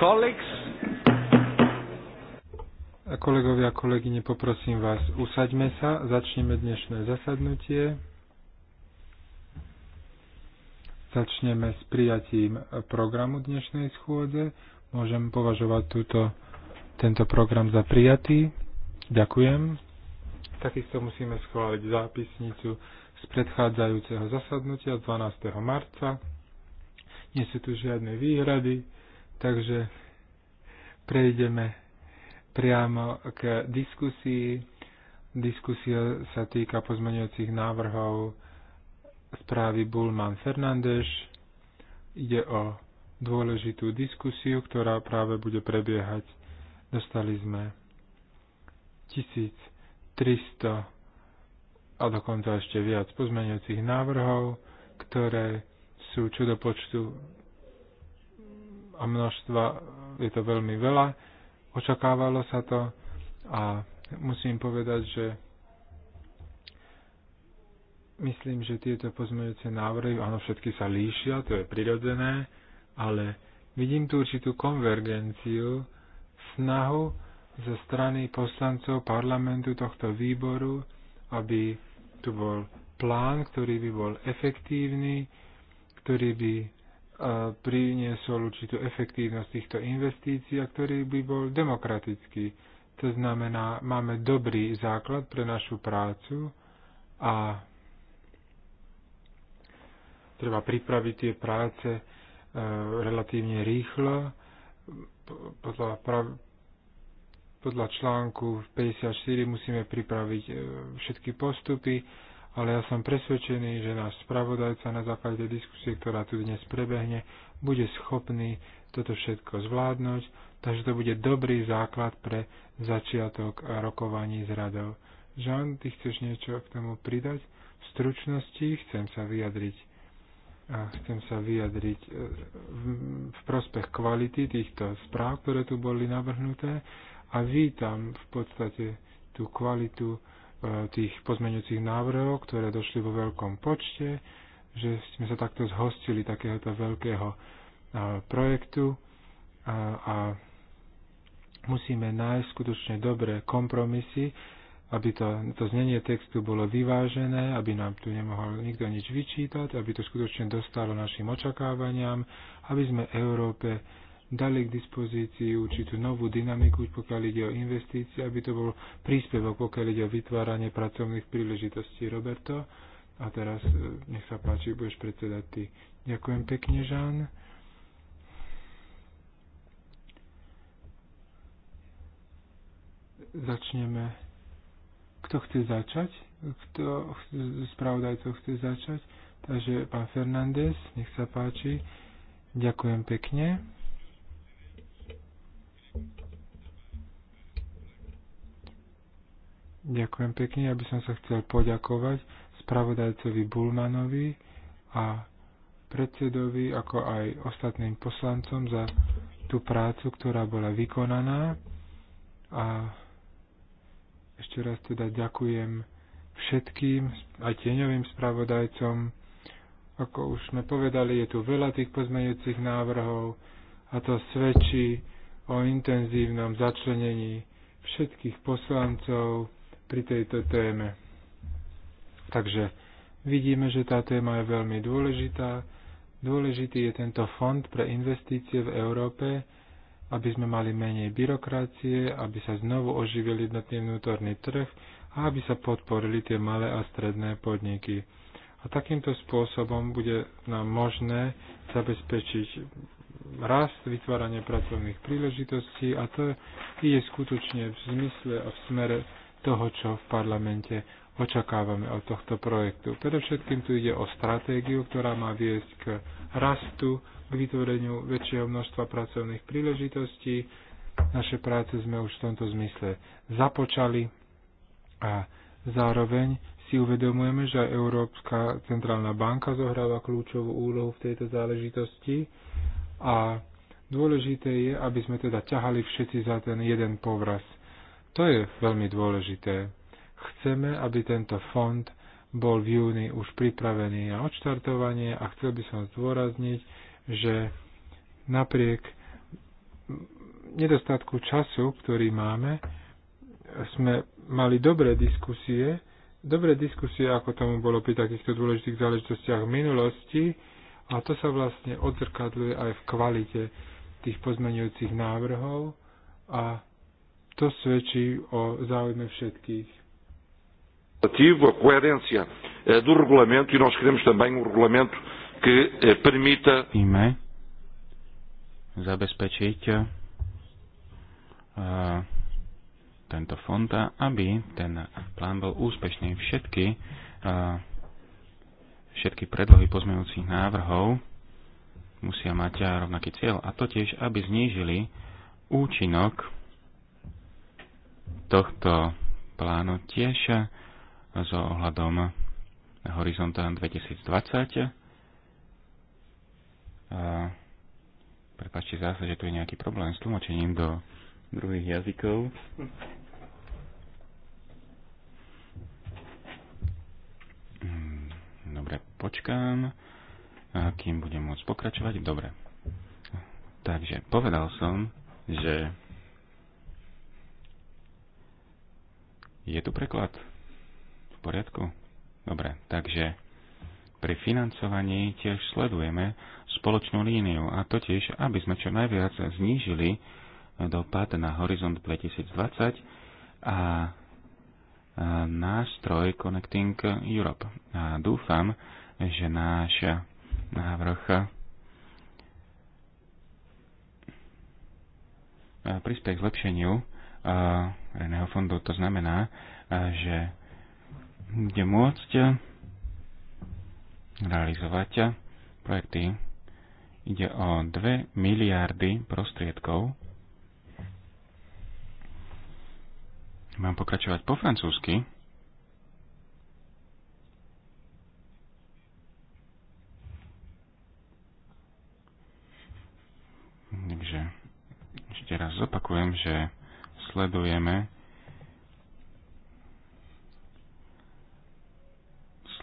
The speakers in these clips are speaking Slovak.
colleagues. Kolegovia a kolegyne, poprosím vás, usaďme sa, začneme dnešné zasadnutie. Začneme s prijatím programu dnešnej schôdze. Môžem považovať túto, tento program za prijatý. Ďakujem. Takisto musíme schváliť zápisnicu z predchádzajúceho zasadnutia 12. marca. Nie sú tu žiadne výhrady Takže prejdeme priamo k diskusii. Diskusia sa týka pozmeňujúcich návrhov správy Bulman Fernández. Ide o dôležitú diskusiu, ktorá práve bude prebiehať. Dostali sme 1300 a dokonca ešte viac pozmeňujúcich návrhov, ktoré sú čo do počtu a množstva, je to veľmi veľa, očakávalo sa to a musím povedať, že myslím, že tieto pozmeňujúce návrhy, áno, všetky sa líšia, to je prirodzené, ale vidím tu určitú konvergenciu, snahu zo strany poslancov parlamentu tohto výboru, aby tu bol plán, ktorý by bol efektívny, ktorý by priniesol určitú efektívnosť týchto investícií a ktorý by bol demokratický. To znamená, máme dobrý základ pre našu prácu a treba pripraviť tie práce e, relatívne rýchlo. Podľa, prav, podľa článku 54 musíme pripraviť e, všetky postupy ale ja som presvedčený, že náš spravodajca na základe diskusie, ktorá tu dnes prebehne, bude schopný toto všetko zvládnuť, takže to bude dobrý základ pre začiatok rokovaní s radou. Žan, ty chceš niečo k tomu pridať? V stručnosti chcem sa vyjadriť a chcem sa vyjadriť e, v, v prospech kvality týchto správ, ktoré tu boli navrhnuté a vítam v podstate tú kvalitu Eh, tých pozmeňujúcich návrhov, ktoré došli vo veľkom počte, že sme sa takto zhostili takéhoto veľkého eh, projektu a, a musíme nájsť skutočne dobré kompromisy, aby to, to znenie textu bolo vyvážené, aby nám tu nemohol nikto nič vyčítať, aby to skutočne dostalo našim očakávaniam, aby sme Európe dali k dispozícii určitú novú dynamiku, pokiaľ ide o investície, aby to bol príspevok, pokiaľ ide o vytváranie pracovných príležitostí. Roberto, a teraz e, nech sa páči, budeš predsedať ty. Ďakujem pekne, Žán. Začneme. Kto chce začať? Kto spravodajcov chce začať? Takže pán Fernández, nech sa páči. Ďakujem pekne. Ďakujem pekne, aby som sa chcel poďakovať spravodajcovi Bulmanovi a predsedovi, ako aj ostatným poslancom za tú prácu, ktorá bola vykonaná. A ešte raz teda ďakujem všetkým, aj tieňovým spravodajcom. Ako už sme povedali, je tu veľa tých pozmeňujúcich návrhov a to svedčí o intenzívnom začlenení všetkých poslancov, pri tejto téme. Takže vidíme, že tá téma je veľmi dôležitá. Dôležitý je tento fond pre investície v Európe, aby sme mali menej byrokracie, aby sa znovu oživil jednotný vnútorný trh a aby sa podporili tie malé a stredné podniky. A takýmto spôsobom bude nám možné zabezpečiť rast, vytváranie pracovných príležitostí a to je skutočne v zmysle a v smere toho, čo v parlamente očakávame od tohto projektu. Predovšetkým tu ide o stratégiu, ktorá má viesť k rastu, k vytvoreniu väčšieho množstva pracovných príležitostí. Naše práce sme už v tomto zmysle započali a zároveň si uvedomujeme, že Európska centrálna banka zohráva kľúčovú úlohu v tejto záležitosti a dôležité je, aby sme teda ťahali všetci za ten jeden povraz – to je veľmi dôležité. Chceme, aby tento fond bol v júni už pripravený na odštartovanie a chcel by som zdôrazniť, že napriek nedostatku času, ktorý máme, sme mali dobré diskusie, dobré diskusie, ako tomu bolo pri takýchto dôležitých záležitostiach v minulosti a to sa vlastne odzrkadluje aj v kvalite tých pozmenujúcich návrhov a to svedčí o záujme všetkých. A koherencia do regulamento i e nós queremos também um regulamento que permita. Ime zabezpečiť e, tento fond, aby ten plán bol úspešný. Všetky, e, všetky predlohy pozmeňujúcich návrhov musia mať rovnaký cieľ a totiž, aby znížili účinok tohto plánu tiež so ohľadom na horizonta 2020. Prepačte zase, že tu je nejaký problém s tlmočením do druhých jazykov. Hmm, dobre, počkám, kým budem môcť pokračovať. Dobre. Takže povedal som, že Je tu preklad? V poriadku? Dobre, takže pri financovaní tiež sledujeme spoločnú líniu a totiž, aby sme čo najviac znížili dopad na horizont 2020 a nástroj Connecting Europe. A dúfam, že náš návrh e, prispie k zlepšeniu reného fondu. To znamená, že bude môcť realizovať projekty. Ide o 2 miliardy prostriedkov. Mám pokračovať po francúzsky. Takže ešte raz zopakujem, že sledujeme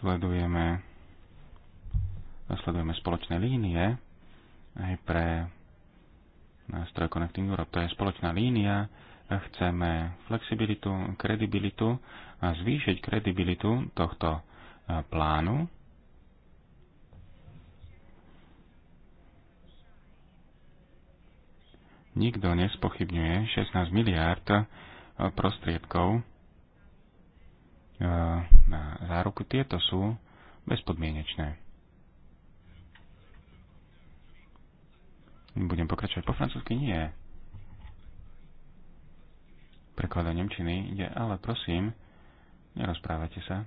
sledujeme sledujeme spoločné línie aj pre nástroj Connecting Europe. To je spoločná línia. Chceme flexibilitu, kredibilitu a zvýšiť kredibilitu tohto eh, plánu Nikto nespochybňuje 16 miliárd eh, prostriedkov eh, na záruku. Tieto sú bezpodmienečné. Budem pokračovať po francúzsky? Nie. Prekladá Nemčiny ide, ale prosím, nerozprávajte sa.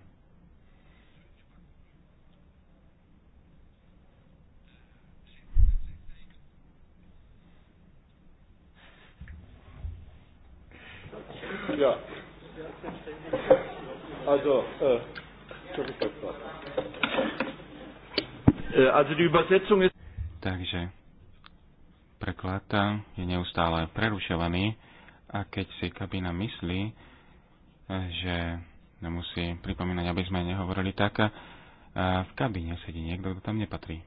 Also die Übersetzung ist... Takže preklad je neustále prerušovaný a keď si kabína myslí, že musí pripomínať, aby sme nehovorili tak, a eh, v kabíne sedí niekto, kto tam nepatrí.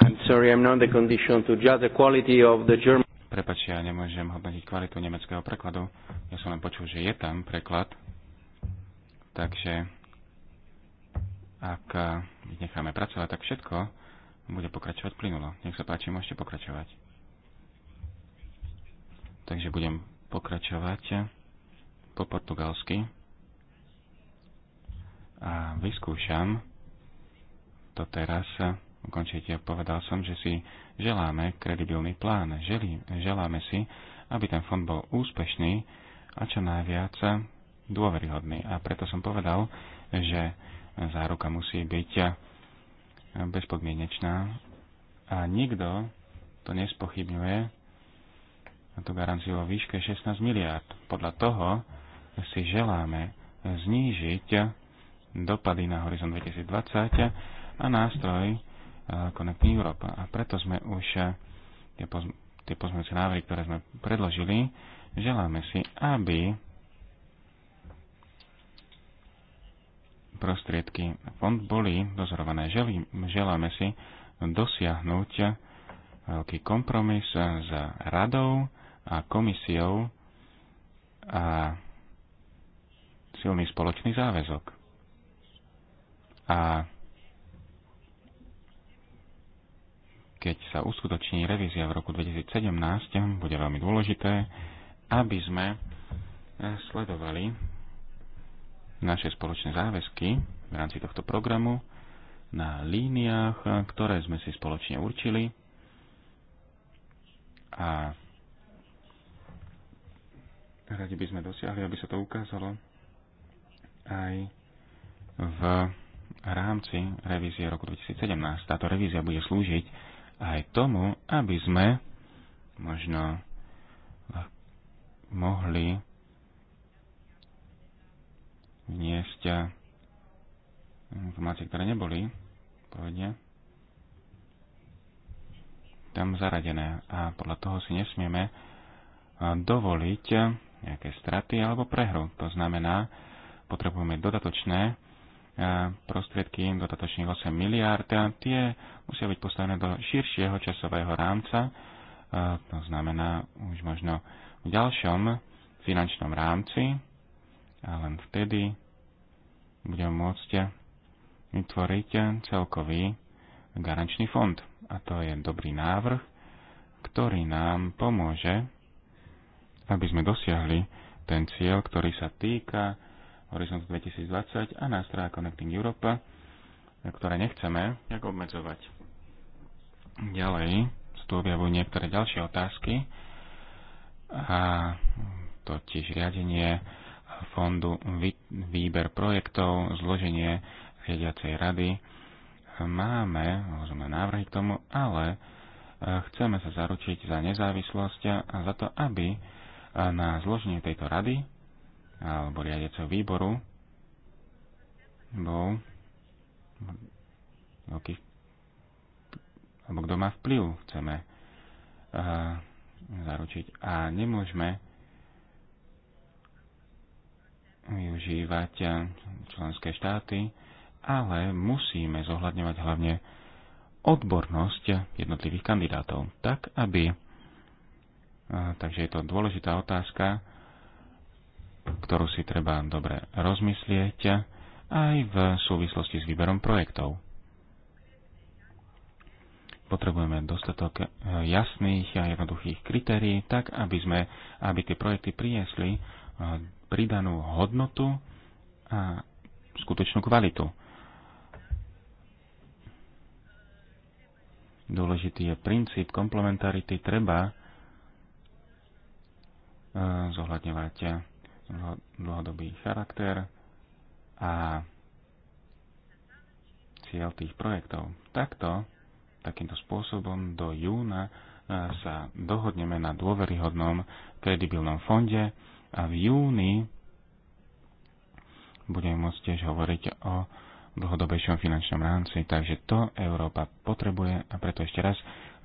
I'm sorry, I'm not the condition to judge the quality of the German... Prepač, ja nemôžem hodnotiť kvalitu nemeckého prekladu. Ja som len počul, že je tam preklad, Takže ak ich necháme pracovať, tak všetko bude pokračovať plynulo. Nech sa páči, môžete pokračovať. Takže budem pokračovať po portugalsky a vyskúšam to teraz. Ukončite, povedal som, že si želáme kredibilný plán. Želí. želáme si, aby ten fond bol úspešný a čo najviac dôveryhodný. A preto som povedal, že záruka musí byť bezpodmienečná a nikto to nespochybňuje a tú garanciu o výške 16 miliard. Podľa toho si želáme znížiť dopady na horizont 2020 a nástroj e, Connect Europe. A preto sme už e, tie pozmeňujúce návrhy, ktoré sme predložili, želáme si, aby prostriedky fond boli dozorované. Želáme si dosiahnuť veľký kompromis s radou a komisiou a silný spoločný záväzok. A keď sa uskutoční revízia v roku 2017, bude veľmi dôležité, aby sme sledovali naše spoločné záväzky v rámci tohto programu na líniách, ktoré sme si spoločne určili a radi by sme dosiahli, aby sa to ukázalo aj v rámci revízie roku 2017. Táto revízia bude slúžiť aj tomu, aby sme možno mohli Vniesť eh, informácie, ktoré neboli povedne tam zaradené a podľa toho si nesmieme eh, dovoliť eh, nejaké straty alebo prehru. To znamená, potrebujeme dodatočné prostriedky, dodatočných 8 miliárd a tie musia byť postavené do širšieho časového rámca. To znamená už možno v ďalšom finančnom rámci a len vtedy budeme môcť vytvoriť celkový garančný fond. A to je dobrý návrh, ktorý nám pomôže, aby sme dosiahli ten cieľ, ktorý sa týka Horizont 2020 a nástroja Connecting Europe, ktoré nechceme nejak obmedzovať. Ďalej sa tu objavujú niektoré ďalšie otázky, a totiž riadenie fondu, výber projektov, zloženie riadiacej rady. Máme rôzne návrhy k tomu, ale e, chceme sa zaručiť za nezávislosť a za to, aby e, na zloženie tejto rady alebo riadiaceho výboru bol veľký alebo kto má vplyv, chceme e, zaručiť. A nemôžeme využívať eh, členské štáty, ale musíme zohľadňovať hlavne odbornosť jednotlivých kandidátov, tak aby... Eh, takže je to dôležitá otázka, ktorú si treba dobre rozmyslieť eh, aj v súvislosti s výberom projektov. Potrebujeme dostatok jasných a jednoduchých kritérií, tak aby, sme, aby tie projekty priniesli pridanú hodnotu a skutočnú kvalitu. Dôležitý je princíp komplementarity, treba e, zohľadňovať dlhodobý charakter a cieľ tých projektov. Takto, takýmto spôsobom do júna e, sa dohodneme na dôveryhodnom kredibilnom fonde, a v júni budeme môcť tiež hovoriť o dlhodobejšom finančnom rámci, takže to Európa potrebuje a preto ešte raz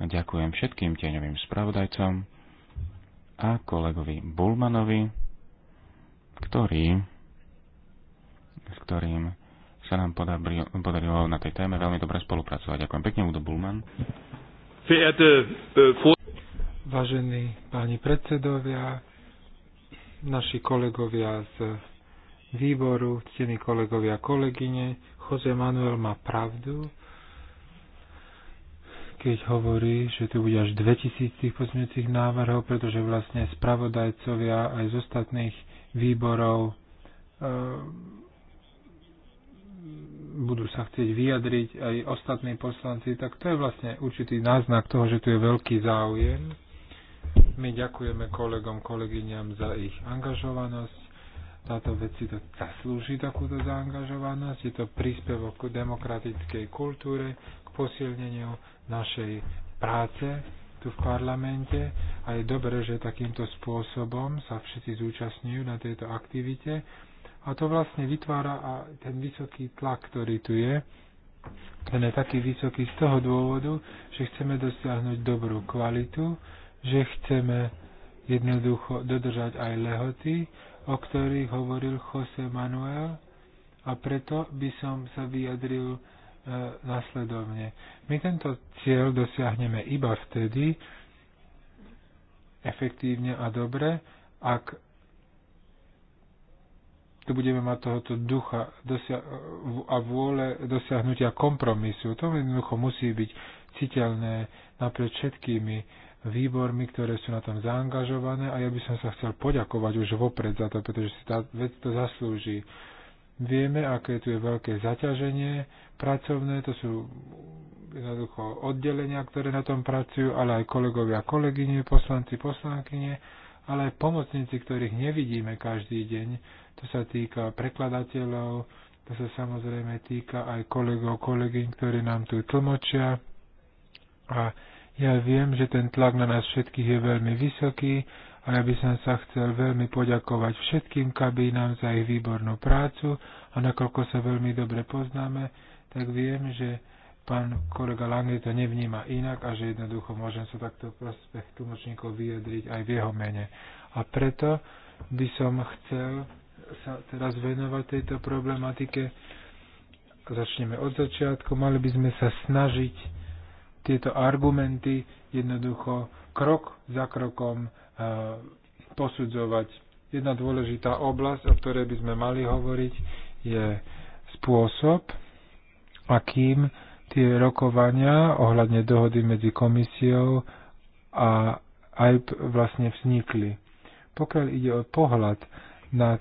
ďakujem všetkým tieňovým spravodajcom a kolegovi Bulmanovi, ktorý, s ktorým sa nám podarilo, podarilo na tej téme veľmi dobre spolupracovať. Ďakujem pekne, Udo Bulman. Äh, Vážení páni predsedovia, naši kolegovia z výboru, ctení kolegovia a kolegyne, Jose Manuel má pravdu, keď hovorí, že tu bude až 2000 tých pozmeňujúcich návrhov, pretože vlastne spravodajcovia aj z ostatných výborov e budú sa chcieť vyjadriť aj ostatní poslanci, tak to je vlastne určitý náznak toho, že tu je veľký záujem. My ďakujeme kolegom, kolegyňam za ich angažovanosť. Táto vec si to zaslúži takúto zaangažovanosť. Je to príspevok k demokratickej kultúre, k posilneniu našej práce tu v parlamente a je dobré, že takýmto spôsobom sa všetci zúčastňujú na tejto aktivite a to vlastne vytvára a ten vysoký tlak, ktorý tu je, ten je taký vysoký z toho dôvodu, že chceme dosiahnuť dobrú kvalitu, že chceme jednoducho dodržať aj lehoty, o ktorých hovoril Jose Manuel a preto by som sa vyjadril e, nasledovne. My tento cieľ dosiahneme iba vtedy, efektívne a dobre, ak tu budeme mať tohoto ducha a vôle dosiahnutia kompromisu. To jednoducho musí byť citeľné napriek všetkými výbormi, ktoré sú na tom zaangažované a ja by som sa chcel poďakovať už vopred za to, pretože si tá vec to zaslúži. Vieme, aké tu je veľké zaťaženie pracovné, to sú jednoducho oddelenia, ktoré na tom pracujú, ale aj kolegovia, kolegyne, poslanci, poslankyne, ale aj pomocníci, ktorých nevidíme každý deň. To sa týka prekladateľov, to sa samozrejme týka aj kolegov, kolegyň, ktorí nám tu tlmočia. A ja viem, že ten tlak na nás všetkých je veľmi vysoký a ja by som sa chcel veľmi poďakovať všetkým kabínám za ich výbornú prácu a nakoľko sa veľmi dobre poznáme, tak viem, že pán kolega Lange to nevníma inak a že jednoducho môžem sa takto prospech tlmočníkov vyjadriť aj v jeho mene. A preto by som chcel sa teraz venovať tejto problematike. Začneme od začiatku. Mali by sme sa snažiť tieto argumenty jednoducho krok za krokom e, posudzovať. Jedna dôležitá oblasť, o ktorej by sme mali hovoriť, je spôsob, akým tie rokovania ohľadne dohody medzi komisiou a aj vlastne vznikli. Pokiaľ ide o pohľad na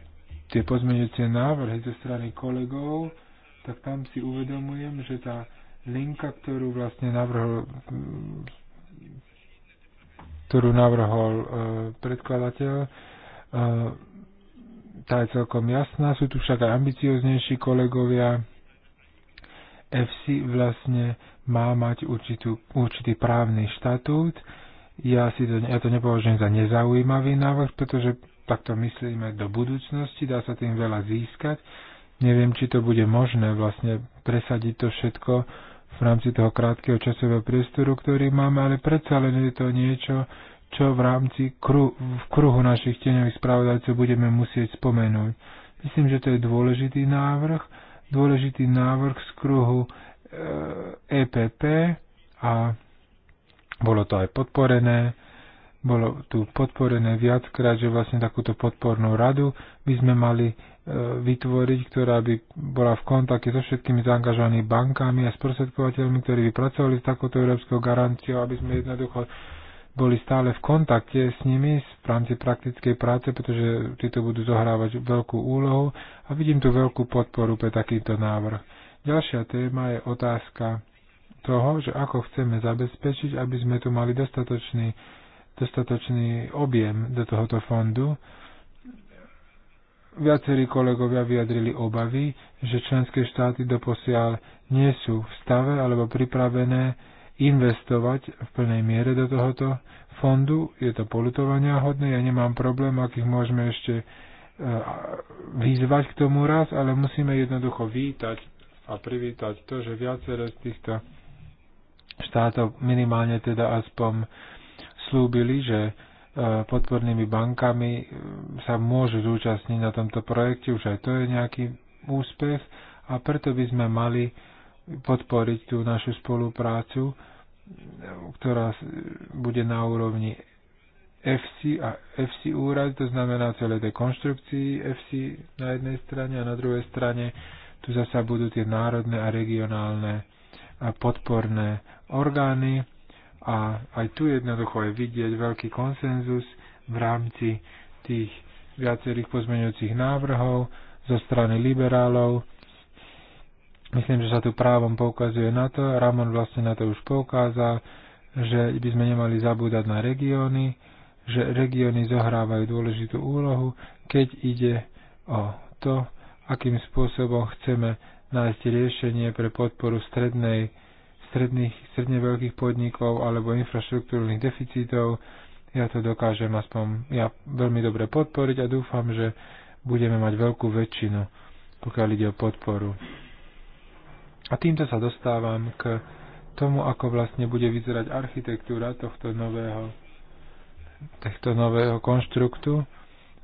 tie pozmeňujúce návrhy zo strany kolegov, tak tam si uvedomujem, že tá linka, ktorú vlastne navrhol ktorú navrhol e, predkladateľ. E, tá je celkom jasná, sú tu však aj ambicioznejší kolegovia. FC vlastne má mať určitú, určitý právny štatút. Ja, si to, ja to nepovažujem za nezaujímavý návrh, pretože takto myslíme do budúcnosti, dá sa tým veľa získať. Neviem, či to bude možné vlastne presadiť to všetko, v rámci toho krátkeho časového priestoru, ktorý máme, ale predsa len je to niečo, čo v rámci kru, v kruhu našich tieňových spravodajcov budeme musieť spomenúť. Myslím, že to je dôležitý návrh, dôležitý návrh z kruhu e, EPP a bolo to aj podporené bolo tu podporené viackrát, že vlastne takúto podpornú radu by sme mali e, vytvoriť, ktorá by bola v kontakte so všetkými zaangažovanými bankami a sprostredkovateľmi, ktorí by pracovali s takouto európskou garanciou, aby sme jednoducho boli stále v kontakte s nimi v rámci praktickej práce, pretože títo budú zohrávať veľkú úlohu a vidím tu veľkú podporu pre takýto návrh. Ďalšia téma je otázka toho, že ako chceme zabezpečiť, aby sme tu mali dostatočný dostatočný objem do tohoto fondu. Viacerí kolegovia vyjadrili obavy, že členské štáty doposiaľ nie sú v stave alebo pripravené investovať v plnej miere do tohoto fondu. Je to polutovania hodné, ja nemám problém, ak ich môžeme ešte e, vyzvať k tomu raz, ale musíme jednoducho vítať a privítať to, že viaceré z týchto štátov minimálne teda aspoň slúbili, že e, podpornými bankami e, sa môžu zúčastniť na tomto projekte, už aj to je nejaký úspech a preto by sme mali podporiť tú našu spoluprácu, e, ktorá bude na úrovni FC a FC úrad, to znamená celé tej konštrukcii FC na jednej strane a na druhej strane tu zasa budú tie národné a regionálne a podporné orgány a aj tu jednoducho je vidieť veľký konsenzus v rámci tých viacerých pozmeňujúcich návrhov zo strany liberálov. Myslím, že sa tu právom poukazuje na to, Ramon vlastne na to už poukázal, že by sme nemali zabúdať na regióny, že regióny zohrávajú dôležitú úlohu, keď ide o to, akým spôsobom chceme nájsť riešenie pre podporu strednej stredných, stredne veľkých podnikov alebo infraštruktúrnych deficitov. Ja to dokážem aspoň ja veľmi dobre podporiť a dúfam, že budeme mať veľkú väčšinu, pokiaľ ide o podporu. A týmto sa dostávam k tomu, ako vlastne bude vyzerať architektúra tohto nového, tohto nového konštruktu,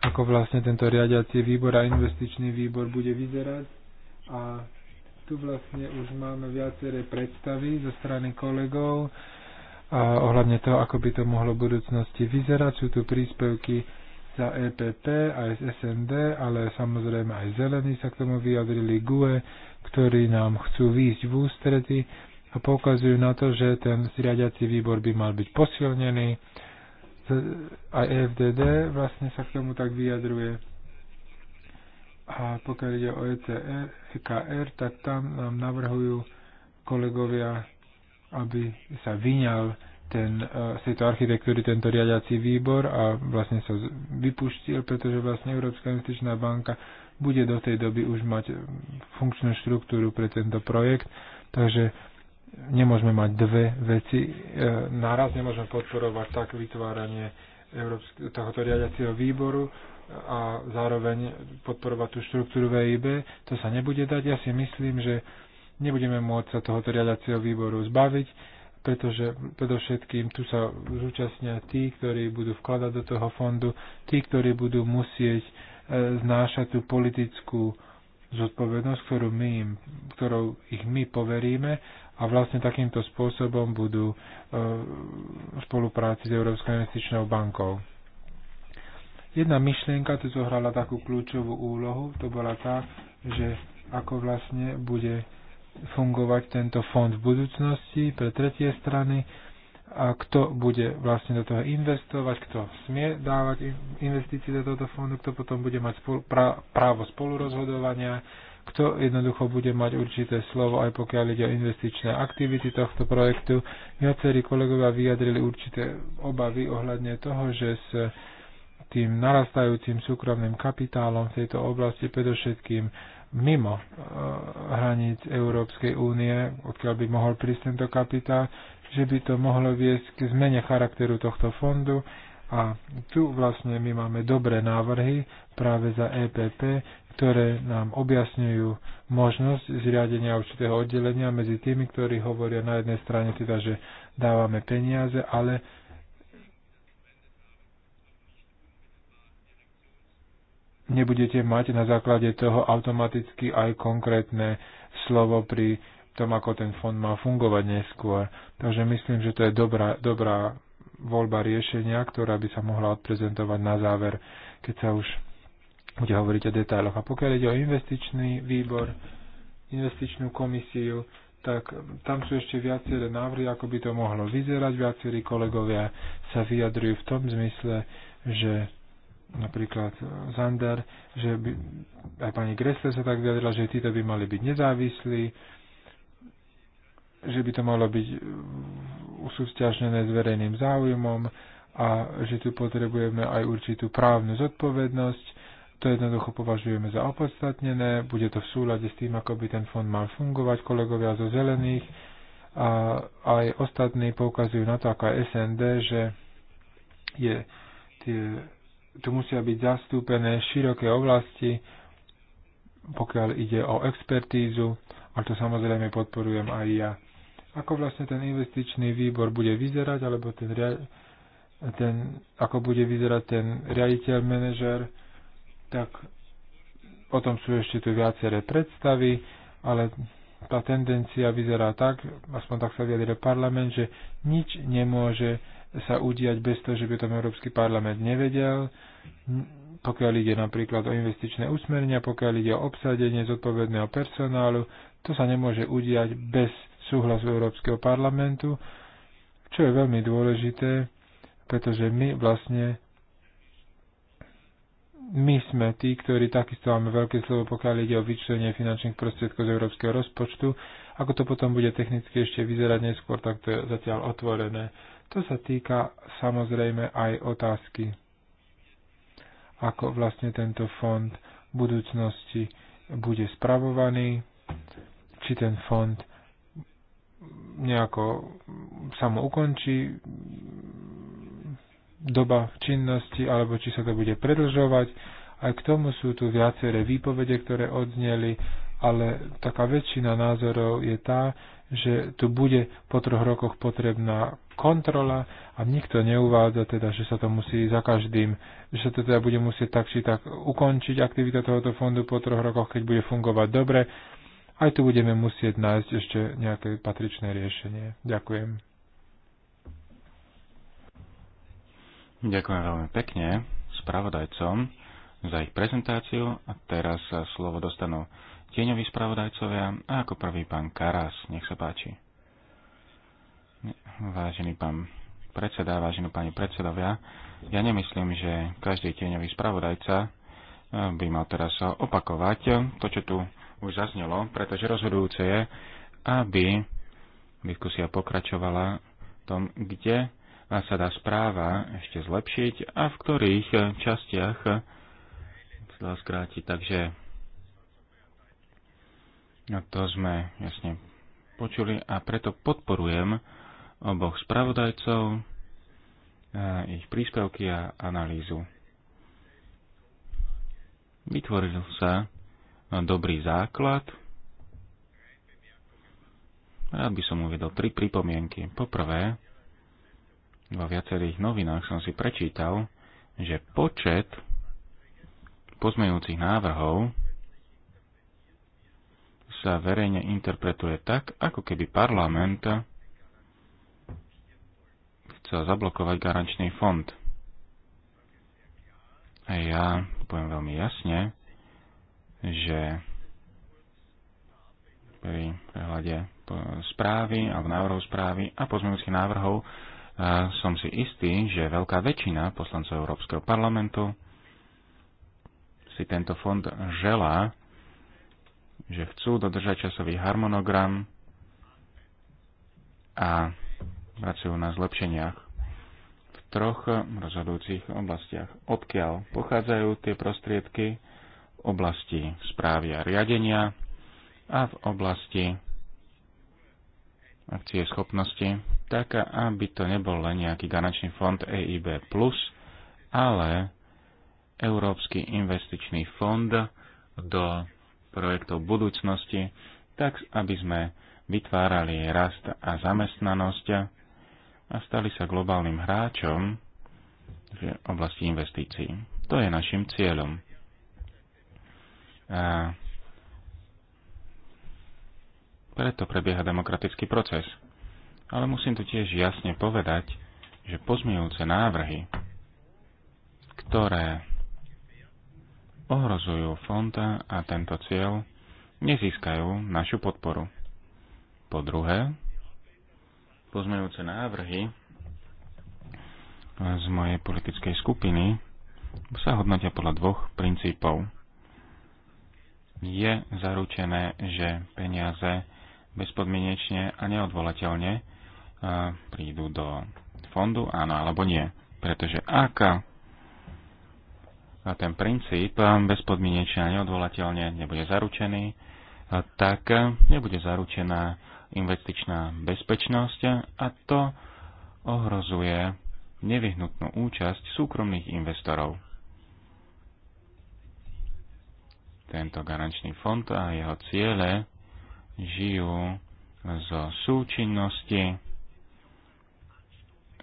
ako vlastne tento riadiaci výbor a investičný výbor bude vyzerať a tu vlastne už máme viaceré predstavy zo strany kolegov a ohľadne toho, ako by to mohlo v budúcnosti vyzerať. Sú tu príspevky za EPP, aj z SND, ale samozrejme aj zelení sa k tomu vyjadrili GUE, ktorí nám chcú výjsť v ústrety a poukazujú na to, že ten zriadiací výbor by mal byť posilnený. Aj EFDD vlastne sa k tomu tak vyjadruje. A pokiaľ ide o ECR, e, e EKR, tak tam nám navrhujú kolegovia, aby sa vyňal ten, e, z tejto architektúry tento riadiací výbor a vlastne sa vypustil, pretože vlastne Európska investičná banka bude do tej doby už mať funkčnú štruktúru pre tento projekt, takže nemôžeme mať dve veci naraz, nemôžeme podporovať tak vytváranie tohoto riadiacieho výboru a zároveň podporovať tú štruktúru VIB, to sa nebude dať. Ja si myslím, že nebudeme môcť sa tohoto riadacieho výboru zbaviť, pretože predovšetkým tu sa zúčastnia tí, ktorí budú vkladať do toho fondu, tí, ktorí budú musieť e, znášať tú politickú zodpovednosť, ktorú my im, ktorou ich my poveríme a vlastne takýmto spôsobom budú e, v spolupráci s Európskou investičnou bankou. Jedna myšlienka tu zohrala takú kľúčovú úlohu, to bola tá, že ako vlastne bude fungovať tento fond v budúcnosti pre tretie strany a kto bude vlastne do toho investovať, kto smie dávať investície do tohto fondu, kto potom bude mať spolu, pra, právo spolurozhodovania, kto jednoducho bude mať určité slovo, aj pokiaľ ide o investičné aktivity tohto projektu. Viacerí kolegovia vyjadrili určité obavy ohľadne toho, že s tým narastajúcim súkromným kapitálom v tejto oblasti, predovšetkým mimo e, hraníc Európskej únie, odkiaľ by mohol prísť tento kapitál, že by to mohlo viesť k zmene charakteru tohto fondu. A tu vlastne my máme dobré návrhy práve za EPP, ktoré nám objasňujú možnosť zriadenia určitého oddelenia medzi tými, ktorí hovoria na jednej strane teda, že dávame peniaze, ale nebudete mať na základe toho automaticky aj konkrétne slovo pri tom, ako ten fond má fungovať neskôr. Takže myslím, že to je dobrá, dobrá voľba riešenia, ktorá by sa mohla odprezentovať na záver, keď sa už bude hovoriť o detailoch. A pokiaľ ide o investičný výbor, investičnú komisiu, tak tam sú ešte viaceré návrhy, ako by to mohlo vyzerať. Viacerí kolegovia sa vyjadrujú v tom zmysle, že napríklad eh, Zander, že by, aj pani Gressler sa tak vyjadrila, že títo by mali byť nezávislí, že by to malo byť eh, usústiažnené s verejným záujmom a že tu potrebujeme aj určitú právnu zodpovednosť. To jednoducho považujeme za opodstatnené, bude to v súlade s tým, ako by ten fond mal fungovať. Kolegovia zo zelených a aj ostatní poukazujú na to, ako aj SND, že je tie tu musia byť zastúpené široké oblasti, pokiaľ ide o expertízu, a to samozrejme podporujem aj ja. Ako vlastne ten investičný výbor bude vyzerať, alebo ten, ten ako bude vyzerať ten riaditeľ, manažer, tak o tom sú ešte tu viaceré predstavy, ale tá tendencia vyzerá tak, aspoň tak sa vyjadril parlament, že nič nemôže sa udiať bez toho, že by tom Európsky parlament nevedel, pokiaľ ide napríklad o investičné usmernia, pokiaľ ide o obsadenie zodpovedného personálu, to sa nemôže udiať bez súhlasu Európskeho parlamentu, čo je veľmi dôležité, pretože my vlastne my sme tí, ktorí takisto máme veľké slovo, pokiaľ ide o vyčlenie finančných prostriedkov z európskeho rozpočtu ako to potom bude technicky ešte vyzerať neskôr, tak to je zatiaľ otvorené. To sa týka samozrejme aj otázky, ako vlastne tento fond v budúcnosti bude spravovaný, či ten fond nejako samo ukončí doba činnosti, alebo či sa to bude predlžovať. Aj k tomu sú tu viaceré výpovede, ktoré odzneli ale taká väčšina názorov je tá, že tu bude po troch rokoch potrebná kontrola a nikto neuvádza teda, že sa to musí za každým, že sa to teda bude musieť tak či tak ukončiť aktivita tohoto fondu po troch rokoch, keď bude fungovať dobre. Aj tu budeme musieť nájsť ešte nejaké patričné riešenie. Ďakujem. Ďakujem veľmi pekne spravodajcom za ich prezentáciu a teraz sa slovo dostanú tieňoví spravodajcovia a ako prvý pán Karas. Nech sa páči. Vážený pán predseda, vážení páni predsedovia, ja nemyslím, že každý tieňový spravodajca eh, by mal teraz opakovať to, čo tu už zaznelo, pretože rozhodujúce je, aby diskusia pokračovala v tom, kde sa dá správa ešte zlepšiť a v ktorých častiach sa dá skrátiť. Takže No to sme jasne počuli a preto podporujem oboch spravodajcov, eh, ich príspevky a analýzu. Vytvoril sa dobrý základ. Rád by som uvedol tri pripomienky. Poprvé, vo viacerých novinách som si prečítal, že počet pozmejúcich návrhov sa verejne interpretuje tak, ako keby parlament chcel zablokovať garančný fond. A ja poviem veľmi jasne, že pri prehľade správy a v návrhu správy a pozmeňujúcich návrhov e, som si istý, že veľká väčšina poslancov Európskeho parlamentu si tento fond želá že chcú dodržať časový harmonogram a pracujú na zlepšeniach v troch rozhodujúcich oblastiach. Odkiaľ pochádzajú tie prostriedky v oblasti správy a riadenia a v oblasti akcie schopnosti, tak aby to nebol len nejaký garančný fond EIB+, ale Európsky investičný fond do projektov budúcnosti, tak aby sme vytvárali rast a zamestnanosť a stali sa globálnym hráčom v oblasti investícií. To je našim cieľom. A preto prebieha demokratický proces. Ale musím tu tiež jasne povedať, že pozmejúce návrhy, ktoré ohrozujú fond a tento cieľ, nezískajú našu podporu. Po druhé, pozmejúce návrhy z mojej politickej skupiny sa hodnotia podľa dvoch princípov. Je zaručené, že peniaze bezpodmienečne a neodvolateľne prídu do fondu, áno alebo nie. Pretože ak a ten princíp eh, bezpodmienečne a neodvolateľne nebude zaručený, eh, tak eh, nebude zaručená investičná bezpečnosť a to ohrozuje nevyhnutnú účasť súkromných investorov. Tento garančný fond a jeho ciele žijú zo súčinnosti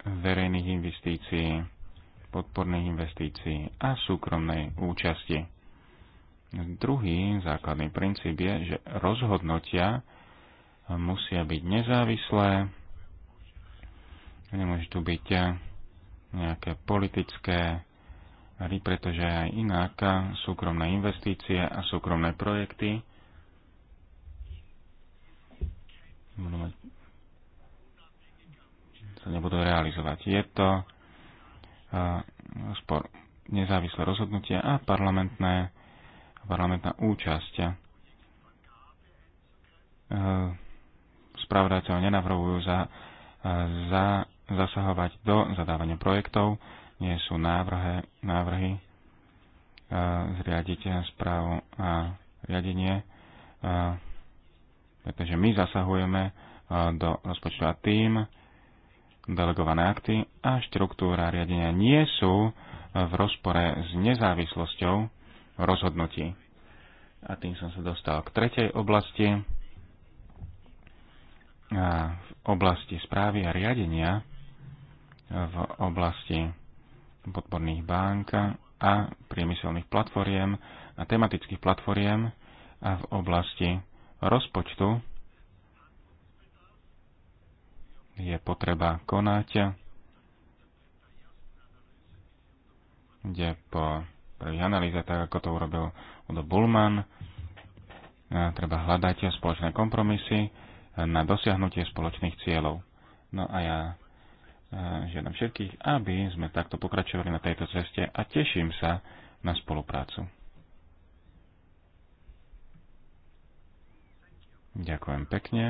verejných investícií podporných investícií a súkromnej účasti. Druhý základný princíp je, že rozhodnotia musia byť nezávislé, nemôže tu byť nejaké politické hry, pretože aj inak súkromné investície a súkromné projekty sa nebudú realizovať. Je to spor nezávislé rozhodnutia a parlamentné, parlamentná účasť. E, spravodajcov nenavrhujú za, e, za, zasahovať do zadávania projektov, nie sú návrhe, návrhy e, zriadiť správu a riadenie, pretože my zasahujeme do rozpočtu a tým delegované akty a štruktúra riadenia nie sú v rozpore s nezávislosťou rozhodnutí. A tým som sa dostal k tretej oblasti. A v oblasti správy a riadenia, v oblasti podporných bank a priemyselných platformiem a tematických platformiem a v oblasti rozpočtu je potreba konať, kde po prvých analýze, tak ako to urobil Udo Bullman, e, treba hľadať spoločné kompromisy na dosiahnutie spoločných cieľov. No a ja e, žiadam všetkých, aby sme takto pokračovali na tejto ceste a teším sa na spoluprácu. Ďakujem pekne.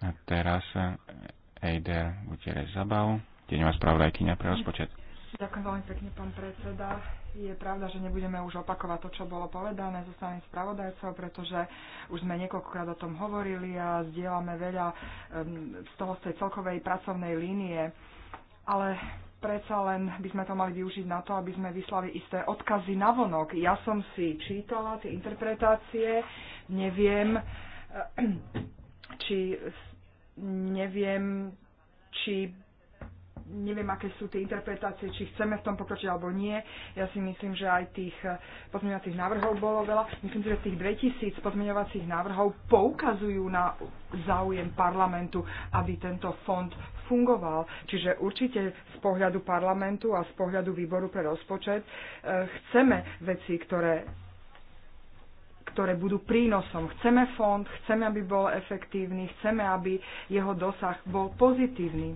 A teraz eh, Eider Gutierrez Zabal, deňová spravodajkynia pre rozpočet. Ďakujem veľmi pekne, pán predseda. Je pravda, že nebudeme už opakovať to, čo bolo povedané zo strany spravodajcov, pretože už sme niekoľkokrát o tom hovorili a zdieľame veľa z toho z tej celkovej pracovnej línie. Ale predsa len by sme to mali využiť na to, aby sme vyslali isté odkazy na vonok. Ja som si čítala tie interpretácie, neviem, eh, či neviem, či neviem, aké sú tie interpretácie, či chceme v tom pokročiť alebo nie. Ja si myslím, že aj tých eh, pozmeňovacích návrhov bolo veľa. Myslím že tých 2000 pozmeňovacích návrhov poukazujú na záujem parlamentu, aby tento fond fungoval. Čiže určite z pohľadu parlamentu a z pohľadu výboru pre rozpočet eh, chceme veci, ktoré ktoré budú prínosom. Chceme fond, chceme, aby bol efektívny, chceme, aby jeho dosah bol pozitívny.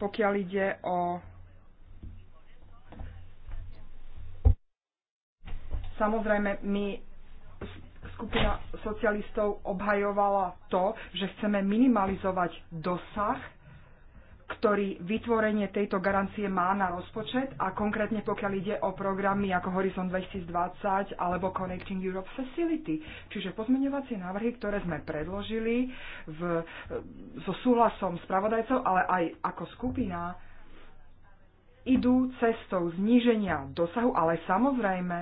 Pokiaľ ide o Samozrejme, my skupina socialistov obhajovala to, že chceme minimalizovať dosah ktorý vytvorenie tejto garancie má na rozpočet a konkrétne pokiaľ ide o programy ako Horizon 2020 alebo Connecting Europe Facility. Čiže pozmeňovacie návrhy, ktoré sme predložili v, so súhlasom spravodajcov, ale aj ako skupina, idú cestou zníženia dosahu, ale samozrejme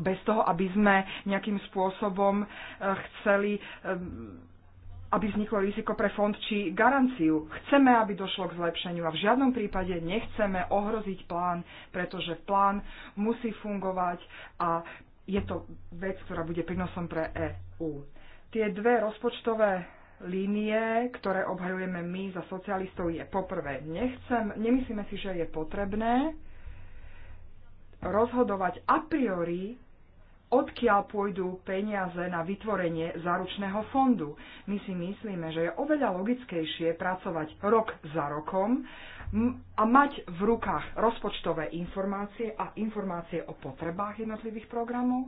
bez toho, aby sme nejakým spôsobom eh, chceli eh, aby vzniklo riziko pre fond či garanciu. Chceme, aby došlo k zlepšeniu a v žiadnom prípade nechceme ohroziť plán, pretože plán musí fungovať a je to vec, ktorá bude prínosom pre EÚ. Tie dve rozpočtové línie, ktoré obhajujeme my za socialistov, je poprvé, nechcem, nemyslíme si, že je potrebné rozhodovať a priori odkiaľ pôjdu peniaze na vytvorenie záručného fondu. My si myslíme, že je oveľa logickejšie pracovať rok za rokom a mať v rukách rozpočtové informácie a informácie o potrebách jednotlivých programov,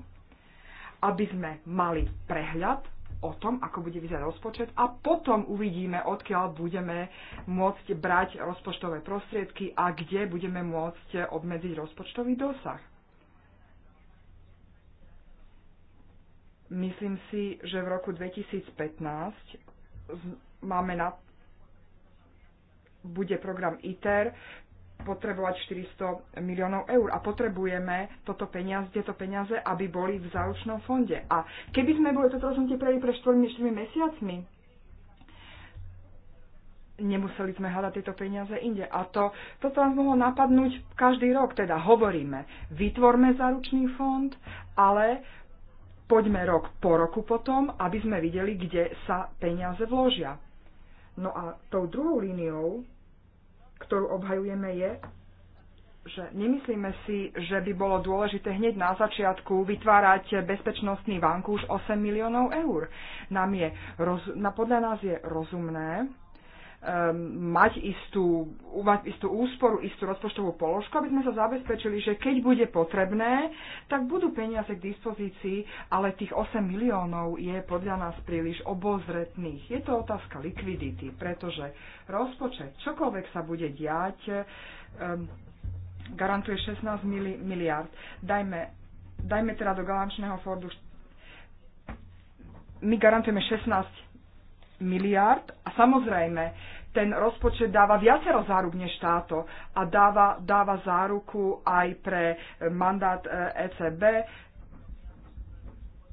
aby sme mali prehľad o tom, ako bude vyzerať rozpočet a potom uvidíme, odkiaľ budeme môcť brať rozpočtové prostriedky a kde budeme môcť obmedziť rozpočtový dosah. Myslím si, že v roku 2015 máme na, bude program ITER potrebovať 400 miliónov eur a potrebujeme toto peniaz, tieto peniaze, aby boli v záručnom fonde. A keby sme boli toto rozhodnutie prejli pre 4, 4 mesiacmi, nemuseli sme hľadať tieto peniaze inde. A to, toto nás mohlo napadnúť každý rok. Teda hovoríme, vytvorme záručný fond, ale poďme rok po roku potom, aby sme videli, kde sa peniaze vložia. No a tou druhou líniou, ktorú obhajujeme, je, že nemyslíme si, že by bolo dôležité hneď na začiatku vytvárať bezpečnostný vankúš 8 miliónov eur. Nám je, roz, na, podľa nás je rozumné, Ehm, mať istú, mať istú úsporu, istú rozpočtovú položku, aby sme sa zabezpečili, že keď bude potrebné, tak budú peniaze k dispozícii, ale tých 8 miliónov je podľa nás príliš obozretných. Je to otázka likvidity, pretože rozpočet, čokoľvek sa bude diať, um, garantuje 16 mili, miliard. Dajme, dajme teda do galančného Fordu my garantujeme 16 miliard a samozrejme ten rozpočet dáva viacero záruk než táto a dáva, dáva záruku aj pre e, mandát ECB. E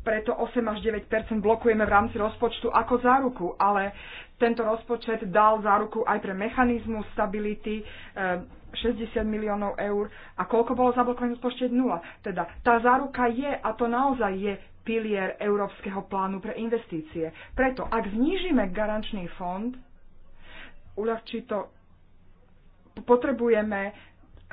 Preto 8 až 9 blokujeme v rámci rozpočtu ako záruku, ale tento rozpočet dal záruku aj pre mechanizmu stability 60 e, miliónov eur a koľko bolo zablokovaných rozpočet? Nula. Teda tá záruka je a to naozaj je pilier Európskeho plánu pre investície. Preto ak znížime garančný fond, uľahčí to, potrebujeme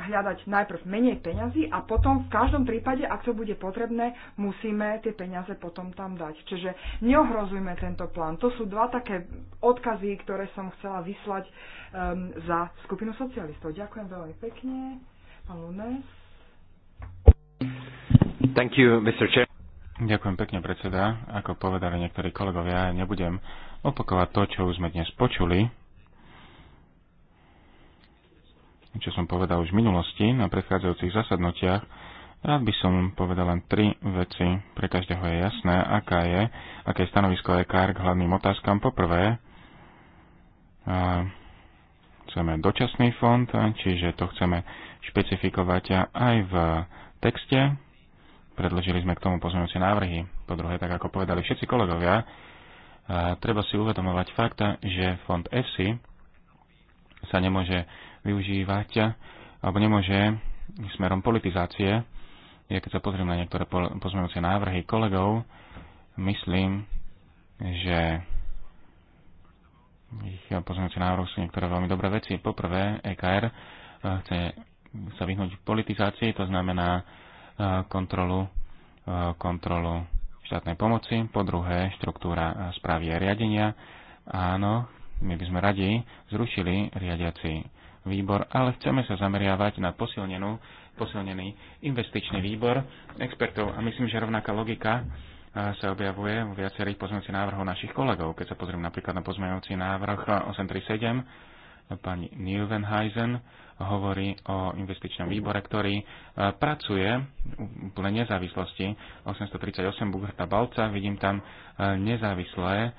hľadať najprv menej peňazí a potom v každom prípade, ak to bude potrebné, musíme tie peniaze potom tam dať. Čiže neohrozujme tento plán. To sú dva také odkazy, ktoré som chcela vyslať um, za skupinu socialistov. Ďakujem veľmi pekne. Pán Lunes. Thank you, Mr. Chair. Ďakujem pekne, predseda. Ako povedali niektorí kolegovia, ja nebudem opakovať to, čo už sme dnes počuli čo som povedal už v minulosti na predchádzajúcich zasadnutiach, rád by som povedal len tri veci. Pre každého je jasné, aká je, aké je stanovisko EKR k hlavným otázkam. Poprvé, chceme dočasný fond, čiže to chceme špecifikovať aj v texte. Predložili sme k tomu pozmeňujúce návrhy. Po druhé, tak ako povedali všetci kolegovia, treba si uvedomovať fakt, že fond FC sa nemôže využívať alebo nemôže smerom politizácie. Ja keď sa pozriem na niektoré pozmeňujúce návrhy kolegov, myslím, že ich pozmeňujúce návrhy sú niektoré veľmi dobré veci. Poprvé, EKR eh, chce sa vyhnúť v politizácii, to znamená eh, kontrolu, eh, kontrolu štátnej pomoci, po druhé štruktúra správy a riadenia. Áno, my by sme radi zrušili riadiaci výbor, ale chceme sa zameriavať na posilnenú, posilnený investičný výbor expertov. A myslím, že rovnaká logika eh, sa objavuje v viacerých pozmeňujúcich návrhov našich kolegov. Keď sa pozriem napríklad na pozmeňujúci návrh 837, eh, eh, pani Neuvenheisen hovorí o investičnom výbore, ktorý pracuje úplne nezávislosti 838 Bugerta Balca. Vidím tam nezávislé,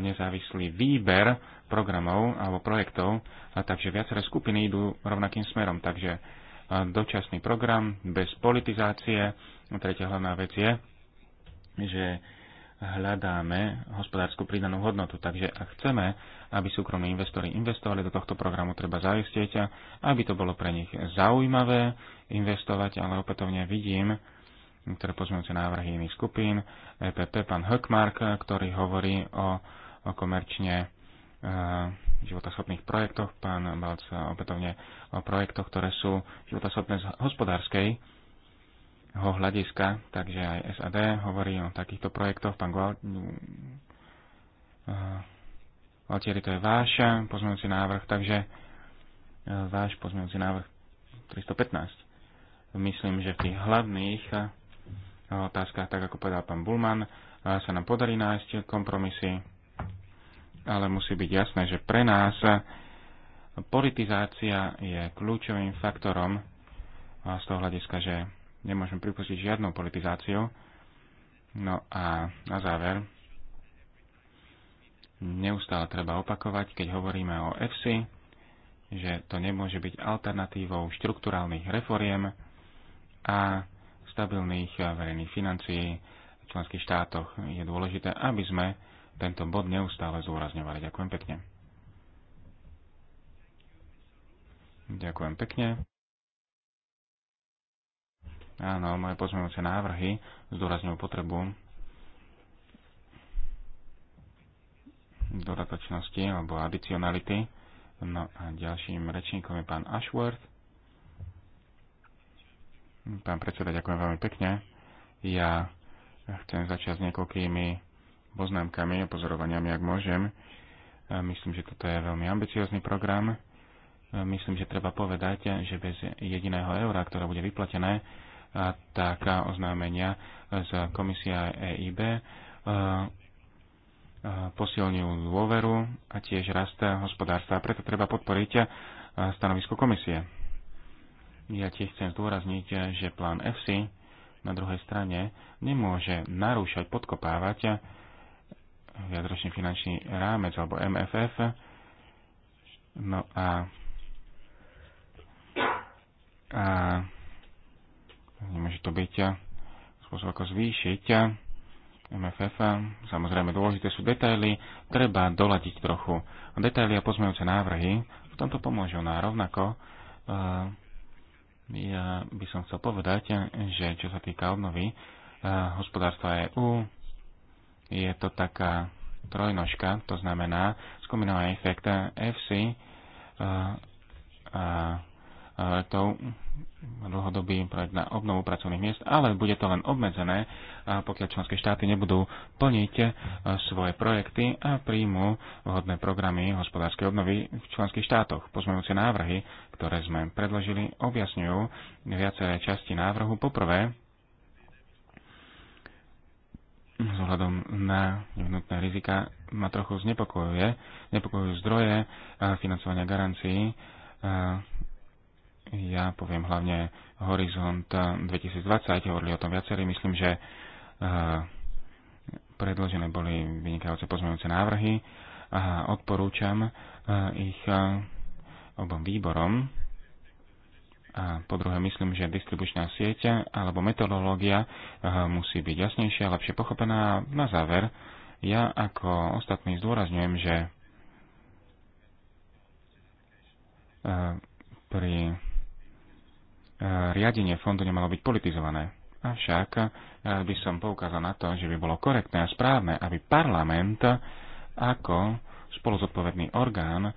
nezávislý výber programov alebo projektov, a takže viaceré skupiny idú rovnakým smerom. Takže dočasný program bez politizácie. Tretia hlavná vec je, že hľadáme hospodárskú pridanú hodnotu. Takže ak chceme, aby súkromní investori investovali do tohto programu, treba zaistieť, aby to bolo pre nich zaujímavé investovať, ale opätovne vidím niektoré pozmeňujúce návrhy iných skupín, EPP, pán Hökmark, ktorý hovorí o, o komerčne Eh, životaschopných projektoch. Pán Balc eh, opätovne o projektoch, ktoré sú životaschopné z hospodárskej hľadiska, takže aj SAD hovorí o takýchto projektoch. Pán eh, Gualtieri, to je váš pozmeňujúci návrh, takže váš pozmeňujúci návrh 315. Myslím, že v tých hlavných otázkach, tak ako povedal pán Bulman, sa nám podarí nájsť kompromisy ale musí byť jasné, že pre nás politizácia je kľúčovým faktorom z toho hľadiska, že nemôžeme pripustiť žiadnu politizáciu. No a na záver, neustále treba opakovať, keď hovoríme o EFSI, že to nemôže byť alternatívou štrukturálnych reforiem a stabilných verejných financií v členských štátoch. Je dôležité, aby sme tento bod neustále zúrazňovali. Ďakujem pekne. Ďakujem pekne. Áno, moje pozmeňujúce návrhy zdôrazňujú potrebu dodatočnosti alebo adicionality. No a ďalším rečníkom je pán Ashworth. Pán predseda, ďakujem veľmi pekne. Ja chcem začať s niekoľkými poznámkami a pozorovaniami, ak môžem. Myslím, že toto je veľmi ambiciózny program. Myslím, že treba povedať, že bez jediného eura, ktoré bude vyplatené, tak oznámenia z komisia EIB posilňujú dôveru a tiež rast hospodárstva. Preto treba podporiť stanovisko komisie. Ja tiež chcem zdôrazniť, že plán FC na druhej strane nemôže narúšať, podkopávať viacročný finančný rámec alebo MFF. No a, a nemôže to byť spôsob ako zvýšiť MFF. Samozrejme dôležité sú detaily, treba doladiť trochu. Detaily a pozmejúce návrhy v tomto pomôžu na rovnako. E, ja by som chcel povedať, že čo sa týka obnovy e, hospodárstva EU je to taká trojnožka, to znamená skombinovaný efekt FC eh, a eh, to dlhodobý projekt na obnovu pracovných miest, ale bude to len obmedzené, pokiaľ členské štáty nebudú plniť eh, svoje projekty a príjmu vhodné programy hospodárskej obnovy v členských štátoch. Pozmejúce návrhy, ktoré sme predložili, objasňujú viaceré časti návrhu. Poprvé, vzhľadom na nevnutné rizika ma trochu znepokojuje. Nepokojujú zdroje financovania garancií. Ja poviem hlavne Horizont 2020, hovorili o tom viacerí. Myslím, že predložené boli vynikajúce pozmeňujúce návrhy a odporúčam ich obom výborom a po druhé, myslím, že distribučná sieť alebo metodológia eh, musí byť jasnejšia, a lepšie pochopená. Na záver, ja ako ostatní zdôrazňujem, že eh, pri eh, riadenie fondu nemalo byť politizované. Avšak by som poukázal na to, že by bolo korektné a správne, aby parlament ako spoluzodpovedný orgán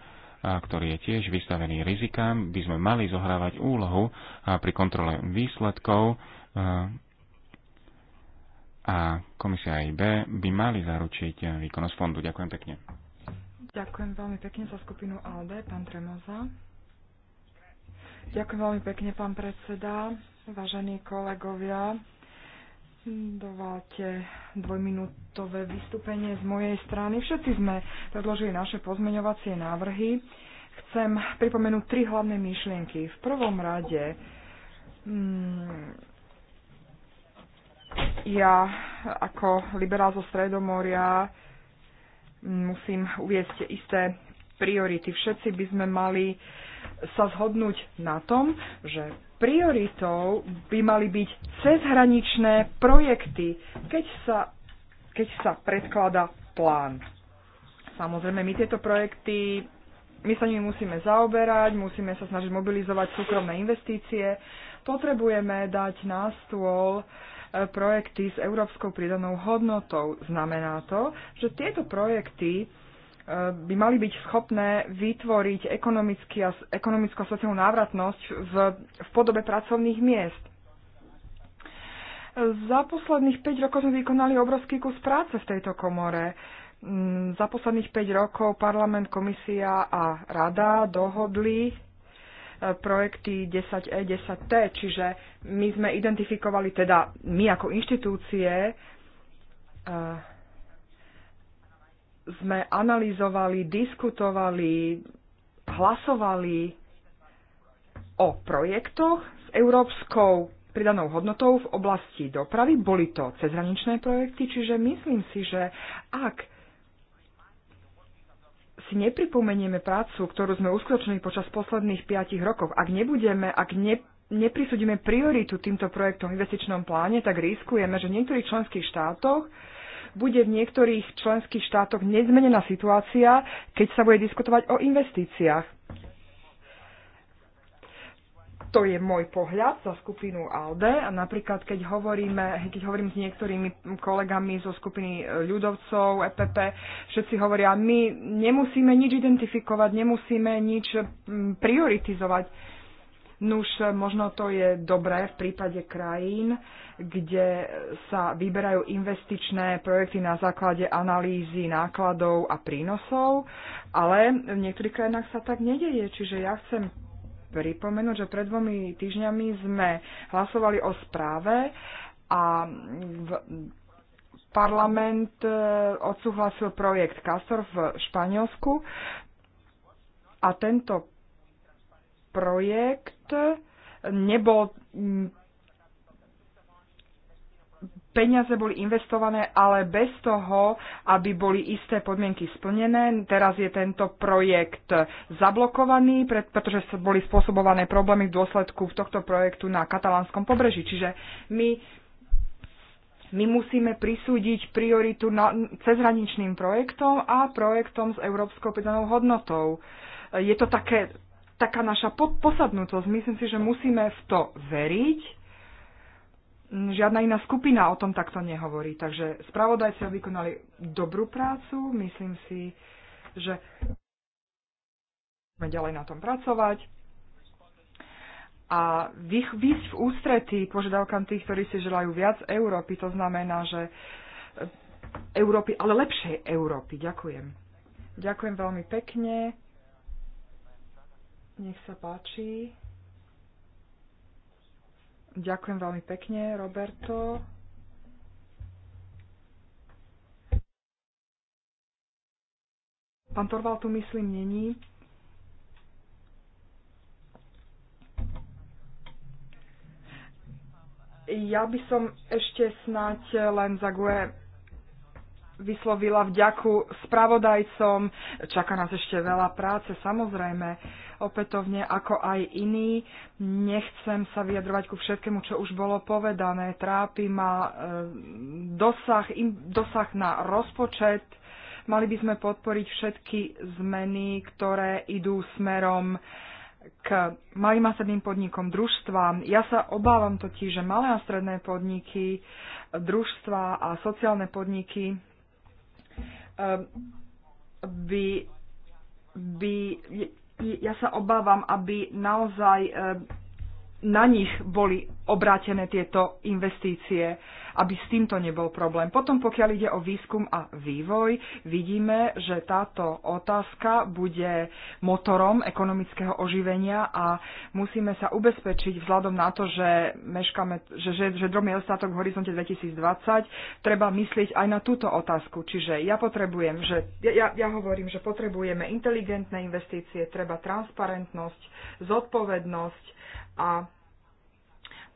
ktorý je tiež vystavený rizikám, by sme mali zohrávať úlohu pri kontrole výsledkov a komisia IB by mali zaručiť výkonnosť fondu. Ďakujem pekne. Ďakujem veľmi pekne za skupinu ALDE, pán Tremoza. Ďakujem veľmi pekne, pán predseda, vážení kolegovia. Dovolte dvojminútové vystúpenie z mojej strany. Všetci sme predložili naše pozmeňovacie návrhy. Chcem pripomenúť tri hlavné myšlienky. V prvom rade mm, ja ako liberál zo Stredomoria mm, musím uviesť isté priority. Všetci by sme mali sa zhodnúť na tom, že prioritou by mali byť cezhraničné projekty, keď sa, keď sa predklada plán. Samozrejme, my tieto projekty, my sa nimi musíme zaoberať, musíme sa snažiť mobilizovať súkromné investície, potrebujeme dať na stôl e, projekty s európskou pridanou hodnotou. Znamená to, že tieto projekty by mali byť schopné vytvoriť a, ekonomickú a sociálnu návratnosť v, v podobe pracovných miest. Za posledných 5 rokov sme vykonali obrovský kus práce v tejto komore. Mm, za posledných 5 rokov parlament, komisia a rada dohodli e, projekty 10E, 10T, čiže my sme identifikovali, teda my ako inštitúcie, e, sme analyzovali, diskutovali, hlasovali o projektoch s európskou pridanou hodnotou v oblasti dopravy. Boli to cezhraničné projekty, čiže myslím si, že ak si nepripomenieme prácu, ktorú sme uskutočnili počas posledných piatich rokov, ak nebudeme, ak ne, neprisudíme prioritu týmto projektom v investičnom pláne, tak riskujeme, že v niektorých členských štátoch bude v niektorých členských štátoch nezmenená situácia, keď sa bude diskutovať o investíciách. To je môj pohľad za skupinu ALDE a napríklad keď hovoríme, keď hovorím s niektorými kolegami zo skupiny ľudovcov, EPP, všetci hovoria, my nemusíme nič identifikovať, nemusíme nič mm, prioritizovať Nuž, možno to je dobré v prípade krajín, kde sa vyberajú investičné projekty na základe analýzy nákladov a prínosov, ale v niektorých krajinách sa tak nedeje. Čiže ja chcem pripomenúť, že pred dvomi týždňami sme hlasovali o správe a v, parlament eh, odsúhlasil projekt Castor v Španielsku a tento projekt nebol peniaze boli investované, ale bez toho, aby boli isté podmienky splnené. Teraz je tento projekt zablokovaný, pretože boli spôsobované problémy v dôsledku v tohto projektu na katalánskom pobreží. Čiže my, my musíme prisúdiť prioritu na, cezhraničným projektom a projektom s európskou pridanou hodnotou. Je to také taká naša posadnutosť. Myslím si, že musíme v to veriť. Žiadna iná skupina o tom takto nehovorí. Takže spravodajci vykonali dobrú prácu. Myslím si, že Musíme ďalej na tom pracovať. A výsť v ústretí požiadavkám tých, ktorí si želajú viac Európy, to znamená, že Európy, ale lepšej Európy. Ďakujem. Ďakujem veľmi pekne. Nech sa páči. Ďakujem veľmi pekne, Roberto. Pán Torval tu myslím není. Ja by som ešte snáď len za GUE vyslovila vďaku spravodajcom. Čaká nás ešte veľa práce, samozrejme opätovne ako aj iní. Nechcem sa vyjadrovať ku všetkému, čo už bolo povedané. Trápi ma e, dosah, dosah na rozpočet. Mali by sme podporiť všetky zmeny, ktoré idú smerom k malým a stredným podnikom družstva. Ja sa obávam totiž, že malé a stredné podniky, družstva a sociálne podniky e, by, by ja sa obávam, aby naozaj eh, na nich boli obrátené tieto investície aby s týmto nebol problém. Potom, pokiaľ ide o výskum a vývoj, vidíme, že táto otázka bude motorom ekonomického oživenia a musíme sa ubezpečiť vzhľadom na to, že, meškame, že, že, že drobný ostatok v horizonte 2020, treba myslieť aj na túto otázku. Čiže ja potrebujem, že ja, ja hovorím, že potrebujeme inteligentné investície, treba transparentnosť, zodpovednosť a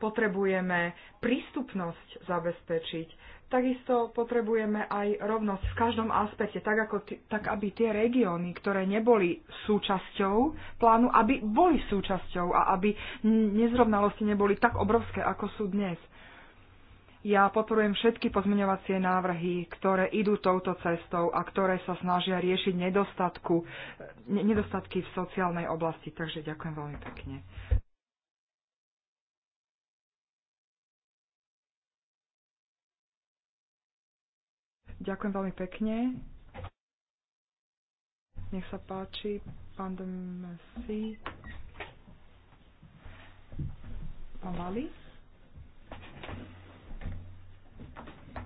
potrebujeme prístupnosť zabezpečiť, takisto potrebujeme aj rovnosť v každom aspekte, tak, ako t- tak aby tie regióny, ktoré neboli súčasťou plánu, aby boli súčasťou a aby nezrovnalosti neboli tak obrovské, ako sú dnes. Ja podporujem všetky pozmeňovacie návrhy, ktoré idú touto cestou a ktoré sa snažia riešiť nedostatku, nedostatky v sociálnej oblasti. Takže ďakujem veľmi pekne. Ďakujem veľmi pekne. Nech sa páči, pán Demesi. Pán Vali.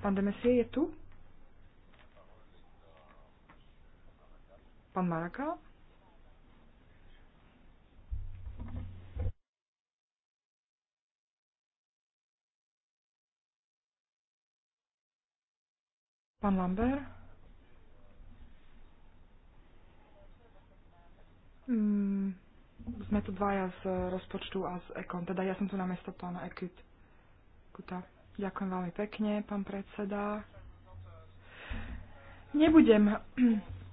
Pán Demesie je tu? Pán Maraka? Pán Lambert? Mm, sme tu dvaja z rozpočtu a z Ekon, teda ja som tu na mesto pána Ekut. Kuta. Ďakujem veľmi pekne, pán predseda. Nebudem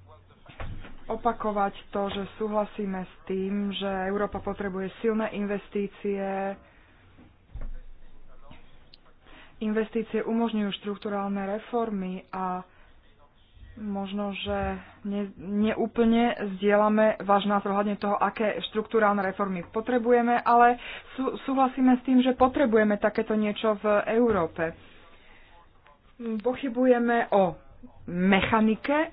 opakovať to, že súhlasíme s tým, že Európa potrebuje silné investície, investície umožňujú štruktúrálne reformy a možno, že ne, neúplne zdieľame váš názor hľadne toho, aké štruktúrálne reformy potrebujeme, ale sú, súhlasíme s tým, že potrebujeme takéto niečo v Európe. Pochybujeme o mechanike,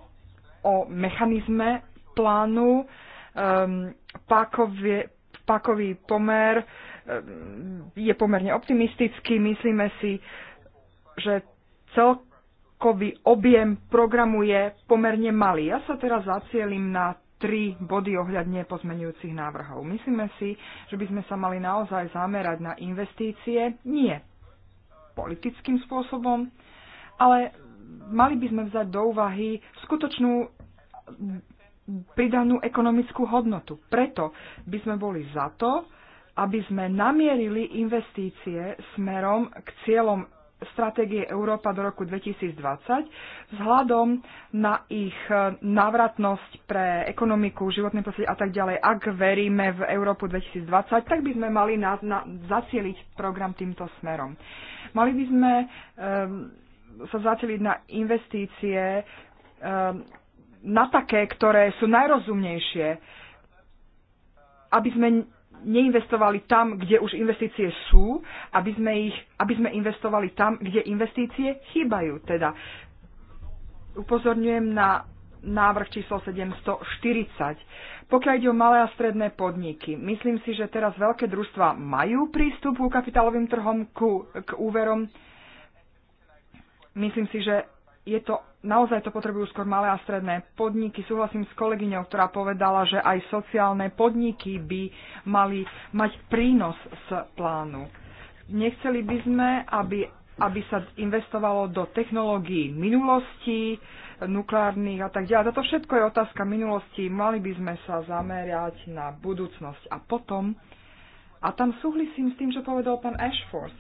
o mechanizme plánu, um, pákovie, pákový pomer, uh, Ehm, je pomerne optimistický. Myslíme si, že celkový objem programu je pomerne malý. Ja sa teraz zacielim na tri body ohľadne pozmenujúcich návrhov. Myslíme si, že by sme sa mali naozaj zamerať na investície, nie politickým spôsobom, ale mali by sme vzať do úvahy skutočnú pridanú ekonomickú hodnotu. Preto by sme boli za to, aby sme namierili investície smerom k cieľom stratégie Európa do roku 2020 vzhľadom na ich návratnosť pre ekonomiku, životné prostredie a tak ďalej. Ak veríme v Európu 2020, tak by sme mali na, na, zacieliť program týmto smerom. Mali by sme um, sa zacieliť na investície um, na také, ktoré sú najrozumnejšie, aby sme neinvestovali tam, kde už investície sú, aby sme, ich, aby sme investovali tam, kde investície chýbajú. Teda upozorňujem na návrh číslo 740. Pokiaľ ide o malé a stredné podniky, myslím si, že teraz veľké družstva majú prístup ku kapitálovým trhom, ku, k úverom. Myslím si, že je to, naozaj to potrebujú skôr malé a stredné podniky. Súhlasím s kolegyňou, ktorá povedala, že aj sociálne podniky by mali mať prínos z plánu. Nechceli by sme, aby, aby sa investovalo do technológií minulosti, nukleárnych a tak ďalej. Toto všetko je otázka minulosti. Mali by sme sa zamerať na budúcnosť a potom. A tam súhlasím s tým, čo povedal pán Ashforth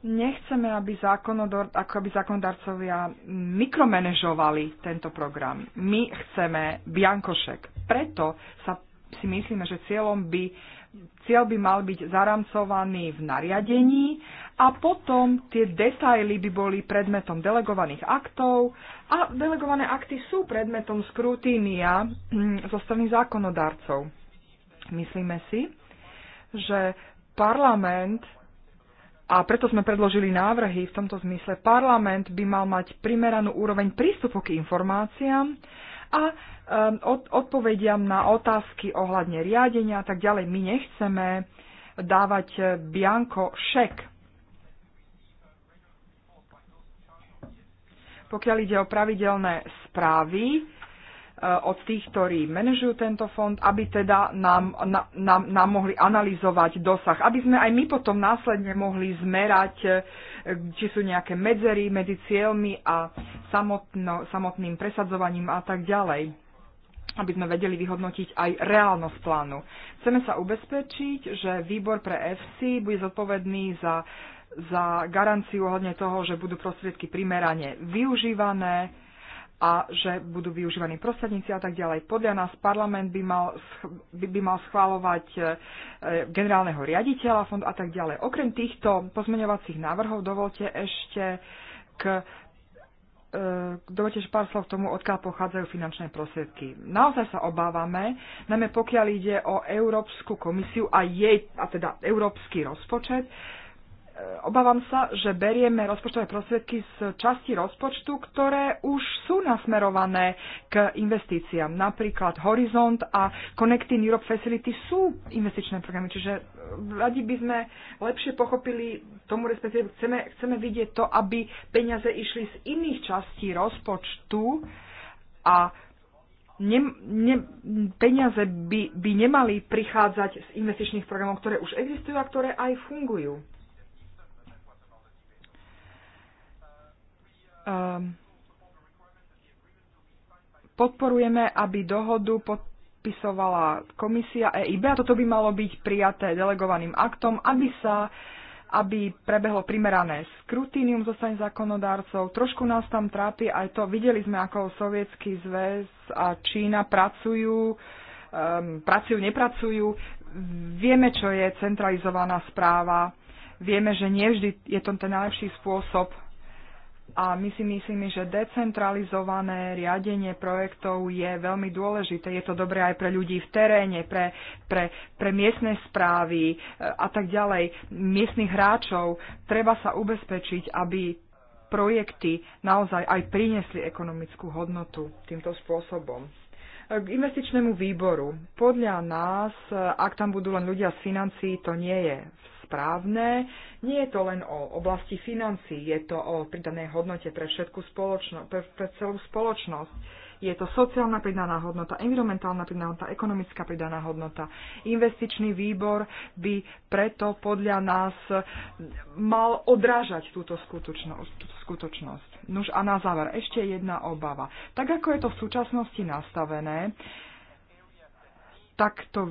Nechceme, aby, ako aby zákonodarcovia mikromanežovali tento program. My chceme biankošek. Preto sa si myslíme, že cieľom by, cieľ by mal byť zaramcovaný v nariadení a potom tie detaily by boli predmetom delegovaných aktov a delegované akty sú predmetom skrutínia mm, zo strany zákonodarcov. Myslíme si, že parlament a preto sme predložili návrhy v tomto zmysle. Parlament by mal mať primeranú úroveň prístupu k informáciám a um, od, odpovediam na otázky ohľadne riadenia a tak ďalej. My nechceme dávať eh, bianko šek. Pokiaľ ide o pravidelné správy, Eh, od tých, ktorí manažujú tento fond, aby teda nám, na, nám, nám mohli analyzovať dosah, aby sme aj my potom následne mohli zmerať, eh, či sú nejaké medzery medzi cieľmi a samotno, samotným presadzovaním a tak ďalej aby sme vedeli vyhodnotiť aj reálnosť plánu. Chceme sa ubezpečiť, že výbor pre FC bude zodpovedný za, za garanciu ohľadne toho, že budú prostriedky primerane využívané, a že budú využívaní prostredníci a tak ďalej. Podľa nás parlament by mal, by, by mal schválovať e, generálneho riaditeľa fondu a tak ďalej. Okrem týchto pozmeňovacích návrhov dovolte ešte k e, dovolte že pár slov k tomu, odkiaľ pochádzajú finančné prostriedky. Naozaj sa obávame, najmä pokiaľ ide o Európsku komisiu a jej, a teda európsky rozpočet, E, obávam sa, že berieme rozpočtové prostriedky z časti rozpočtu, ktoré už sú nasmerované k investíciám. Napríklad Horizont a Connecting Europe Facility sú investičné programy, čiže e, radi by sme lepšie pochopili tomu, respektíve chceme, chceme vidieť to, aby peniaze išli z iných častí rozpočtu a ne, ne, peniaze by, by nemali prichádzať z investičných programov, ktoré už existujú a ktoré aj fungujú. um, podporujeme, aby dohodu podpisovala komisia EIB a toto by malo byť prijaté delegovaným aktom, aby sa aby prebehlo primerané skrutínium zo strany zákonodárcov. Trošku nás tam trápi aj to, videli sme, ako Sovietský zväz a Čína pracujú, um, pracujú, nepracujú. Vieme, čo je centralizovaná správa. Vieme, že nie vždy je to ten najlepší spôsob a my si myslíme, že decentralizované riadenie projektov je veľmi dôležité. Je to dobré aj pre ľudí v teréne, pre, pre, pre miestne správy e, a tak ďalej, miestnych hráčov. Treba sa ubezpečiť, aby projekty naozaj aj priniesli ekonomickú hodnotu týmto spôsobom. E, k investičnému výboru. Podľa nás, e, ak tam budú len ľudia z financií, to nie je v správne. Nie je to len o oblasti financí, je to o pridanej hodnote pre, všetku spoločno, pre, pre celú spoločnosť. Je to sociálna pridaná hodnota, environmentálna pridaná hodnota, ekonomická pridaná hodnota. Investičný výbor by preto podľa nás mal odrážať túto skutočnosť. Túto skutočnosť. Nuž a na záver ešte jedna obava. Tak ako je to v súčasnosti nastavené, tak to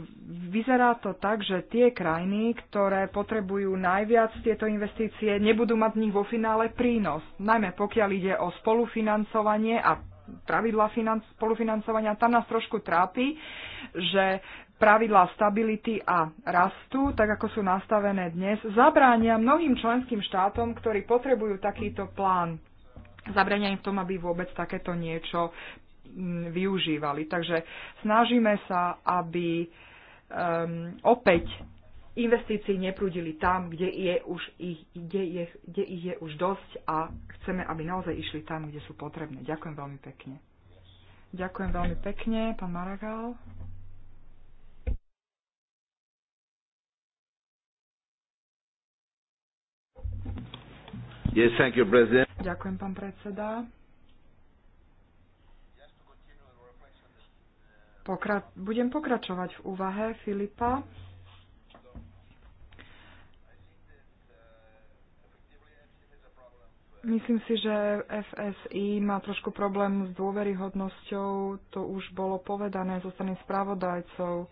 vyzerá to tak, že tie krajiny, ktoré potrebujú najviac tieto investície, nebudú mať z nich vo finále prínos. Najmä pokiaľ ide o spolufinancovanie a pravidla financ- spolufinancovania, tam nás trošku trápi, že pravidlá stability a rastu, tak ako sú nastavené dnes, zabránia mnohým členským štátom, ktorí potrebujú takýto plán zabrania im v tom, aby vôbec takéto niečo Mm, využívali. Takže snažíme sa, aby um, opäť investícií neprúdili tam, kde, je už ich, kde, je, kde ich je už dosť a chceme, aby naozaj išli tam, kde sú potrebné. Ďakujem veľmi pekne. Ďakujem veľmi pekne, pán Maragal. Yes, thank you, president. Ďakujem, pán predseda. pokra- budem pokračovať v úvahe Filipa. Myslím si, že FSI má trošku problém s dôveryhodnosťou, to už bolo povedané zo strany správodajcov.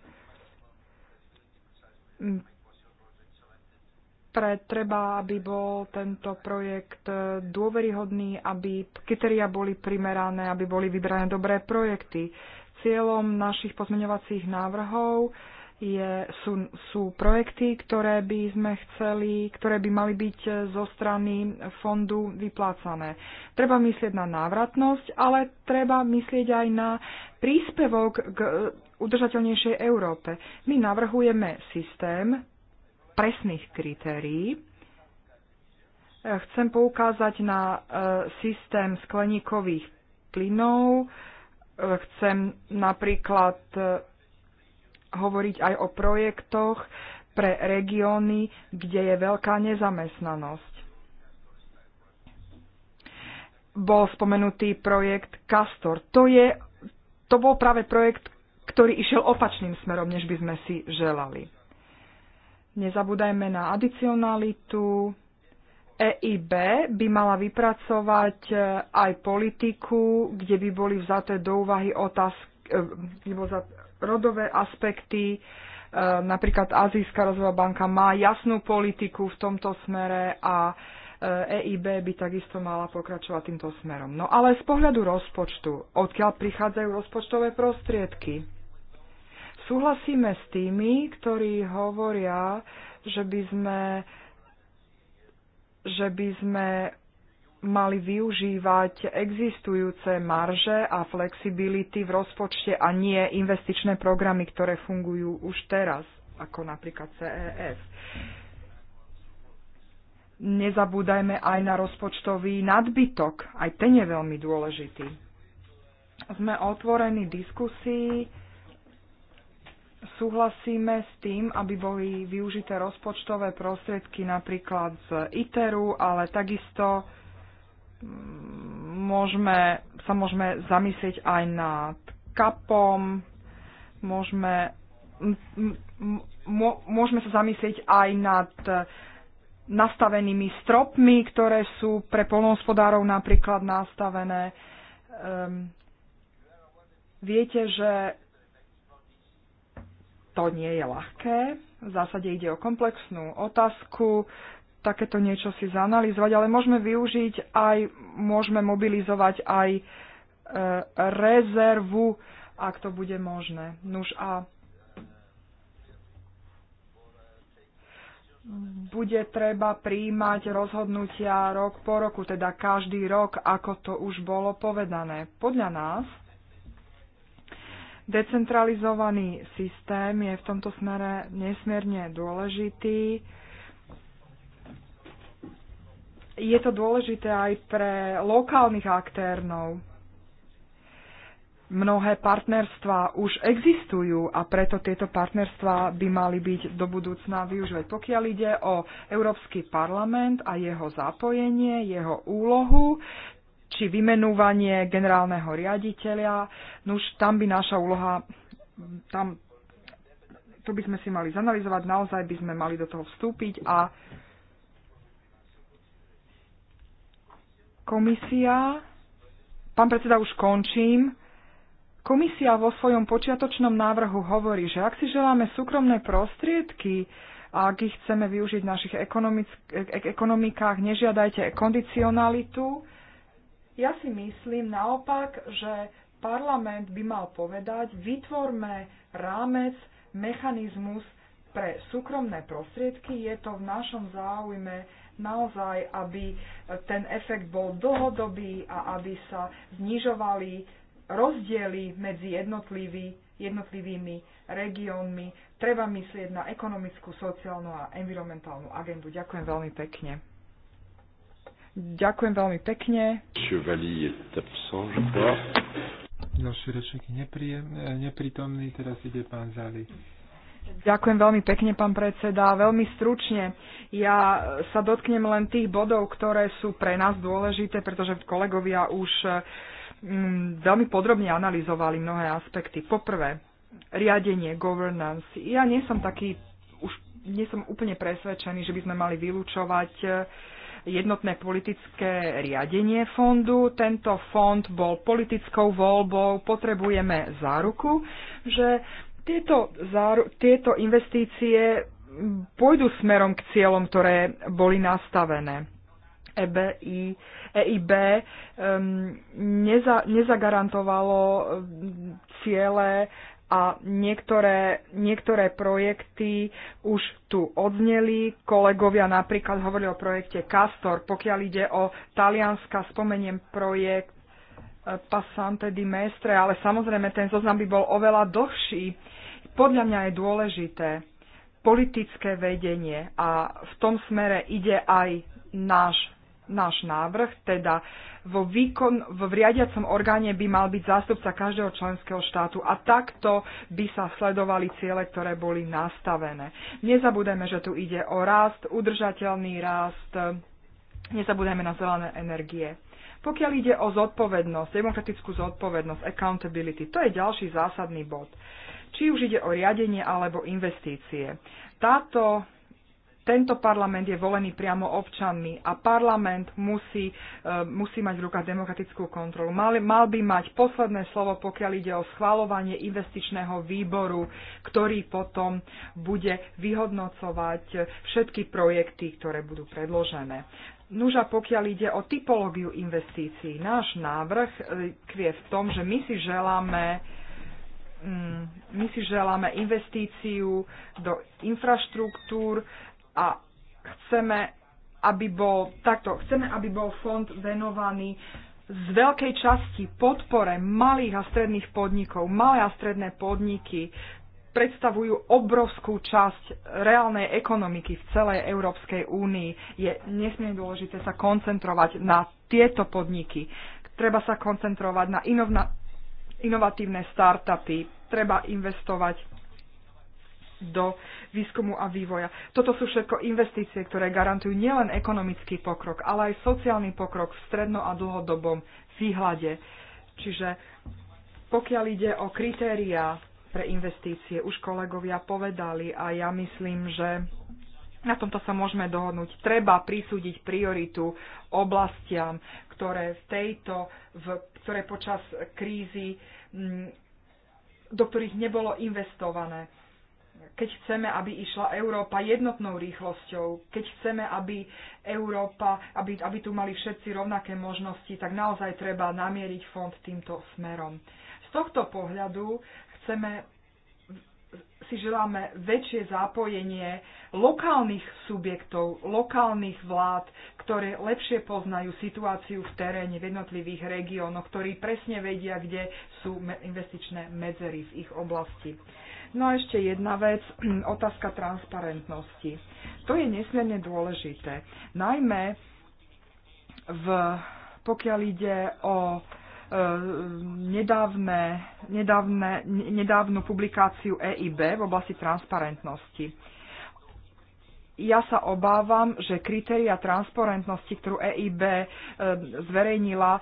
Pre treba, aby bol tento projekt dôveryhodný, aby kriteria boli primerané, aby boli vybrané dobré projekty. Cieľom našich pozmeňovacích návrhov je, sú, sú projekty, ktoré by sme chceli, ktoré by mali byť zo strany fondu vyplácané. Treba myslieť na návratnosť, ale treba myslieť aj na príspevok k udržateľnejšej Európe. My navrhujeme systém presných kritérií. Chcem poukázať na e, systém skleníkových plynov, Chcem napríklad e, hovoriť aj o projektoch pre regióny, kde je veľká nezamestnanosť. Bol spomenutý projekt Castor. To, je, to bol práve projekt, ktorý išiel opačným smerom, než by sme si želali. Nezabúdajme na adicionalitu, EIB by mala vypracovať e, aj politiku, kde by boli vzaté do úvahy otázky, e, rodové aspekty. E, napríklad Azijská rozvojová banka má jasnú politiku v tomto smere a EIB by takisto mala pokračovať týmto smerom. No ale z pohľadu rozpočtu, odkiaľ prichádzajú rozpočtové prostriedky? Súhlasíme s tými, ktorí hovoria, že by sme že by sme mali využívať existujúce marže a flexibility v rozpočte a nie investičné programy, ktoré fungujú už teraz, ako napríklad CEF. Nezabúdajme aj na rozpočtový nadbytok, aj ten je veľmi dôležitý. Sme otvorení diskusii, súhlasíme s tým, aby boli využité rozpočtové prostriedky napríklad z ITERu, ale takisto mm, môžeme, sa môžeme zamyslieť aj nad kapom, môžeme, môžeme sa zamyslieť aj nad nastavenými stropmi, ktoré sú pre polnohospodárov napríklad nastavené. Um, viete, že to nie je ľahké. V zásade ide o komplexnú otázku, takéto niečo si zanalizovať, ale môžeme využiť aj, môžeme mobilizovať aj e, rezervu, ak to bude možné. Nuž a bude treba príjmať rozhodnutia rok po roku, teda každý rok, ako to už bolo povedané. Podľa nás Decentralizovaný systém je v tomto smere nesmierne dôležitý. Je to dôležité aj pre lokálnych aktérnov. Mnohé partnerstvá už existujú a preto tieto partnerstvá by mali byť do budúcna využívať. Pokiaľ ide o Európsky parlament a jeho zapojenie, jeho úlohu, či vymenúvanie generálneho riaditeľa. No už tam by naša úloha, tam, to by sme si mali zanalizovať, naozaj by sme mali do toho vstúpiť a komisia, pán predseda, už končím, Komisia vo svojom počiatočnom návrhu hovorí, že ak si želáme súkromné prostriedky, a ak ich chceme využiť v našich e-, e-, ekonomikách, nežiadajte kondicionalitu, ja si myslím naopak, že parlament by mal povedať, vytvorme rámec, mechanizmus pre súkromné prostriedky. Je to v našom záujme naozaj, aby ten efekt bol dlhodobý a aby sa znižovali rozdiely medzi jednotlivými, jednotlivými regiónmi. Treba myslieť na ekonomickú, sociálnu a environmentálnu agendu. Ďakujem veľmi pekne. Ďakujem veľmi pekne. Chevalier est absent, je crois. Ďalší rečník eh, neprítomný, teraz ide pán Zali. Ďakujem veľmi pekne, pán predseda. Veľmi stručne. Ja sa dotknem len tých bodov, ktoré sú pre nás dôležité, pretože kolegovia už mm, veľmi podrobne analyzovali mnohé aspekty. Poprvé, riadenie, governance. Ja nie som taký, už nie som úplne presvedčený, že by sme mali vylúčovať uh, jednotné politické riadenie fondu. Tento fond bol politickou voľbou, potrebujeme záruku, že tieto, záru, tieto investície pôjdu smerom k cieľom, ktoré boli nastavené. EBI, EIB um, neza, nezagarantovalo ciele a niektoré, niektoré projekty už tu odzneli. Kolegovia napríklad hovorili o projekte Castor. Pokiaľ ide o Talianska, spomeniem projekt eh, Passante di Mestre, ale samozrejme ten zoznam by bol oveľa dlhší. Podľa mňa je dôležité politické vedenie a v tom smere ide aj náš náš návrh, teda vo, výkon, v riadiacom orgáne by mal byť zástupca každého členského štátu a takto by sa sledovali ciele, ktoré boli nastavené. Nezabudeme, že tu ide o rast, udržateľný rast, nezabudeme na zelené energie. Pokiaľ ide o zodpovednosť, demokratickú zodpovednosť, accountability, to je ďalší zásadný bod. Či už ide o riadenie alebo investície. Táto tento parlament je volený priamo občanmi a parlament musí, e, musí mať v rukách demokratickú kontrolu. Mal, mal by mať posledné slovo, pokiaľ ide o schvalovanie investičného výboru, ktorý potom bude vyhodnocovať všetky projekty, ktoré budú predložené. Nuža, pokiaľ ide o typológiu investícií, náš návrh e, kvie v tom, že my si želáme mm, my si želáme investíciu do infraštruktúr, a chceme, aby bol, takto, chceme, aby bol fond venovaný z veľkej časti podpore malých a stredných podnikov. Malé a stredné podniky predstavujú obrovskú časť reálnej ekonomiky v celej Európskej únii. Je nesmierne dôležité sa koncentrovať na tieto podniky. Treba sa koncentrovať na inovna, inovatívne startupy, treba investovať do výskumu a vývoja. Toto sú všetko investície, ktoré garantujú nielen ekonomický pokrok, ale aj sociálny pokrok v stredno- a dlhodobom výhľade. Čiže pokiaľ ide o kritériá pre investície, už kolegovia povedali a ja myslím, že na tomto sa môžeme dohodnúť. Treba prisúdiť prioritu oblastiam, ktoré, v tejto, v, ktoré počas krízy, mm, do ktorých nebolo investované keď chceme, aby išla Európa jednotnou rýchlosťou, keď chceme, aby Európa, aby, aby tu mali všetci rovnaké možnosti, tak naozaj treba namieriť fond týmto smerom. Z tohto pohľadu chceme, si želáme väčšie zapojenie lokálnych subjektov, lokálnych vlád, ktoré lepšie poznajú situáciu v teréne, v jednotlivých regiónoch, ktorí presne vedia, kde sú investičné medzery v ich oblasti. No a ešte jedna vec, otázka transparentnosti. To je nesmierne dôležité. Najmä v, pokiaľ ide o e, nedávne, nedávne, nedávnu publikáciu EIB v oblasti transparentnosti ja sa obávam, že kritéria transparentnosti, ktorú EIB eh, zverejnila, eh,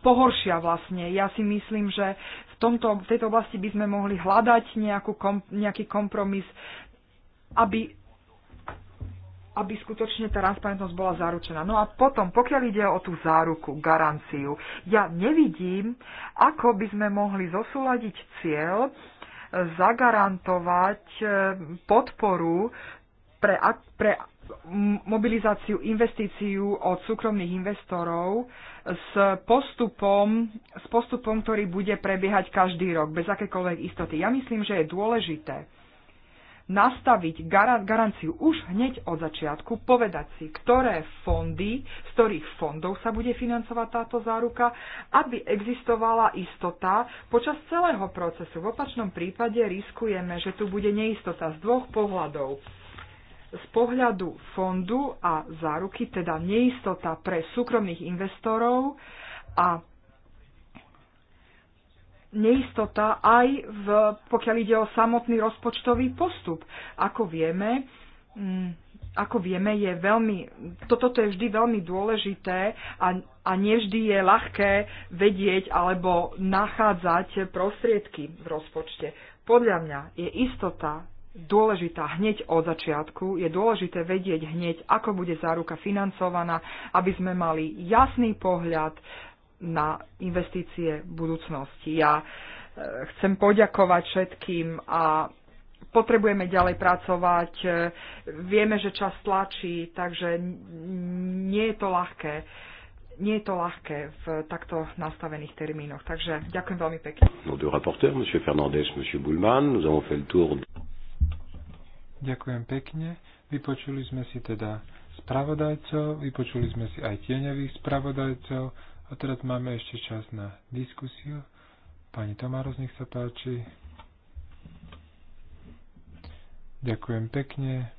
pohoršia vlastne. Ja si myslím, že v, tomto, v tejto oblasti by sme mohli hľadať nejakú, nejaký kompromis, aby aby skutočne tá transparentnosť bola zaručená. No a potom, pokiaľ ide o tú záruku, garanciu, ja nevidím, ako by sme mohli zosúľadiť cieľ, eh, zagarantovať podporu pre, pre mobilizáciu investíciu od súkromných investorov s postupom, s postupom, ktorý bude prebiehať každý rok, bez akékoľvek istoty. Ja myslím, že je dôležité nastaviť garanciu už hneď od začiatku, povedať si, ktoré fondy, z ktorých fondov sa bude financovať táto záruka, aby existovala istota počas celého procesu. V opačnom prípade riskujeme, že tu bude neistota z dvoch pohľadov z pohľadu fondu a záruky, teda neistota pre súkromných investorov a neistota aj v, pokiaľ ide o samotný rozpočtový postup. Ako vieme, mm, ako vieme, je veľmi, to, toto je vždy veľmi dôležité a, a nevždy je ľahké vedieť alebo nachádzať prostriedky v rozpočte. Podľa mňa je istota dôležitá hneď od začiatku. Je dôležité vedieť hneď, ako bude záruka financovaná, aby sme mali jasný pohľad na investície budúcnosti. Ja e, chcem poďakovať všetkým a potrebujeme ďalej pracovať. E, vieme, že čas tlačí, takže nie je to ľahké. Nie je to ľahké v takto nastavených termínoch. Takže ďakujem veľmi pekne. Fernandez, Bullman, nous avons fait le tour. Ďakujem pekne. Vypočuli sme si teda spravodajcov, vypočuli sme si aj tieňových spravodajcov a teraz máme ešte čas na diskusiu. Pani Tomároz, nech sa páči. Ďakujem pekne.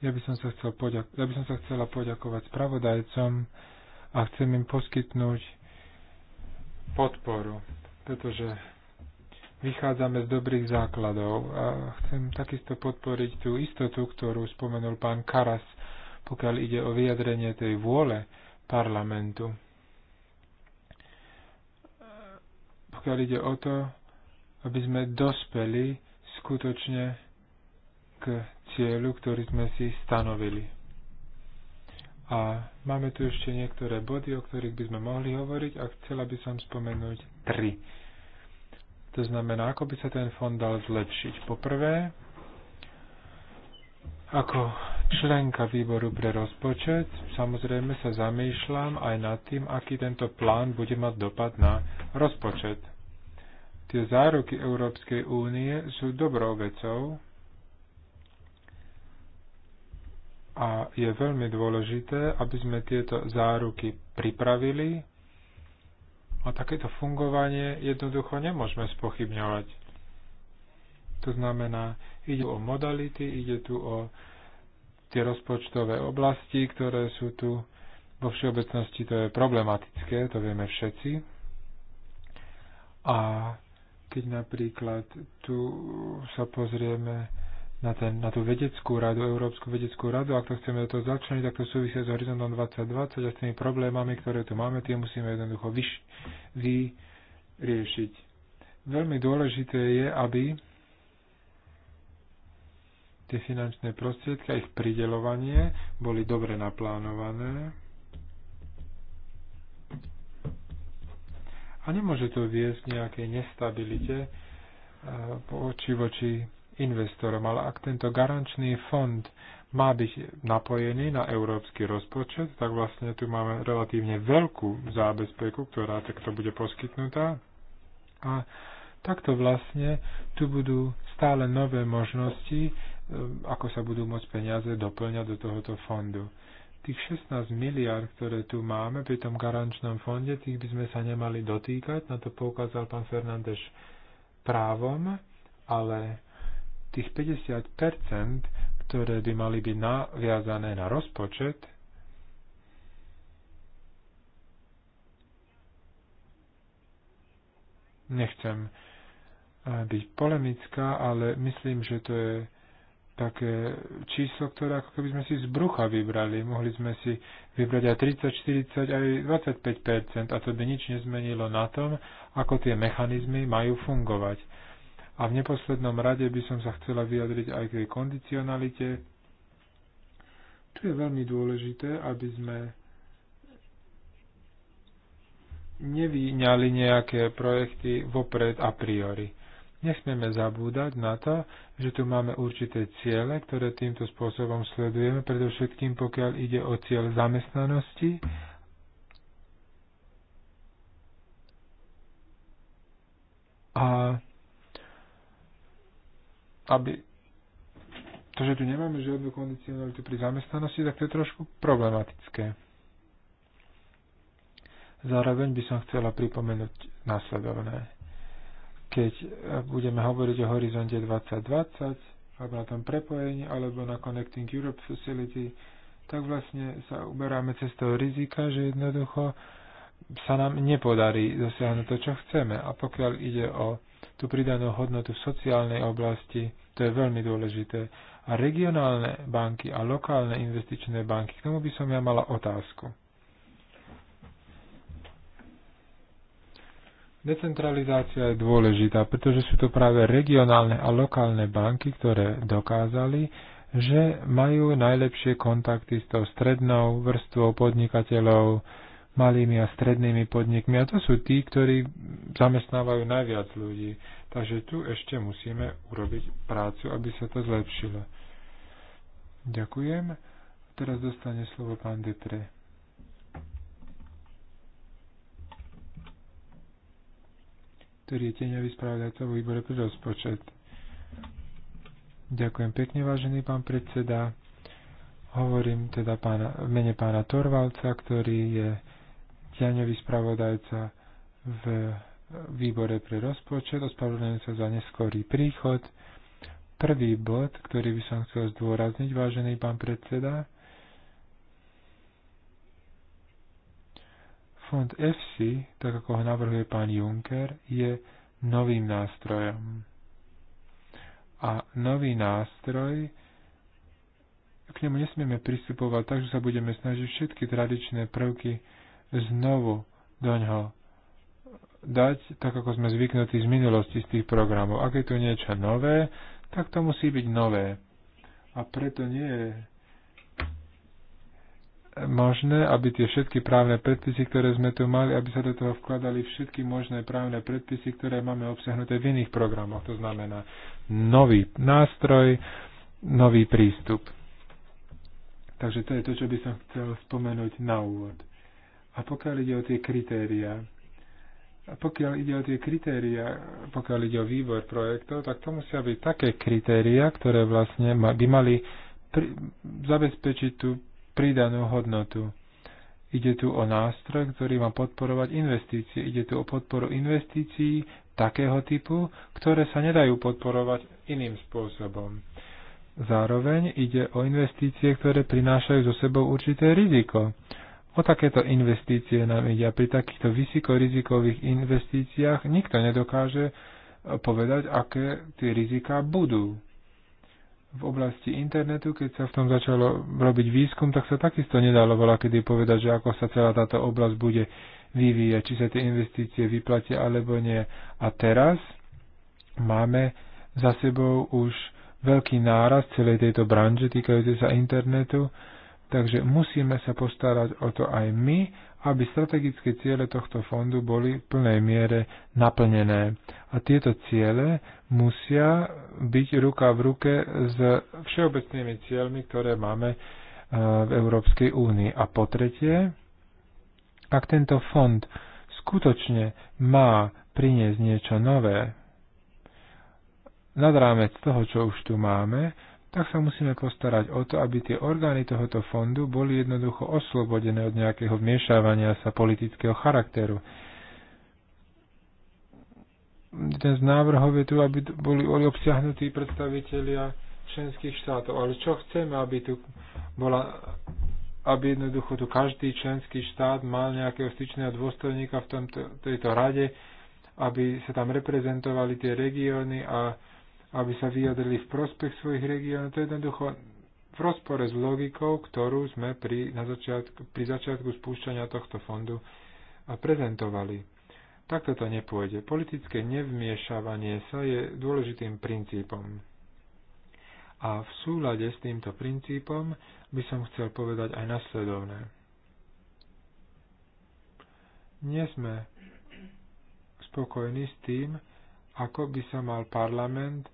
Ja by som sa, chcel ja by som sa chcela poďakovať spravodajcom a chcem im poskytnúť podporu, pretože vychádzame z dobrých základov. A chcem takisto podporiť tú istotu, ktorú spomenul pán Karas, pokiaľ ide o vyjadrenie tej vôle parlamentu. Pokiaľ ide o to, aby sme dospeli skutočne k cieľu, ktorý sme si stanovili. A máme tu ešte niektoré body, o ktorých by sme mohli hovoriť a chcela by som spomenúť tri to znamená, ako by sa ten fond dal zlepšiť. Poprvé, ako členka výboru pre rozpočet samozrejme sa zamýšľam aj nad tým, aký tento plán bude mať dopad na rozpočet. Tie záruky Európskej únie sú dobrou vecou a je veľmi dôležité, aby sme tieto záruky pripravili a takéto fungovanie jednoducho nemôžeme spochybňovať. To znamená, ide o modality, ide tu o tie rozpočtové oblasti, ktoré sú tu vo všeobecnosti, to je problematické, to vieme všetci. A keď napríklad tu sa pozrieme na, ten, na tú vedeckú radu, Európsku vedeckú radu. Ak to chceme do toho začleniť, tak to súvisia s horizontom 2020 a s tými problémami, ktoré tu máme, tie musíme jednoducho vyš, vyriešiť. Veľmi dôležité je, aby tie finančné prostriedky a ich pridelovanie boli dobre naplánované, a nemôže to viesť nejakej nestabilite eh, voči voči investorom, ale ak tento garančný fond má byť napojený na európsky rozpočet, tak vlastne tu máme relatívne veľkú zábezpeku, ktorá takto bude poskytnutá. A takto vlastne tu budú stále nové možnosti, e, ako sa budú môcť peniaze doplňať do tohoto fondu. Tých 16 miliard, ktoré tu máme pri tom garančnom fonde, tých by sme sa nemali dotýkať, na to poukázal pán Fernández právom, ale tých 50%, ktoré by mali byť naviazané na rozpočet, nechcem eh, byť polemická, ale myslím, že to je také číslo, ktoré ako keby sme si z brucha vybrali. Mohli sme si vybrať aj 30, 40, aj 25 a to by nič nezmenilo na tom, ako tie mechanizmy majú fungovať. A v neposlednom rade by som sa chcela vyjadriť aj k tej kondicionalite. Tu je veľmi dôležité, aby sme nevyňali nejaké projekty vopred a priori. Nesmieme zabúdať na to, že tu máme určité ciele, ktoré týmto spôsobom sledujeme, predovšetkým pokiaľ ide o cieľ zamestnanosti a aby to, že tu nemáme žiadnu kondicionalitu pri zamestnanosti, tak to je trošku problematické. Zároveň by som chcela pripomenúť následovné. Keď e, budeme hovoriť o horizonte 2020, alebo na tom prepojení, alebo na Connecting Europe Facility, tak vlastne sa uberáme cestou rizika, že jednoducho sa nám nepodarí dosiahnuť to, čo chceme. A pokiaľ ide o tú pridanú hodnotu v sociálnej oblasti, to je veľmi dôležité. A regionálne banky a lokálne investičné banky, k tomu by som ja mala otázku. Decentralizácia je dôležitá, pretože sú to práve regionálne a lokálne banky, ktoré dokázali, že majú najlepšie kontakty s tou strednou vrstvou podnikateľov, malými a strednými podnikmi. A to sú tí, ktorí zamestnávajú najviac ľudí. Takže tu ešte musíme urobiť prácu, aby sa to zlepšilo. Ďakujem. Teraz dostane slovo pán Detre. ktorý je tieňový spravodajca vo výbore pre rozpočet. Ďakujem pekne, vážený pán predseda. Hovorím teda pána, v mene pána Torvalca, ktorý je tieňový spravodajca v výbore pre rozpočet, ospravedlňujem sa za neskorý príchod. Prvý bod, ktorý by som chcel zdôrazniť, vážený pán predseda, fond FC, tak ako ho navrhuje pán Juncker, je novým nástrojom. A nový nástroj k nemu nesmieme pristupovať tak, že sa budeme snažiť všetky tradičné prvky znovu do ňoho dať, tak ako sme zvyknutí z minulosti z tých programov. Ak je tu niečo nové, tak to musí byť nové. A preto nie je možné, aby tie všetky právne predpisy, ktoré sme tu mali, aby sa do toho vkladali všetky možné právne predpisy, ktoré máme obsahnuté v iných programoch. To znamená nový nástroj, nový prístup. Takže to je to, čo by som chcel spomenúť na úvod. A pokiaľ ide o tie kritéria, a pokiaľ ide o tie kritéria, pokiaľ ide o výbor projektov, tak to musia byť také kritéria, ktoré vlastne by mali pri, zabezpečiť tú pridanú hodnotu. Ide tu o nástroj, ktorý má podporovať investície. Ide tu o podporu investícií takého typu, ktoré sa nedajú podporovať iným spôsobom. Zároveň ide o investície, ktoré prinášajú zo sebou určité riziko. O takéto investície nám ide a pri takýchto vysokorizikových investíciách nikto nedokáže povedať, aké tie riziká budú. V oblasti internetu, keď sa v tom začalo robiť výskum, tak sa takisto nedalo veľa kedy povedať, že ako sa celá táto oblasť bude vyvíjať, či sa tie investície vyplatia alebo nie. A teraz máme za sebou už veľký náraz celej tejto branže týkajúcej sa internetu Takže musíme sa postarať o to aj my, aby strategické ciele tohto fondu boli v plnej miere naplnené. A tieto ciele musia byť ruka v ruke s všeobecnými cieľmi, ktoré máme e, v Európskej únii. A po tretie, ak tento fond skutočne má priniesť niečo nové, nad rámec toho, čo už tu máme, tak sa musíme postarať o to, aby tie orgány tohoto fondu boli jednoducho oslobodené od nejakého vmiešávania sa politického charakteru. Jeden z návrhov je tu, aby boli, boli obsiahnutí predstavitelia členských štátov. Ale čo chceme, aby tu bola aby jednoducho tu každý členský štát mal nejakého styčného dôstojníka v tomto, tejto rade, aby sa tam reprezentovali tie regióny a aby sa vyjadrili v prospech svojich regiónov. To je jednoducho v rozpore s logikou, ktorú sme pri, na začiatku, pri začiatku spúšťania tohto fondu prezentovali. Takto to nepôjde. Politické nevmiešavanie sa je dôležitým princípom. A v súlade s týmto princípom by som chcel povedať aj nasledovné. Nie sme spokojní s tým, ako by sa mal parlament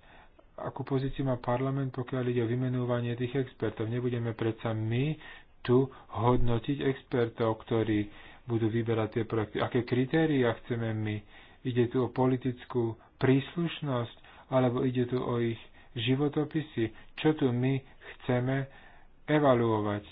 akú pozíciu má parlament, pokiaľ ide o vymenúvanie tých expertov. Nebudeme predsa my tu hodnotiť expertov, ktorí budú vyberať tie projekty. Aké kritéria chceme my? Ide tu o politickú príslušnosť, alebo ide tu o ich životopisy? Čo tu my chceme evaluovať?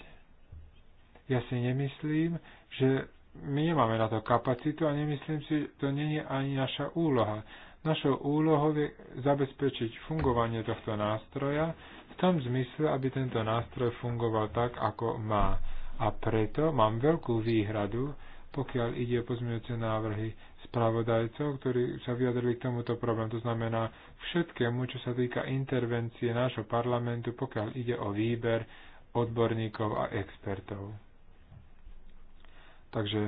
Ja si nemyslím, že my nemáme na to kapacitu a nemyslím si, že to nie je ani naša úloha. Našou úlohou je zabezpečiť fungovanie tohto nástroja v tom zmysle, aby tento nástroj fungoval tak, ako má. A preto mám veľkú výhradu, pokiaľ ide o pozmeňujúce návrhy spravodajcov, ktorí sa vyjadrili k tomuto problému. To znamená všetkému, čo sa týka intervencie nášho parlamentu, pokiaľ ide o výber odborníkov a expertov. Takže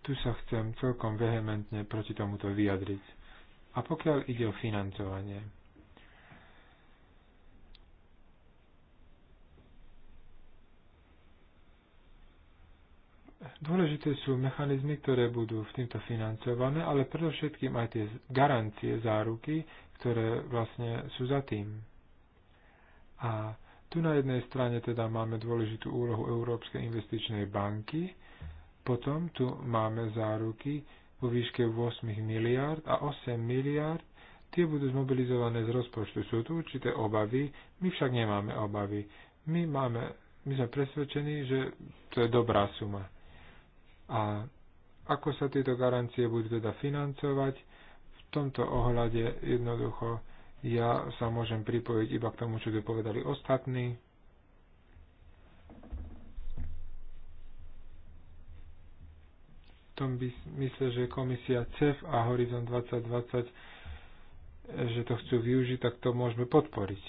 tu sa chcem celkom vehementne proti tomuto vyjadriť. A pokiaľ ide o financovanie, Dôležité sú mechanizmy, ktoré budú v týmto financované, ale predovšetkým aj tie garancie, záruky, ktoré vlastne sú za tým. A tu na jednej strane teda máme dôležitú úlohu Európskej investičnej banky, potom tu máme záruky vo výške 8 miliárd a 8 miliárd tie budú zmobilizované z rozpočtu. Sú tu určité obavy, my však nemáme obavy. My, máme, my sme presvedčení, že to je dobrá suma. A ako sa tieto garancie budú teda financovať, v tomto ohľade jednoducho ja sa môžem pripojiť iba k tomu, čo tu povedali ostatní. tom by mysle, že komisia CEF a Horizon 2020, e, že to chcú využiť, tak to môžeme podporiť.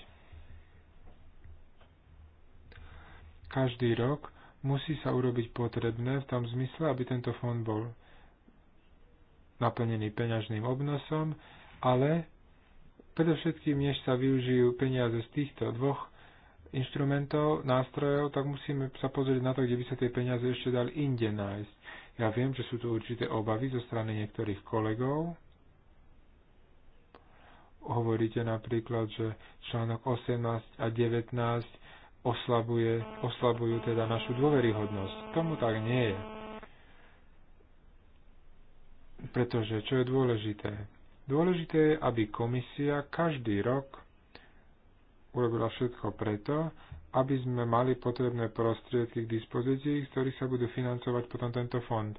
Každý rok musí sa urobiť potrebné v tom zmysle, aby tento fond bol naplnený peňažným obnosom, ale predovšetkým, než sa využijú peniaze z týchto dvoch inštrumentov, nástrojov, tak musíme sa pozrieť na to, kde by sa tie peniaze ešte dali inde nájsť. Ja viem, že sú tu určité obavy zo strany niektorých kolegov. Hovoríte napríklad, že článok 18 a 19 oslabuje, oslabujú teda našu dôveryhodnosť. Tomu tak nie je. Pretože čo je dôležité? Dôležité je, aby komisia každý rok urobila všetko preto, aby sme mali potrebné prostriedky k dispozícii, z ktorých sa budú financovať potom tento fond.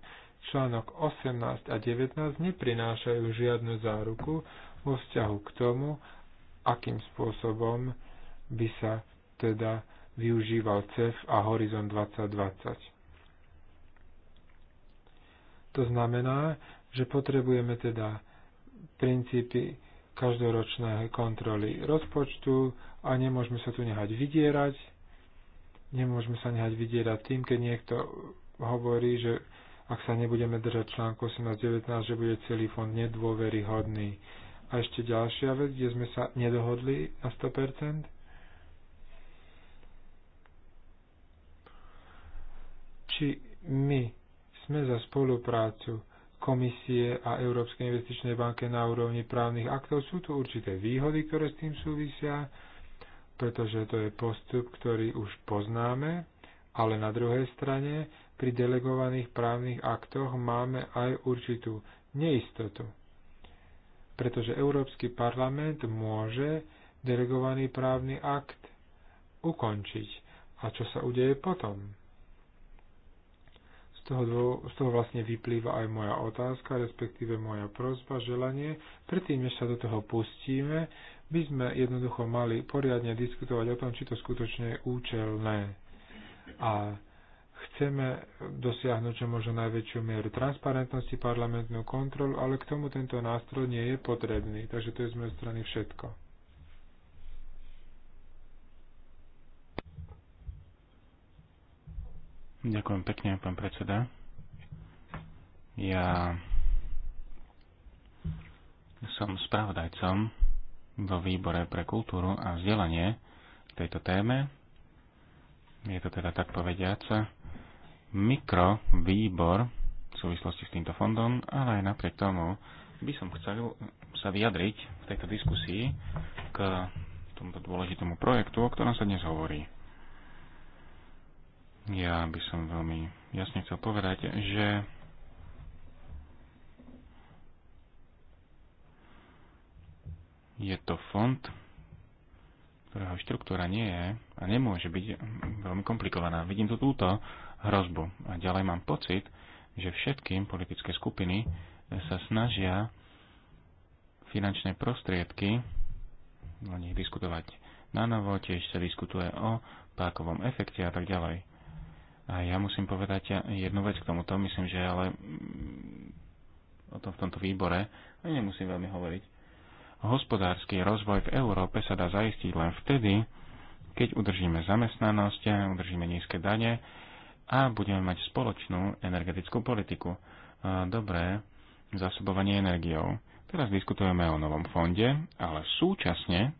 Článok 18 a 19 neprinášajú žiadnu záruku vo vzťahu k tomu, akým spôsobom by sa teda využíval CEF a Horizon 2020. To znamená, že potrebujeme teda princípy každoročné kontroly rozpočtu a nemôžeme sa tu nehať vydierať. Nemôžeme sa nehať vydierať tým, keď niekto hovorí, že ak sa nebudeme držať článku 18.19, že bude celý fond nedôveryhodný. A ešte ďalšia vec, kde sme sa nedohodli na 100%. Či my sme za spoluprácu komisie a Európskej investičnej banke na úrovni právnych aktov. Sú tu určité výhody, ktoré s tým súvisia, pretože to je postup, ktorý už poznáme, ale na druhej strane pri delegovaných právnych aktoch máme aj určitú neistotu, pretože Európsky parlament môže delegovaný právny akt ukončiť. A čo sa udeje potom? Z toho, dvo, z toho vlastne vyplýva aj moja otázka, respektíve moja prozba, želanie. Predtým, než sa do toho pustíme, by sme jednoducho mali poriadne diskutovať o tom, či to skutočne je účelné. A chceme dosiahnuť čo možno najväčšiu mieru transparentnosti, parlamentnú kontrolu, ale k tomu tento nástroj nie je potrebný. Takže to je z mojej strany všetko. Ďakujem pekne, pán predseda. Ja som spravodajcom vo výbore pre kultúru a vzdelanie tejto téme. Je to teda tak povediac mikrovýbor v súvislosti s týmto fondom, ale aj napriek tomu by som chcel sa vyjadriť v tejto diskusii k tomuto dôležitému projektu, o ktorom sa dnes hovorí. Ja by som veľmi jasne chcel povedať, že je to fond, ktorého štruktúra nie je a nemôže byť veľmi komplikovaná. Vidím tu túto hrozbu a ďalej mám pocit, že všetky politické skupiny sa snažia finančné prostriedky o nich diskutovať na novo, tiež sa diskutuje o pákovom efekte a tak ďalej. A ja musím povedať jednu vec k tomuto, myslím, že ale mm, o tom v tomto výbore ani nemusím veľmi hovoriť. Hospodársky rozvoj v Európe sa dá zaistiť len vtedy, keď udržíme zamestnanosť, udržíme nízke dane a budeme mať spoločnú energetickú politiku. Dobré zásobovanie energiou. Teraz diskutujeme o novom fonde, ale súčasne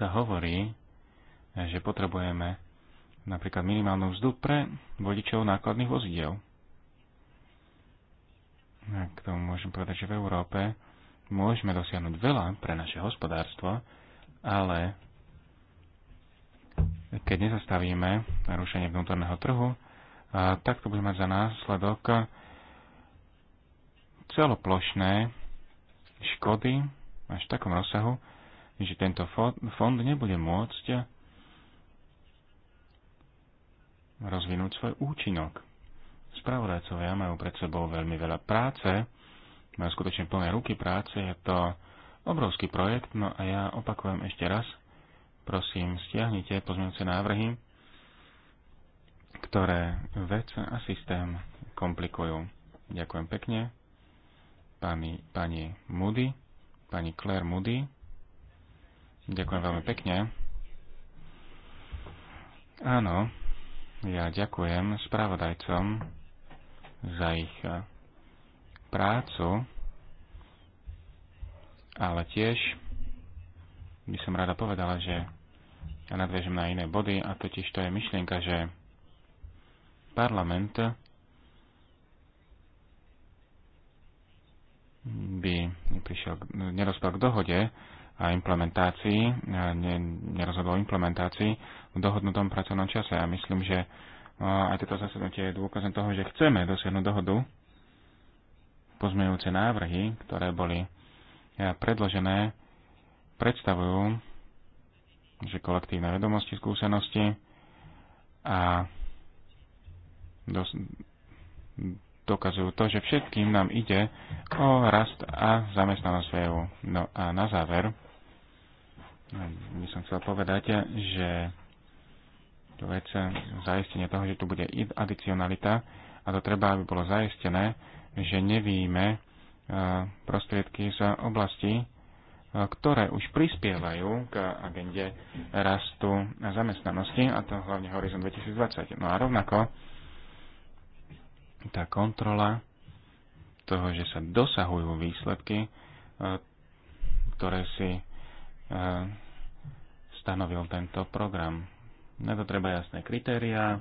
sa hovorí, že potrebujeme napríklad minimálnu mzdu pre vodičov nákladných vozidel. A k tomu môžem povedať, že v Európe môžeme dosiahnuť veľa pre naše hospodárstvo, ale keď nezastavíme narušenie vnútorného trhu, tak to bude mať za následok celoplošné škody až v takom rozsahu, že tento fond nebude môcť rozvinúť svoj účinok. Spravodajcovia majú pred sebou veľmi veľa práce, majú skutočne plné ruky práce, je to obrovský projekt, no a ja opakujem ešte raz, prosím, stiahnite pozmeňujúce návrhy, ktoré vec a systém komplikujú. Ďakujem pekne. Pani, pani Moody, pani Claire Moody, Ďakujem veľmi pekne. Áno, ja ďakujem spravodajcom za ich eh, prácu, ale tiež by som rada povedala, že ja nadviežem na iné body a totiž to je myšlienka, že parlament by prišiel, nedospel k dohode a implementácii, ne, nerozhodol o implementácii v dohodnutom pracovnom čase. A myslím, že no, aj toto zasadnutie je dôkazom toho, že chceme dosiahnuť dohodu. Pozmejúce návrhy, ktoré boli e, predložené, predstavujú, že kolektívne vedomosti, skúsenosti a dos, dokazujú to, že všetkým nám ide o rast a zamestnanosť EU. No a na záver, by som chcel povedať, že to vec zaistenie toho, že tu bude adicionalita a to treba, aby bolo zaistené, že nevíme e, prostriedky z oblasti, e, ktoré už prispievajú k agende rastu a zamestnanosti, a to hlavne Horizon 2020. No a rovnako tá kontrola toho, že sa dosahujú výsledky, e, ktoré si stanovil tento program. Na to treba jasné kritériá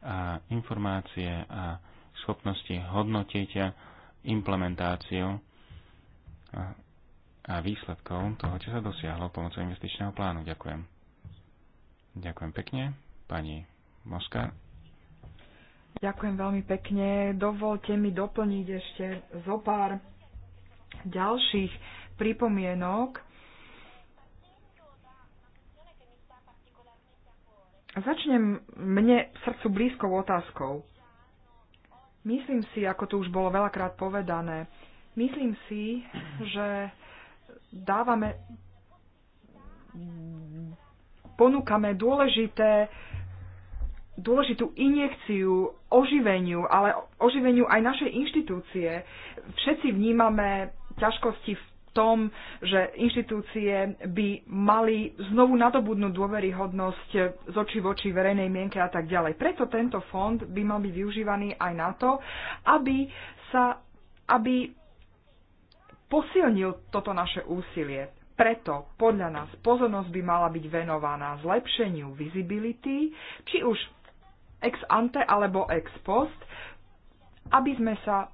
a informácie a schopnosti hodnotiť implementáciu a výsledkov toho, čo sa dosiahlo pomocou investičného plánu. Ďakujem. Ďakujem pekne, pani Moska. Ďakujem veľmi pekne. Dovolte mi doplniť ešte zo pár ďalších pripomienok Začnem mne srdcu blízkou otázkou. Myslím si, ako to už bolo veľakrát povedané, myslím si, že dávame, ponúkame dôležité, dôležitú injekciu oživeniu, ale oživeniu aj našej inštitúcie. Všetci vnímame ťažkosti v tom, že inštitúcie by mali znovu nadobudnúť dôveryhodnosť z očí voči verejnej mienke a tak ďalej. Preto tento fond by mal byť využívaný aj na to, aby sa aby posilnil toto naše úsilie. Preto podľa nás pozornosť by mala byť venovaná zlepšeniu visibility, či už ex ante alebo ex post, aby sme sa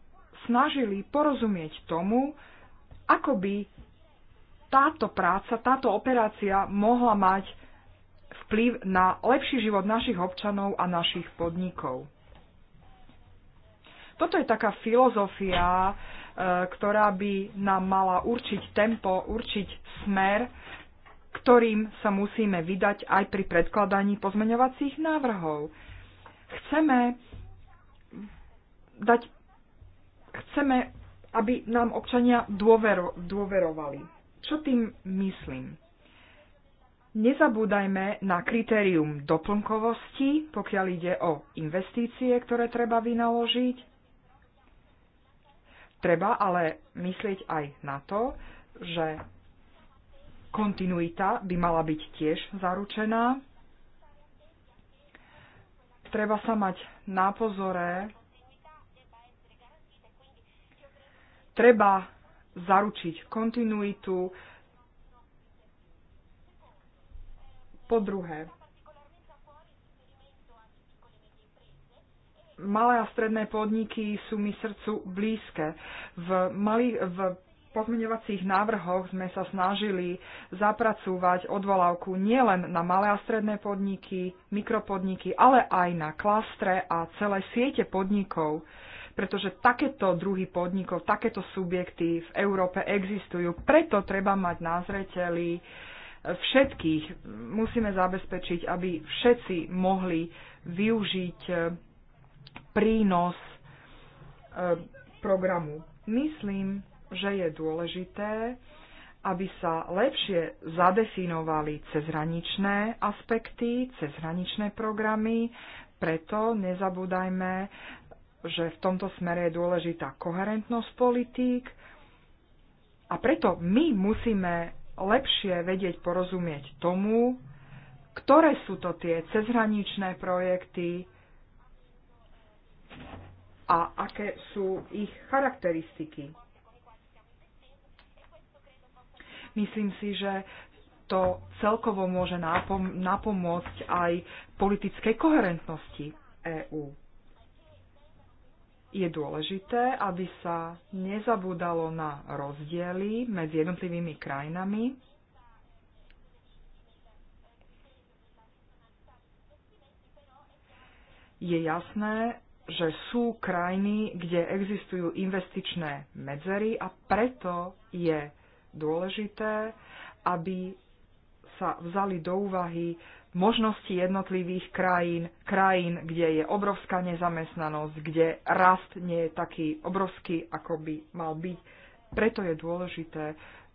snažili porozumieť tomu, ako by táto práca, táto operácia mohla mať vplyv na lepší život našich občanov a našich podnikov? Toto je taká filozofia, e, ktorá by nám mala určiť tempo, určiť smer, ktorým sa musíme vydať aj pri predkladaní pozmeňovacích návrhov. Chceme dať chceme aby nám občania dôvero, dôverovali. Čo tým myslím? Nezabúdajme na kritérium doplnkovosti, pokiaľ ide o investície, ktoré treba vynaložiť. Treba ale myslieť aj na to, že kontinuita by mala byť tiež zaručená. Treba sa mať na pozore Treba zaručiť kontinuitu. Po druhé, malé a stredné podniky sú mi srdcu blízke. V, malých, v pozmeňovacích návrhoch sme sa snažili zapracúvať odvolávku nielen na malé a stredné podniky, mikropodniky, ale aj na klastre a celé siete podnikov pretože takéto druhy podnikov, takéto subjekty v Európe existujú. Preto treba mať na zreteli e, všetkých. Musíme zabezpečiť, aby všetci mohli využiť e, prínos e, programu. Myslím, že je dôležité, aby sa lepšie zadefinovali cezhraničné aspekty, cezhraničné programy, preto nezabúdajme že v tomto smere je dôležitá koherentnosť politík a preto my musíme lepšie vedieť porozumieť tomu, ktoré sú to tie cezhraničné projekty a aké sú ich charakteristiky. Myslím si, že to celkovo môže napom- napomôcť aj politickej koherentnosti EÚ je dôležité, aby sa nezabúdalo na rozdiely medzi jednotlivými krajinami. Je jasné, že sú krajiny, kde existujú investičné medzery a preto je dôležité, aby sa vzali do úvahy možnosti jednotlivých krajín, krajín, kde je obrovská nezamestnanosť, kde rast nie je taký obrovský, ako by mal byť. Preto je dôležité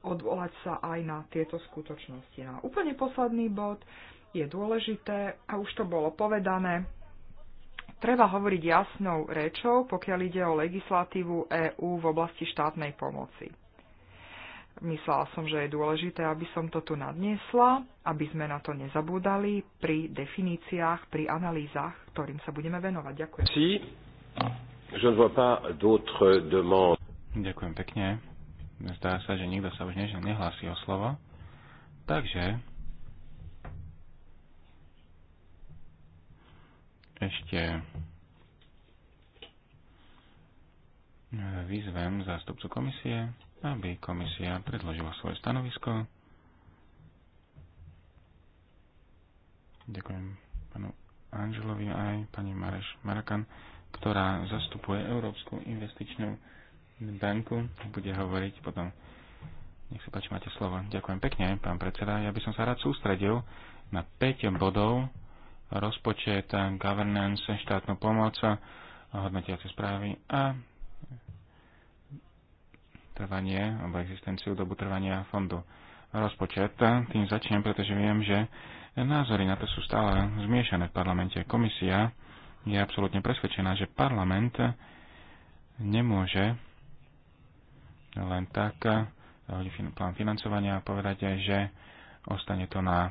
odvolať sa aj na tieto skutočnosti. No a úplne posledný bod je dôležité, a už to bolo povedané, treba hovoriť jasnou rečou, pokiaľ ide o legislatívu EÚ v oblasti štátnej pomoci myslela som, že je dôležité, aby som to tu nadniesla, aby sme na to nezabúdali pri definíciách, pri analýzach, ktorým sa budeme venovať. Ďakujem. Si, je ne vois pas d'autres demandes. Ďakujem pekne. Zdá sa, že nikto sa už než nehlási o slovo. Takže ešte vyzvem zástupcu komisie aby komisia predložila svoje stanovisko. Ďakujem panu Angelovi aj pani Mareš Marakan, ktorá zastupuje Európsku investičnú banku. Bude hovoriť potom. Nech sa páči, máte slovo. Ďakujem pekne, pán predseda. Ja by som sa rád sústredil na 5 bodov rozpočet, governance, štátnu pomoc, hodnotiace správy a trvanie alebo existenciu dobu trvania fondu. Rozpočet tým začnem, pretože viem, že názory na to sú stále zmiešané v parlamente. Komisia je absolútne presvedčená, že parlament nemôže len tak eh, plán financovania a povedať aj, že ostane to na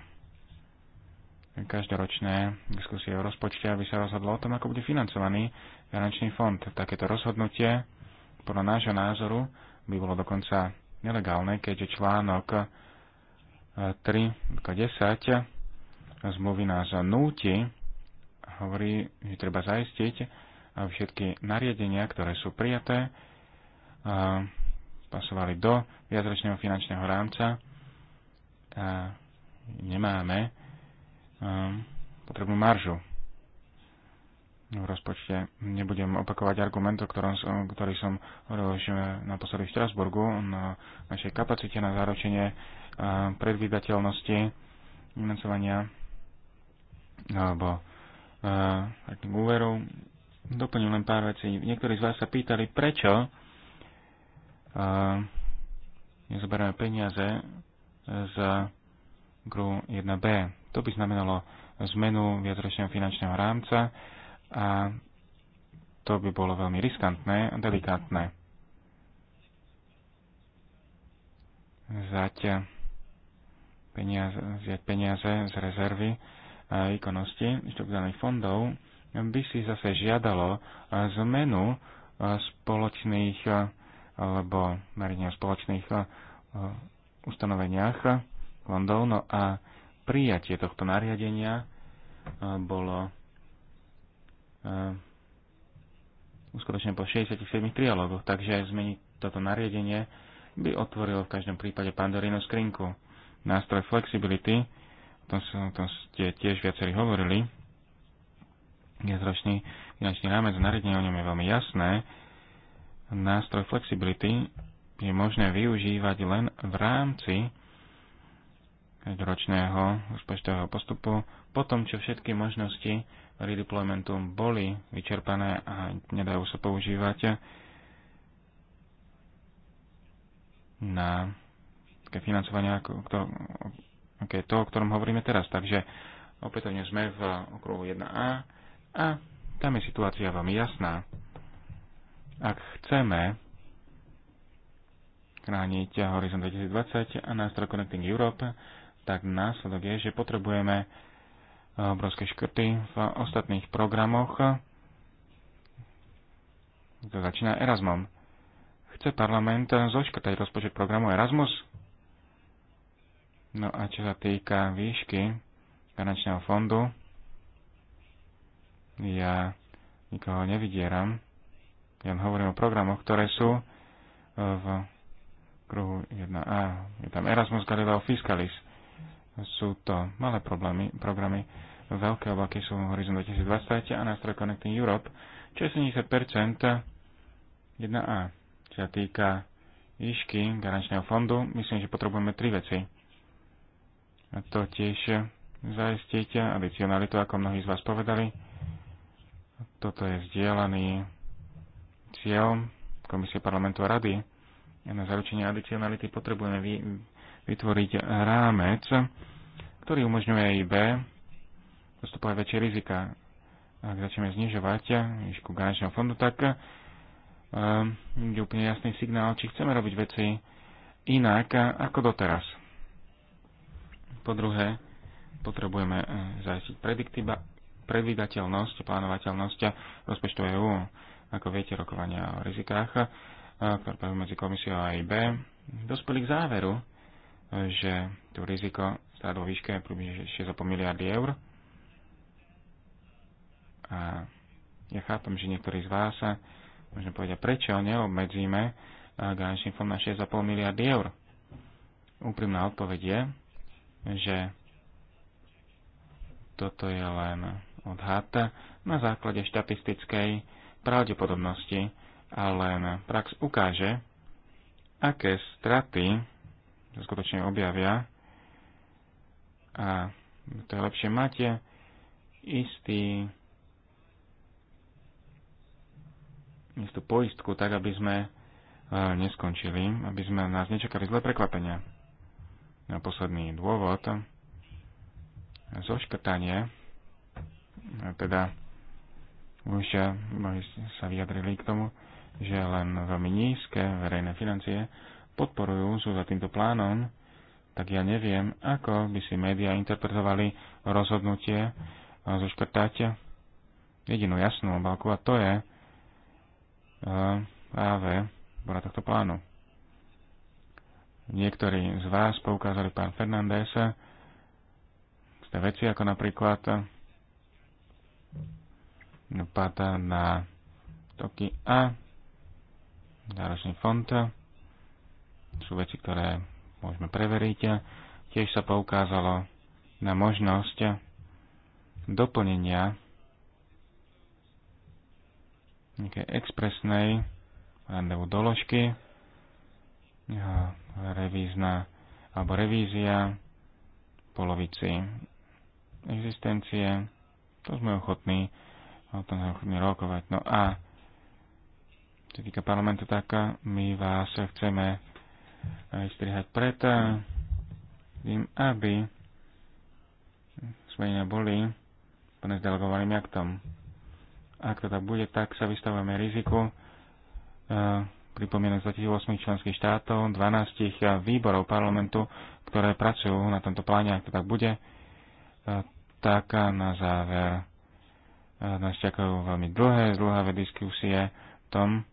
každoročné diskusie o rozpočte, aby sa rozhodlo o tom, ako bude financovaný garančný fond. Takéto rozhodnutie podľa nášho názoru by bolo dokonca nelegálne, keďže článok 3 eh, 10 zmluvy nás núti, hovorí, že treba zaistiť eh, všetky nariadenia, ktoré sú prijaté, eh, pasovali do viacročného finančného rámca a nemáme potrebnú maržu v rozpočte. Nebudem opakovať argument, o ktorom, ktorý som hovoril e, na posledy v Štrasburgu, na našej kapacite na zaručenie e, predvydateľnosti financovania alebo uh, e, úveru. Doplním len pár vecí. Niektorí z vás sa pýtali, prečo uh, nezoberáme peniaze z GRU 1B. To by znamenalo zmenu viacročného finančného rámca a to by bolo veľmi riskantné a delikátne. Zať peniaze, zjať peniaze z rezervy a výkonnosti štruktúrnych fondov by si zase žiadalo zmenu spoločných alebo merenia spoločných e, ustanoveniach fondov. No a prijatie tohto nariadenia e, bolo Eh, uskutočne po 67 trialógoch, takže zmeniť toto nariadenie by otvorilo v každom prípade Pandorinu skrinku. Nástroj flexibility, o tom, o tom ste tiež viacerí hovorili, viacročný finančný rámec nariadenie o ňom je veľmi jasné. Nástroj flexibility je možné využívať len v rámci ročného rozpočtového postupu, po tom, čo všetky možnosti redeploymentu boli vyčerpané a nedajú sa používať na také financovanie, ako, to, to, o ktorom hovoríme teraz. Takže opätovne sme v okruhu 1A a tam je situácia veľmi jasná. Ak chceme chrániť Horizon 2020 a nástroj Connecting Europe, tak následok je, že potrebujeme obrovské škrty v ostatných programoch. To začína Erasmom. Chce parlament zoškrtať rozpočet programu Erasmus? No a čo sa týka výšky garančného fondu, ja nikoho nevydieram. Ja hovorím o programoch, ktoré sú v kruhu 1A. Je tam Erasmus Galileo Fiscalis sú to malé problémy, programy, veľké oblaky sú v Horizon 2020 a nástroj Connecting Europe, čo je 70% 1A. Čo sa týka výšky garančného fondu, myslím, že potrebujeme tri veci. A to tiež zaistiť adicionalitu, ako mnohí z vás povedali. Toto je zdieľaný cieľ Komisie parlamentu a rady. A na zaručenie adicionality potrebujeme vytvoriť rámec, ktorý umožňuje aj B, postupovať väčšie rizika. Ak začneme znižovať výšku garančného fondu, tak je eh, úplne jasný signál, či chceme robiť veci inak ako doteraz. Po druhé, potrebujeme eh, zajistiť predvydateľnosť, plánovateľnosť rozpočtu EU. Ako viete, rokovania o rizikách, eh, ktoré medzi komisiou a IB, dospeli k záveru, že tu riziko stále vo výške je približne 6,5 miliardy eur. A ja chápem, že niektorí z vás sa eh, možno povedia, prečo neobmedzíme eh, garančný fond na 6,5 miliardy eur. Úprimná odpoveď je, že toto je len odhad na základe štatistickej pravdepodobnosti ale prax ukáže, aké straty skutočne objavia. A to je lepšie. Máte istý istú poistku, tak aby sme e, neskončili, aby sme nás nečakali zlé prekvapenia. Na posledný dôvod, zoškrtanie, e, teda už e, sa vyjadrili k tomu, že len veľmi nízke verejné financie podporujú, sú za týmto plánom, tak ja neviem, ako by si médiá interpretovali rozhodnutie eh, zoškrtať jedinú jasnú obálku a to je eh, práve bola tohto plánu. Niektorí z vás poukázali pán Fernández ste veci, ako napríklad eh, dopad na toky A, náročný fond, sú veci, ktoré môžeme preveriť. Tiež sa poukázalo na možnosť doplnenia nejakej expresnej randevu doložky, revízna alebo revízia polovici existencie. To sme ochotní, o tom sme ochotní rokovať. No a čo týka parlamentu, tak my vás chceme strihať preto, tým, aby sme boli plne s delegovaným aktom. Ak to tak bude, tak sa vystavujeme riziku pripomienok z 28 členských štátov, 12 výborov parlamentu, ktoré pracujú na tomto pláne, ak to tak bude, tak na záver nás čakajú veľmi dlhé, zdlhavé diskusie tom,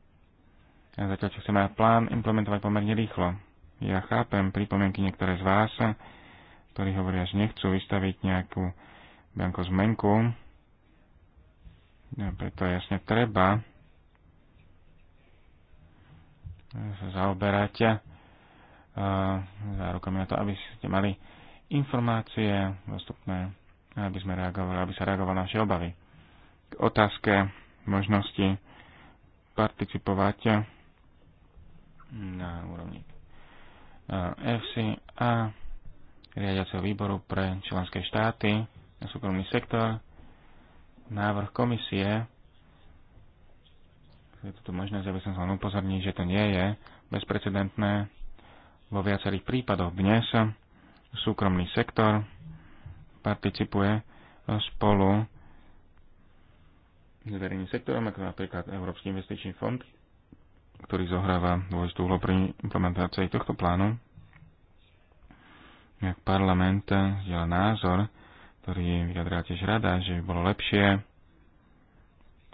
Zatiaľ, čo chceme plán implementovať pomerne rýchlo. Ja chápem pripomienky niektoré z vás, ktorí hovoria, že nechcú vystaviť nejakú bianko zmenku. Ja, preto jasne treba sa zaoberať zárukami na to, aby ste mali informácie dostupné, aby sme reagovali, aby sa reagovali na naše obavy. K otázke možnosti participovať na úrovni e, FC a riadiaceho výboru pre členské štáty na súkromný sektor. Návrh komisie je to tu možné, aby som sa len upozornil, že to nie je bezprecedentné vo viacerých prípadoch. Dnes súkromný sektor participuje spolu s verejným sektorom, ako napríklad Európsky investičný fond, ktorý zohráva dôležitú úlohu pri implementácii tohto plánu. Ak parlament zdieľa názor, ktorý vyjadrá tiež rada, že by bolo lepšie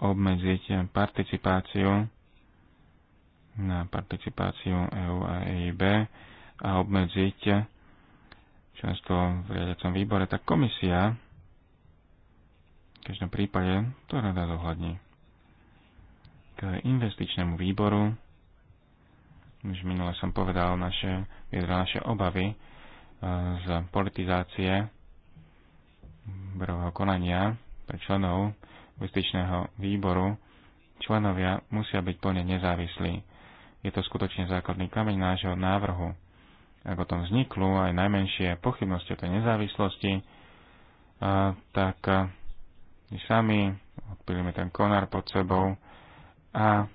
obmedziť participáciu na participáciu EU a EIB a obmedziť členstvo v riadiacom výbore, tak komisia v každom prípade to rada zohľadní k investičnému výboru. Už minule som povedal naše, naše obavy e, z politizácie výberového konania pre členov investičného výboru. Členovia musia byť plne nezávislí. Je to skutočne základný kameň nášho návrhu. Ak o tom vzniklo aj najmenšie pochybnosti o tej nezávislosti, e, tak e, my sami odpilíme ten konár pod sebou a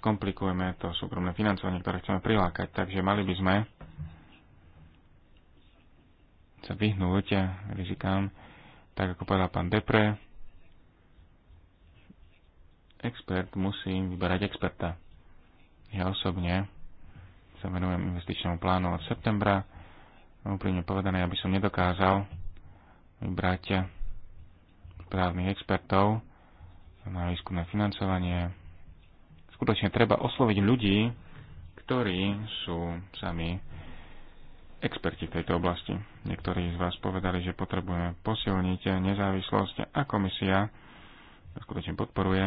skomplikujeme to súkromné financovanie, ktoré chceme prilákať. Takže mali by sme sa vyhnúť rizikám, tak ako povedal pán Depre, expert musí vyberať experta. Ja osobne sa venujem investičnému plánu od septembra. Úprimne povedané, aby som nedokázal vybrať právnych expertov, na výskumné financovanie. Skutočne treba osloviť ľudí, ktorí sú sami experti v tejto oblasti. Niektorí z vás povedali, že potrebujeme posilniť nezávislosť a komisia to skutočne podporuje.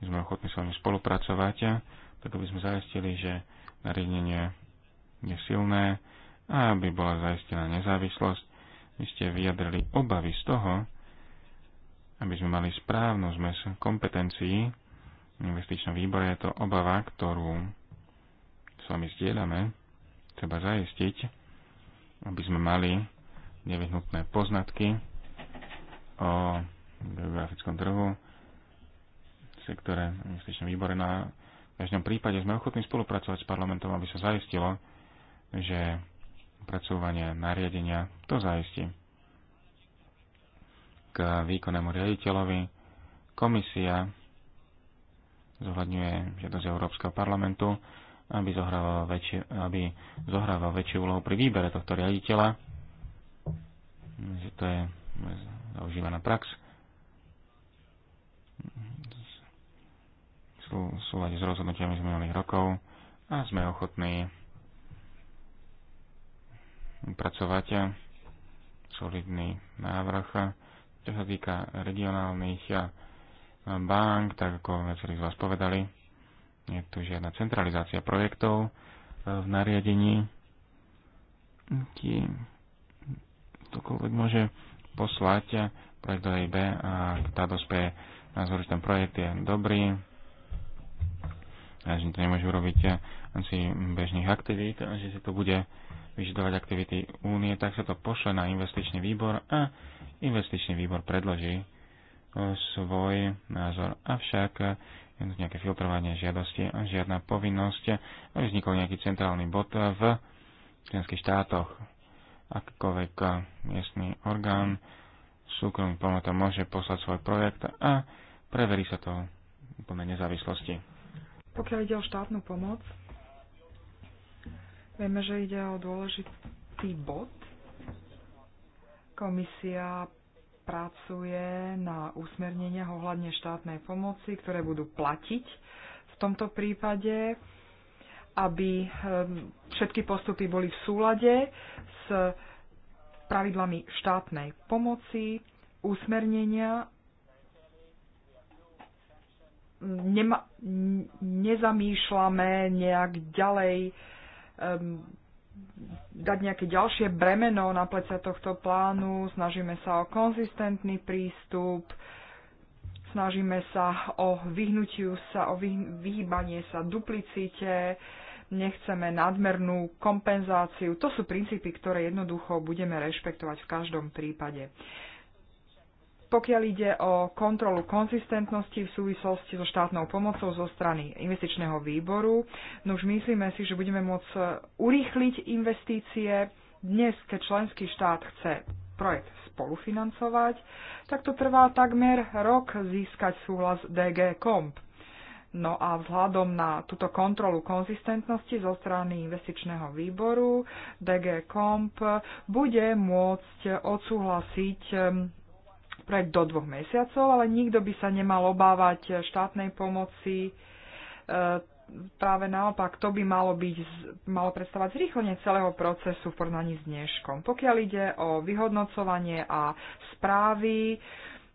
My sme ochotní s vami spolupracovať, tak aby sme zaistili, že nariadenie je silné a aby bola zaistená nezávislosť. Vy ste vyjadrili obavy z toho, aby sme mali správnu zmes kompetencií v investičnom výbore, je to obava, ktorú s vami zdieľame. Treba zaistiť, aby sme mali nevyhnutné poznatky o geografickom trhu, sektore, investičnom výbore. Na no každom prípade sme ochotní spolupracovať s parlamentom, aby sa zaistilo, že pracovanie nariadenia to zaistí k výkonnému riaditeľovi. Komisia zohľadňuje žiadosť Európskeho parlamentu, aby zohrával, väčšie, aby zohrával väčšiu úlohu pri výbere tohto riaditeľa. to je zaužívaná prax. V s rozhodnutiami z minulých rokov a sme ochotní pracovať solidný návrh čo sa týka regionálnych eh, bank, tak ako viacerí z vás povedali, nie je tu žiadna centralizácia projektov eh, v nariadení, ktokoľvek môže poslať eh, projekt do EIB a tá dospeje na ten projekt je dobrý, a že to nemôžu robiť si bežných aktivít a že si to bude vyžadovať aktivity únie, tak sa to pošle na investičný výbor a investičný výbor predloží e, svoj názor. Avšak je to nejaké filtrovanie žiadosti a žiadna povinnosť, aby vznikol nejaký centrálny bod v členských štátoch. Akýkoľvek miestny orgán súkromný pomotor môže poslať svoj projekt a preverí sa to úplne nezávislosti. Pokiaľ ide o štátnu pomoc, vieme, že ide o dôležitý bod. Komisia pracuje na usmerneniach ohľadne štátnej pomoci, ktoré budú platiť v tomto prípade, aby ehm, všetky postupy boli v súlade s pravidlami štátnej pomoci, usmernenia nema, nezamýšľame nejak ďalej um, dať nejaké ďalšie bremeno na plecia tohto plánu, snažíme sa o konzistentný prístup, snažíme sa o vyhnutiu sa, o vyhýbanie sa duplicite, nechceme nadmernú kompenzáciu. To sú princípy, ktoré jednoducho budeme rešpektovať v každom prípade. Pokiaľ ide o kontrolu konzistentnosti v súvislosti so štátnou pomocou zo strany investičného výboru, no už myslíme si, že budeme môcť urýchliť investície. Dnes, keď členský štát chce projekt spolufinancovať, tak to trvá takmer rok získať súhlas DG Komp. No a vzhľadom na túto kontrolu konzistentnosti zo strany investičného výboru DG Komp bude môcť odsúhlasiť spraviť do dvoch mesiacov, ale nikto by sa nemal obávať štátnej pomoci. E, práve naopak, to by malo, byť, malo predstavať zrýchlenie celého procesu v porovnaní s dneškom. Pokiaľ ide o vyhodnocovanie a správy,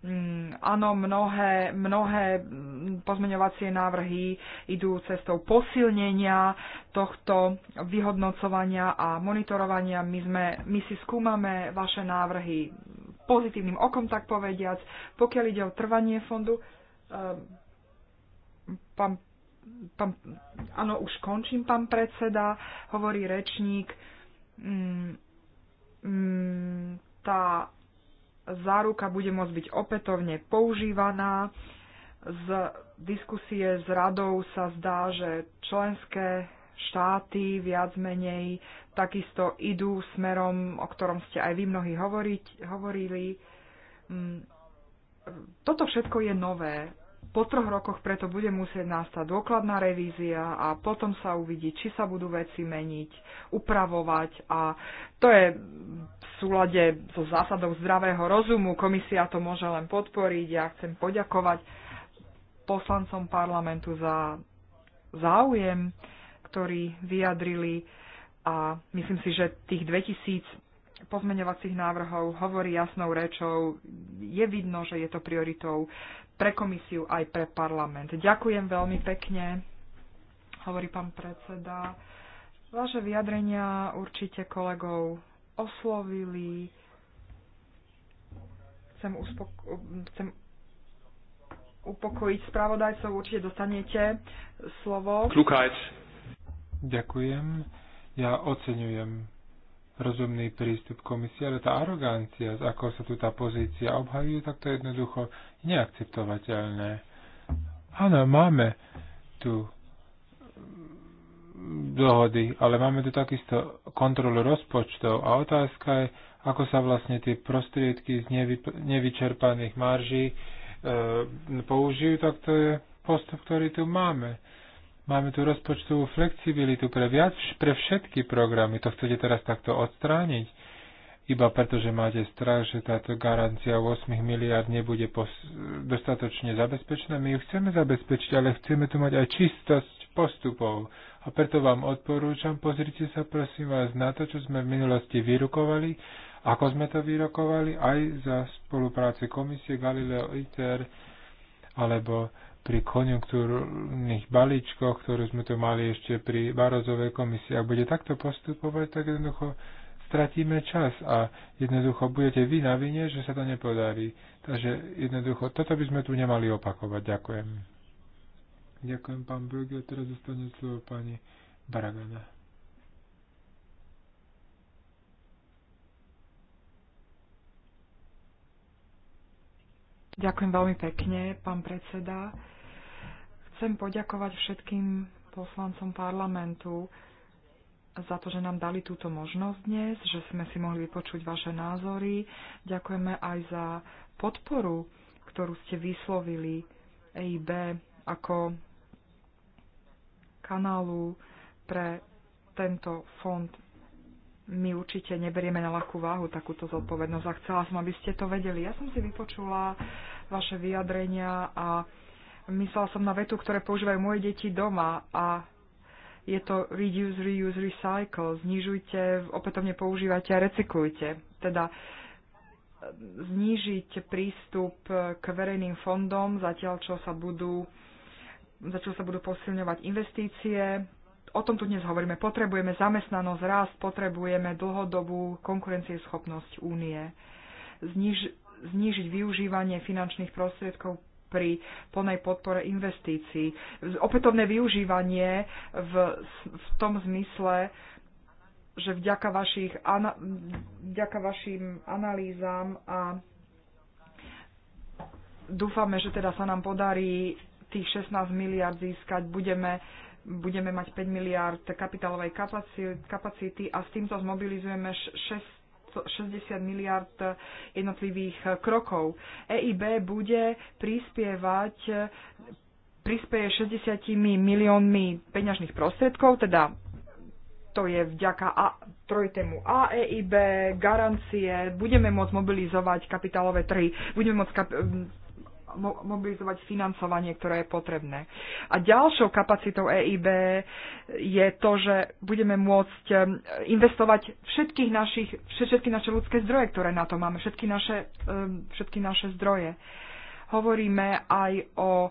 mm, áno, mnohé, mnohé mm, pozmeňovacie návrhy idú cestou posilnenia tohto vyhodnocovania a monitorovania. My, sme, my si skúmame vaše návrhy pozitívnym okom, tak povediac. Pokiaľ ide o trvanie fondu, ehm, pán, pán, áno, už končím, pán predseda, hovorí rečník, mm, mm, tá záruka bude môcť byť opätovne používaná. Z diskusie s radou sa zdá, že členské štáty viac menej takisto idú smerom, o ktorom ste aj vy mnohí hovoriť, hovorili. Mm, toto všetko je nové. Po troch rokoch preto bude musieť nastať dôkladná revízia a potom sa uvidí, či sa budú veci meniť, upravovať a to je v súlade so zásadou zdravého rozumu. Komisia to môže len podporiť. Ja chcem poďakovať poslancom parlamentu za záujem ktorí vyjadrili a myslím si, že tých 2000 pozmeňovacích návrhov hovorí jasnou rečou. Je vidno, že je to prioritou pre komisiu aj pre parlament. Ďakujem veľmi pekne, hovorí pán predseda. Vaše vyjadrenia určite kolegov oslovili. Chcem, uspoko- chcem upokojiť spravodajcov, určite dostanete slovo. Klukajc. Ďakujem. Ja oceňujem rozumný prístup komisie, ale tá arogancia, ako sa tu tá pozícia obhajuje, tak to je jednoducho neakceptovateľné. Áno, máme tu dohody, ale máme tu takisto kontrolu rozpočtov a otázka je, ako sa vlastne tie prostriedky z nevy, nevyčerpaných marží e, použijú, tak to je postup, ktorý tu máme. E, Máme tu rozpočtovú flexibilitu pre, viac, pre všetky programy. To chcete teraz takto odstrániť? Iba preto, že máte strach, že táto garancia 8 miliard nebude dostatočne zabezpečená. My ju chceme zabezpečiť, ale chceme tu mať aj čistosť postupov. A preto vám odporúčam, pozrite sa prosím vás na to, čo sme v minulosti vyrukovali, ako sme to vyrokovali, aj za spolupráce Komisie Galileo ITER, alebo pri konjunktúrnych balíčkoch, ktoré sme tu mali ešte pri Barozovej komisii. Ak bude takto postupovať, tak jednoducho stratíme čas a jednoducho budete vy na vine, že sa to nepodarí. Takže jednoducho, toto by sme tu nemali opakovať. Ďakujem. Ďakujem, pán Brugge. Teraz zostane slovo pani Baragana. Ďakujem veľmi pekne, pán predseda. Chcem poďakovať všetkým poslancom parlamentu za to, že nám dali túto možnosť dnes, že sme si mohli vypočuť vaše názory. Ďakujeme aj za podporu, ktorú ste vyslovili EIB ako kanálu pre tento fond my určite neberieme na ľahkú váhu takúto zodpovednosť a chcela som, aby ste to vedeli. Ja som si vypočula vaše vyjadrenia a myslela som na vetu, ktoré používajú moje deti doma a je to reduce, reuse, recycle. Znižujte, opätovne používate a recyklujte. Teda e, znížiť prístup k verejným fondom, zatiaľ čo sa budú, zatiaľ sa budú posilňovať investície. O tom tu dnes hovoríme. Potrebujeme zamestnanosť, rast, potrebujeme dlhodobú konkurencieschopnosť únie. Zniž, znížiť využívanie finančných prostriedkov pri plnej podpore investícií. Opätovné využívanie v, v tom zmysle, že vďaka, vašich, ana, vďaka vašim analýzám a dúfame, že teda sa nám podarí tých 16 miliard získať, budeme, budeme mať 5 miliard kapitálovej kapacity a s týmto zmobilizujeme 6 60 miliard jednotlivých krokov. EIB bude prispievať prispieje 60 miliónmi peňažných prostriedkov, teda to je vďaka A, trojtému AEIB, garancie, budeme môcť mobilizovať kapitálové trhy, budeme môcť kap- mobilizovať financovanie, ktoré je potrebné. A ďalšou kapacitou EIB je to, že budeme môcť um, investovať všetkých našich, všetky naše ľudské zdroje, ktoré na to máme, všetky naše, um, všetky naše zdroje. Hovoríme aj o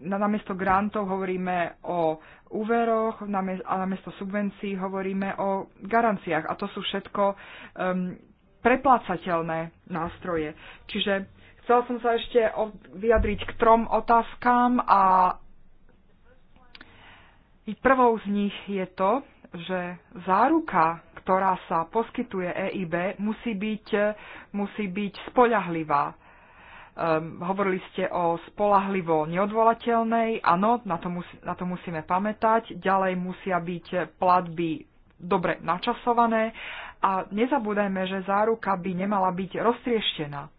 na, namiesto grantov hovoríme o úveroch a namiesto subvencií hovoríme o garanciách. A to sú všetko um, preplácateľné nástroje. Čiže chcela som sa ešte vyjadriť k trom otázkám a prvou z nich je to, že záruka, ktorá sa poskytuje EIB, musí byť, musí byť spolahlivá. Um, ehm, hovorili ste o spolahlivo neodvolateľnej, áno, na to, mus, na to musíme pamätať. Ďalej musia byť platby dobre načasované a nezabúdajme, že záruka by nemala byť roztrieštená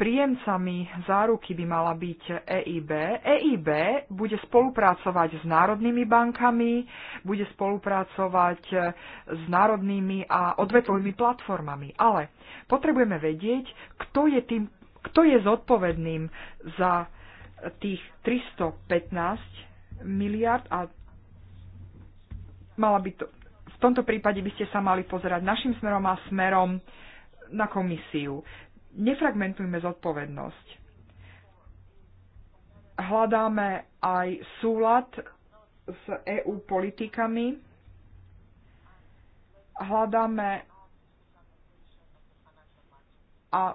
Príjemcami záruky by mala byť EIB. EIB bude spolupracovať s národnými bankami, bude spolupracovať e, s národnými a odvetovými platformami. Ale potrebujeme vedieť, kto je, tým, kto je zodpovedným za tých 315 miliard a mala by to, v tomto prípade by ste sa mali pozerať našim smerom a smerom na komisiu nefragmentujme zodpovednosť. Hľadáme aj súlad s EU politikami. Hľadáme a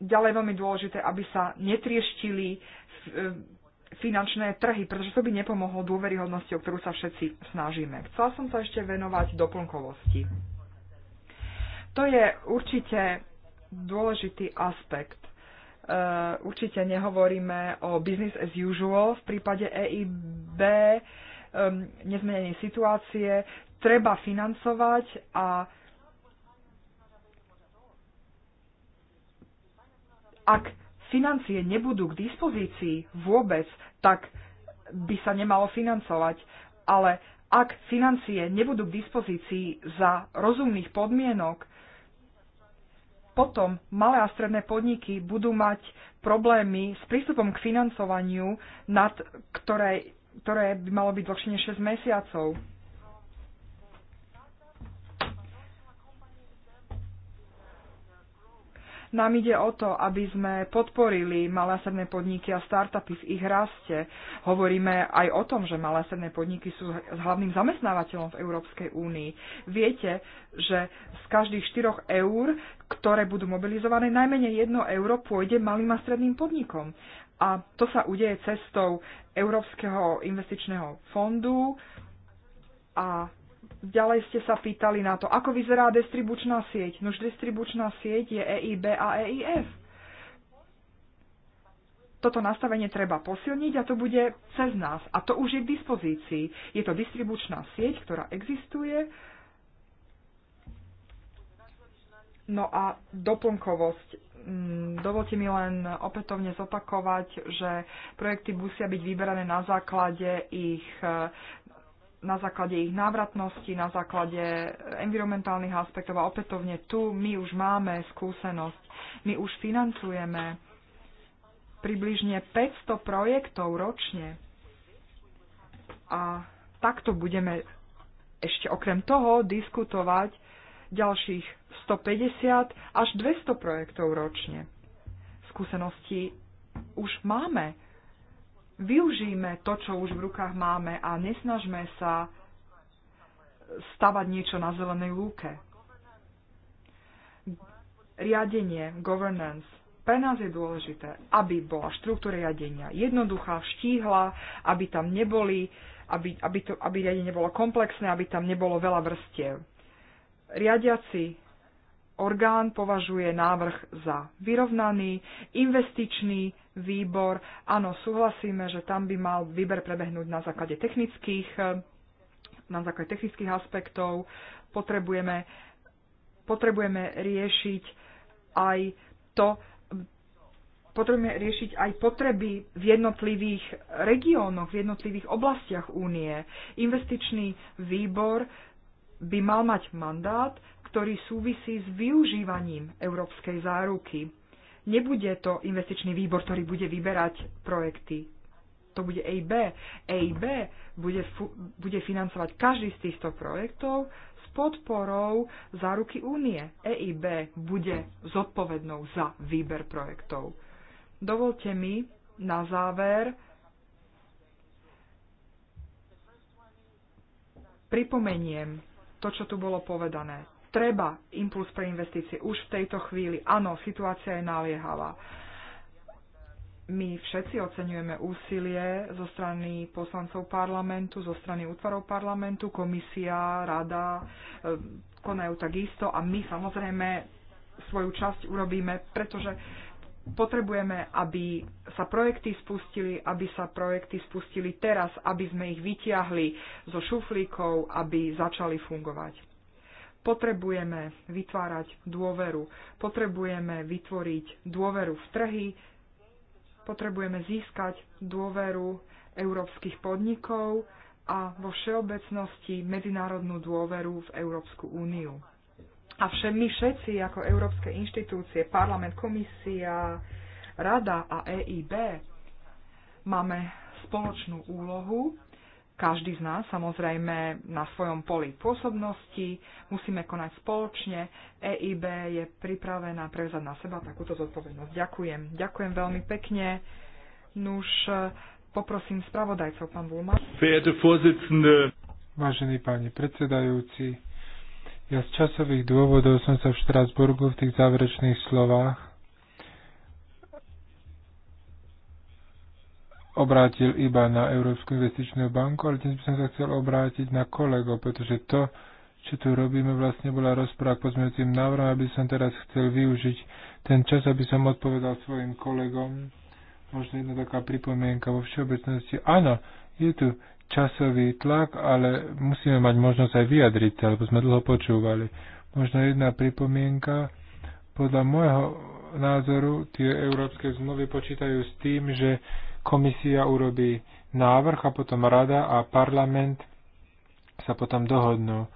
ďalej veľmi dôležité, aby sa netrieštili e, finančné trhy, pretože to by nepomohlo dôveryhodnosti, o ktorú sa všetci snažíme. Chcela som sa ešte venovať doplnkovosti. To je určite dôležitý aspekt. E, určite nehovoríme o business as usual v prípade EIB, nezmenenie situácie. Treba financovať a ak financie nebudú k dispozícii vôbec, tak by sa nemalo financovať. Ale ak financie nebudú k dispozícii za rozumných podmienok, potom malé a stredné podniky budú mať problémy s prístupom k financovaniu, nad ktoré, ktoré by malo byť dlhšie než 6 mesiacov. Nám ide o to, aby sme podporili malé a stredné podniky a startupy v ich raste. Hovoríme aj o tom, že malé a sedné podniky sú hlavným zamestnávateľom v Európskej únii. Viete, že z každých 4 eur, ktoré budú mobilizované, najmenej 1 euro pôjde malým a stredným podnikom. A to sa udeje cestou Európskeho investičného fondu a Ďalej ste sa pýtali na to, ako vyzerá distribučná sieť. Nož distribučná sieť je EIB a EIF. Toto nastavenie treba posilniť a to bude cez nás. A to už je k dispozícii. Je to distribučná sieť, ktorá existuje. No a doplnkovosť. Mm, dovolte mi len opätovne zopakovať, že projekty musia byť vyberané na základe ich na základe ich návratnosti, na základe eh, environmentálnych aspektov a opätovne tu my už máme skúsenosť. My už financujeme približne 500 projektov ročne a takto budeme ešte okrem toho diskutovať ďalších 150 až 200 projektov ročne. Skúsenosti už máme využijme to, čo už v rukách máme a nesnažme sa stavať niečo na zelenej lúke. Riadenie, governance, pre nás je dôležité, aby bola štruktúra riadenia jednoduchá, štíhla, aby tam neboli, aby, aby, to, aby riadenie bolo komplexné, aby tam nebolo veľa vrstiev. Riadiaci orgán považuje návrh za vyrovnaný, investičný výbor. Áno, súhlasíme, že tam by mal výber prebehnúť na základe technických, na základe technických aspektov. Potrebujeme, potrebujeme riešiť aj to, potrebujeme riešiť aj potreby v jednotlivých regiónoch, v jednotlivých oblastiach únie. Investičný výbor by mal mať mandát, ktorý súvisí s využívaním európskej záruky. Nebude to investičný výbor, ktorý bude vyberať projekty. To bude EIB. EIB bude, bude financovať každý z týchto projektov s podporou záruky únie. EIB bude zodpovednou za výber projektov. Dovolte mi na záver pripomeniem to, čo tu bolo povedané treba impuls pre investície už v tejto chvíli. Áno, situácia je naliehavá. My všetci oceňujeme úsilie zo strany poslancov parlamentu, zo strany útvarov parlamentu, komisia, rada e, konajú takisto a my samozrejme svoju časť urobíme, pretože potrebujeme, aby sa projekty spustili, aby sa projekty spustili teraz, aby sme ich vytiahli zo šuflíkov, aby začali fungovať. Potrebujeme vytvárať dôveru. Potrebujeme vytvoriť dôveru v trhy. Potrebujeme získať dôveru európskych podnikov a vo všeobecnosti medzinárodnú dôveru v Európsku úniu. A všem my všetci, ako európske inštitúcie, parlament, komisia, rada a EIB, máme spoločnú úlohu každý z nás samozrejme na svojom poli pôsobnosti musíme konať spoločne. EIB je pripravená prevzať na seba takúto zodpovednosť. Ďakujem. Ďakujem veľmi pekne. Nuž, poprosím spravodajcov, pán Bulma. Vážený páni predsedajúci, ja z časových dôvodov som sa v Štrasburgu v tých záverečných slovách obrátil iba na Európsku investičnú banku, ale dnes by som sa chcel obrátiť na kolego, pretože to, čo tu robíme, vlastne bola rozpráva k pozmeňujúcim návrhom, aby som teraz chcel využiť ten čas, aby som odpovedal svojim kolegom. Možno jedna taká pripomienka vo všeobecnosti. Áno, je tu časový tlak, ale musíme mať možnosť aj vyjadriť sa, lebo sme dlho počúvali. Možno jedna pripomienka. Podľa môjho názoru tie európske zmluvy počítajú s tým, že komisia urobí návrh a potom rada a parlament sa potom dohodnú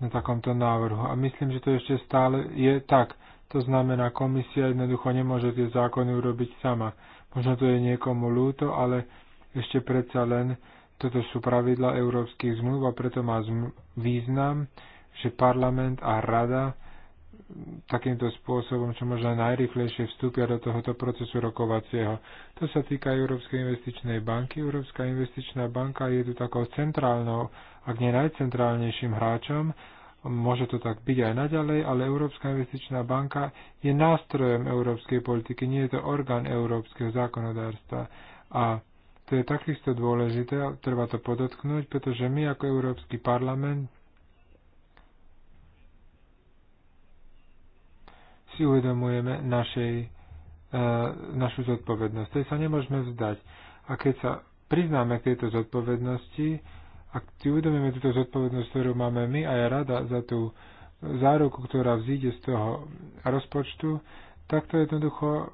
na takomto návrhu. A myslím, že to ešte stále je tak. To znamená, komisia jednoducho nemôže tie zákony urobiť sama. Možno to je niekomu ľúto, ale ešte predsa len toto sú pravidla európskych zmluv a preto má význam, že parlament a rada takýmto spôsobom, čo možno najrychlejšie vstúpia do tohoto procesu rokovacieho. To sa týka Európskej investičnej banky. Európska investičná banka je tu takou centrálnou, ak nie najcentrálnejším hráčom. Môže to tak byť aj naďalej, ale Európska investičná banka je nástrojom európskej politiky, nie je to orgán európskeho zákonodárstva. A to je takisto dôležité, treba to podotknúť, pretože my ako Európsky parlament si uvedomujeme našej, e, našu zodpovednosť. Tej sa nemôžeme vzdať. A keď sa priznáme k tejto zodpovednosti, ak si uvedomíme túto zodpovednosť, ktorú máme my a ja rada za tú záruku, ktorá vzíde z toho rozpočtu, tak to jednoducho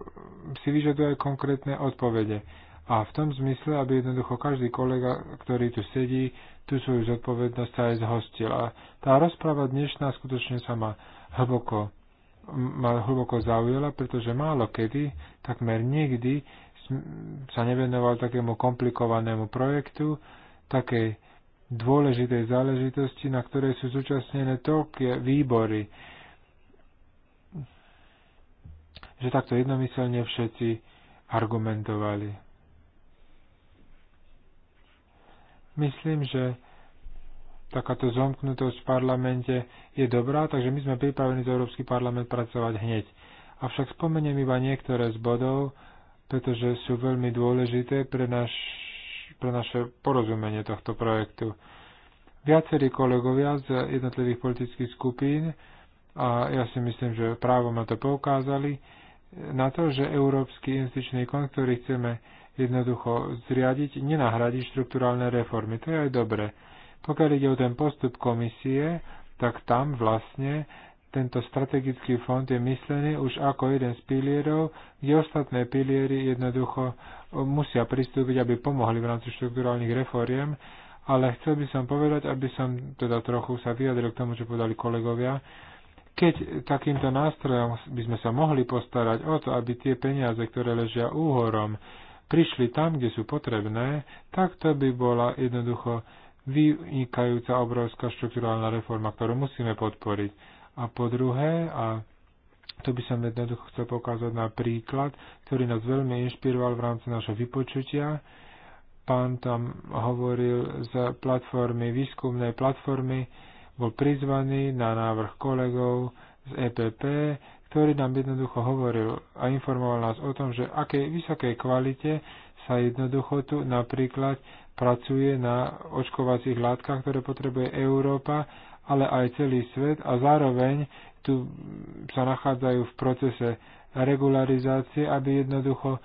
si vyžaduje aj konkrétne odpovede. A v tom zmysle, aby jednoducho každý kolega, ktorý tu sedí, tú svoju zodpovednosť aj zhostil. A tá rozpráva dnešná skutočne sa ma hlboko ma hlboko zaujala, pretože málo kedy, takmer nikdy, sa nevenoval takému komplikovanému projektu, takej dôležitej záležitosti, na ktorej sú zúčastnené toľké výbory, že takto jednomyselne všetci argumentovali. Myslím, že takáto zomknutosť v parlamente je dobrá, takže my sme pripravení z Európsky parlament pracovať hneď. Avšak spomeniem iba niektoré z bodov, pretože sú veľmi dôležité pre, naš, pre naše porozumenie tohto projektu. Viacerí kolegovia z jednotlivých politických skupín, a ja si myslím, že právo na to poukázali, na to, že Európsky investičný fond, ktorý chceme jednoducho zriadiť, nenahradí štruktúralne reformy. To je aj dobre pokiaľ ide o ten postup komisie, tak tam vlastne tento strategický fond je myslený už ako jeden z pilierov, kde ostatné piliery jednoducho e, musia pristúpiť, aby pomohli v rámci štruktúrálnych reforiem, ale chcel by som povedať, aby som teda trochu sa vyjadril k tomu, čo povedali kolegovia, keď takýmto nástrojom by sme sa mohli postarať o to, aby tie peniaze, ktoré ležia úhorom, prišli tam, kde sú potrebné, tak to by bola jednoducho vynikajúca obrovská štruktúrálna reforma, ktorú musíme podporiť. A po druhé, a to by som jednoducho chcel pokázať na príklad, ktorý nás veľmi inšpiroval v rámci našho vypočutia. Pán tam hovoril z platformy, výskumnej platformy, bol prizvaný na návrh kolegov z EPP, ktorý nám jednoducho hovoril a informoval nás o tom, že akej vysokej kvalite sa jednoducho tu napríklad pracuje na očkovacích látkach, ktoré potrebuje Európa, ale aj celý svet a zároveň tu sa nachádzajú v procese regularizácie, aby jednoducho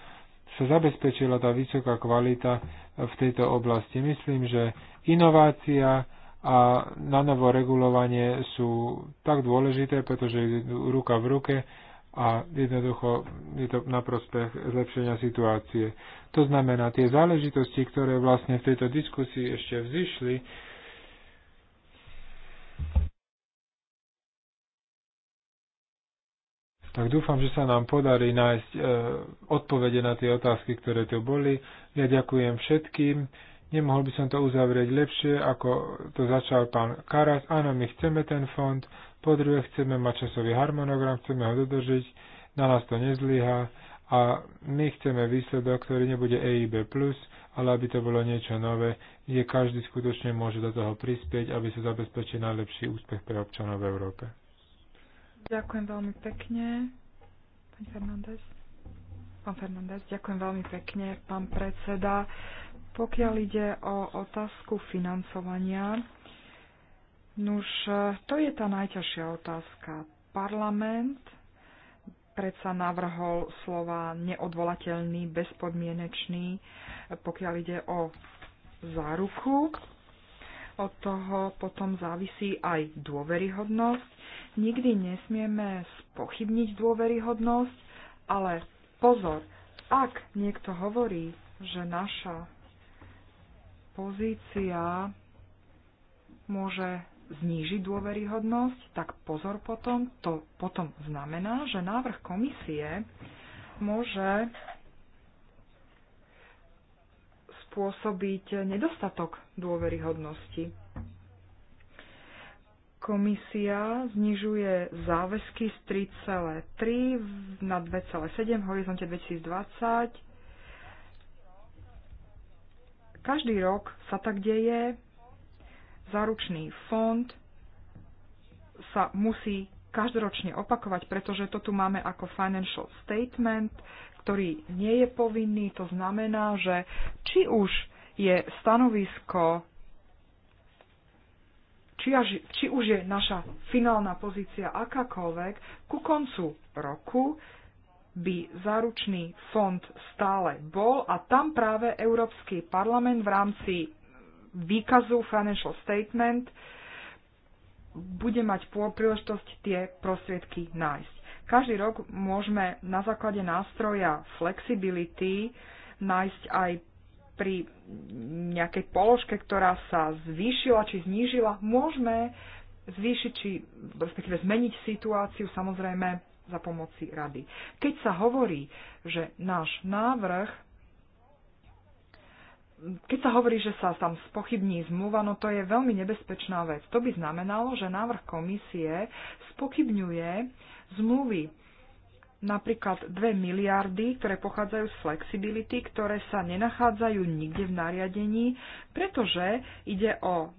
sa zabezpečila tá vysoká kvalita v tejto oblasti. Myslím, že inovácia a nanovo regulovanie sú tak dôležité, pretože idú ruka v ruke a jednoducho je to na prospech zlepšenia situácie. To znamená, tie záležitosti, ktoré vlastne v tejto diskusii ešte vzýšli, tak dúfam, že sa nám podarí nájsť e, odpovede na tie otázky, ktoré tu boli. Ja ďakujem všetkým. Nemohol by som to uzavrieť lepšie, ako to začal pán Karas. Áno, my chceme ten fond, po druhé, chceme mať časový harmonogram, chceme ho dodržiť, na nás to nezlyha a my chceme výsledok, ktorý nebude EIB+, ale aby to bolo niečo nové, kde každý skutočne môže do toho prispieť, aby sa zabezpečil najlepší úspech pre občanov v Európe. Ďakujem veľmi pekne. Pani Fernández. Pán Fernández, ďakujem veľmi pekne, pán predseda. Pokiaľ ide o otázku financovania, Nuž, e, to je tá najťažšia otázka. Parlament predsa navrhol slova neodvolateľný, bezpodmienečný, pokiaľ ide o záruku. Od toho potom závisí aj dôveryhodnosť. Nikdy nesmieme spochybniť dôveryhodnosť, ale pozor, ak niekto hovorí, že naša pozícia môže zníži dôveryhodnosť, tak pozor potom, to potom znamená, že návrh komisie môže spôsobiť nedostatok dôveryhodnosti. Komisia znižuje záväzky z 3,3 na 2,7 v horizonte 2020. Každý rok sa tak deje, záručný fond sa musí každoročne opakovať, pretože to tu máme ako financial statement, ktorý nie je povinný. To znamená, že či už je stanovisko, či, až, či už je naša finálna pozícia akákoľvek, ku koncu roku by záručný fond stále bol a tam práve Európsky parlament v rámci výkazu financial statement bude mať príležitosť tie prostriedky nájsť. Každý rok môžeme na základe nástroja flexibility nájsť aj pri nejakej položke, ktorá sa zvýšila či znížila, môžeme zvýšiť či respektíve zmeniť situáciu samozrejme za pomoci rady. Keď sa hovorí, že náš návrh keď sa hovorí, že sa tam spochybní zmluva, no to je veľmi nebezpečná vec. To by znamenalo, že návrh komisie spochybňuje zmluvy napríklad 2 miliardy, ktoré pochádzajú z flexibility, ktoré sa nenachádzajú nikde v nariadení, pretože ide o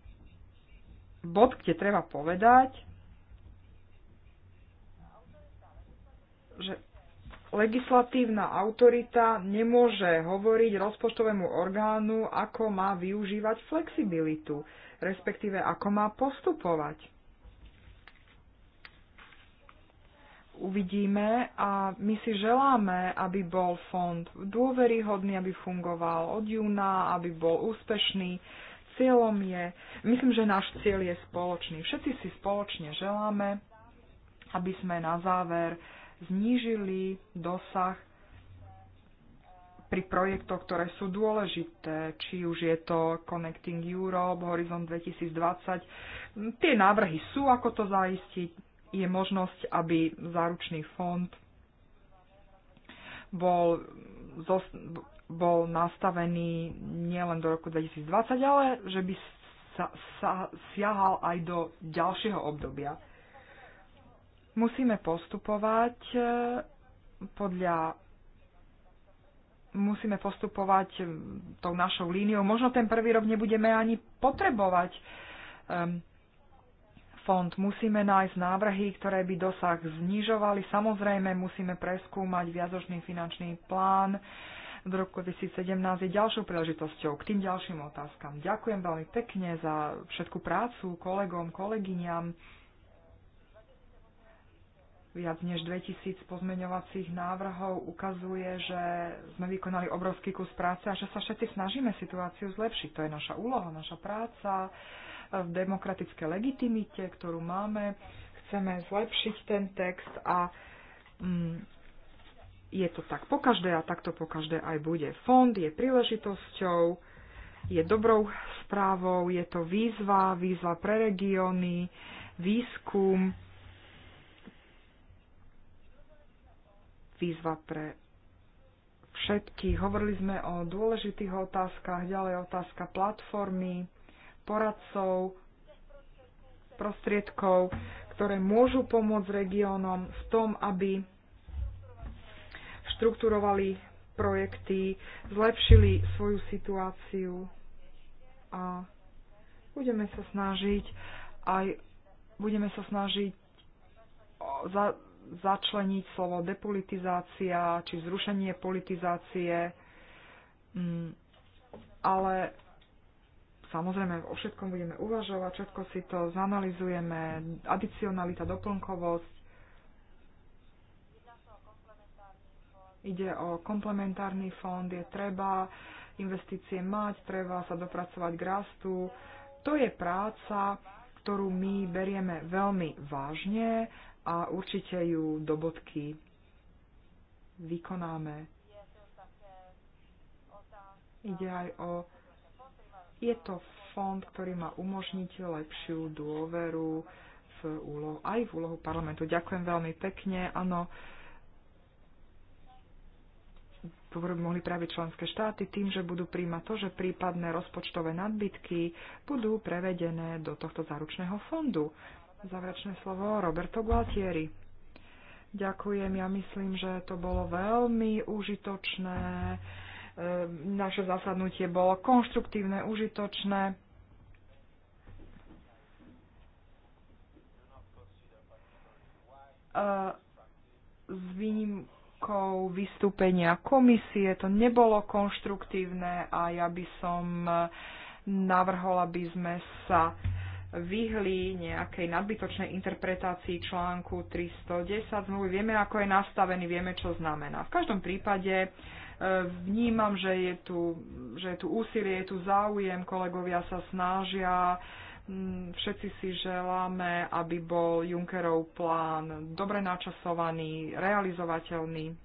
bod, kde treba povedať, že legislatívna autorita nemôže hovoriť rozpočtovému orgánu, ako má využívať flexibilitu, respektíve ako má postupovať. Uvidíme a my si želáme, aby bol fond dôveryhodný, aby fungoval od júna, aby bol úspešný. Cieľom je, myslím, že náš cieľ je spoločný. Všetci si spoločne želáme, aby sme na záver uh, znížili dosah pri projektoch, ktoré sú dôležité, či už je to Connecting Europe, Horizon 2020. Tie návrhy sú, ako to zaistiť. Je možnosť, aby záručný fond bol, bol nastavený nielen do roku 2020, ale že by sa, sa siahal aj do ďalšieho obdobia. Musíme postupovať e, podľa musíme postupovať e, tou našou líniou. Možno ten prvý rok nebudeme ani potrebovať um, fond. Musíme nájsť návrhy, ktoré by dosah znižovali. Samozrejme, musíme preskúmať viazočný finančný plán v roku 2017 je ďalšou príležitosťou k tým ďalším otázkam. Ďakujem veľmi pekne za všetku prácu kolegom, kolegyňam viac než 2000 pozmeňovacích návrhov ukazuje, že sme vykonali obrovský kus práce a že sa všetci snažíme situáciu zlepšiť. To je naša úloha, naša práca v demokratické legitimite, ktorú máme. Chceme zlepšiť ten text a mm, je to tak po každé a takto po každé aj bude. Fond je príležitosťou, je dobrou správou, je to výzva, výzva pre regióny, výskum, výzva pre všetkých. Hovorili sme o dôležitých otázkach, ďalej otázka platformy, poradcov, prostriedkov, ktoré môžu pomôcť regiónom v tom, aby štrukturovali projekty, zlepšili svoju situáciu a budeme sa snažiť aj budeme sa snažiť za, začleniť slovo depolitizácia či zrušenie politizácie, mm, ale samozrejme o všetkom budeme uvažovať, všetko si to zanalizujeme, adicionalita, doplnkovosť. Ide o komplementárny fond, je treba investície mať, treba sa dopracovať k rastu. To je práca, ktorú my berieme veľmi vážne a určite ju do bodky vykonáme. Ide aj o... Je to fond, ktorý má umožniť lepšiu dôveru v úlohu, aj v úlohu parlamentu. Ďakujem veľmi pekne. Áno, mohli práve členské štáty tým, že budú príjmať to, že prípadné rozpočtové nadbytky budú prevedené do tohto záručného fondu záverečné slovo Roberto Gualtieri. Ďakujem, ja myslím, že to bolo veľmi užitočné. Ehm, naše zasadnutie bolo konštruktívne, užitočné. Ehm, s výnimkou vystúpenia komisie to nebolo konštruktívne a ja by som ehm, navrhol, aby sme sa vyhli nejakej nadbytočnej interpretácii článku 310 zmluvy. Vieme, ako je nastavený, vieme, čo znamená. V každom prípade e, vnímam, že je tu, že je tu úsilie, je tu záujem, kolegovia sa snažia, mm, všetci si želáme, aby bol Junckerov plán dobre načasovaný, realizovateľný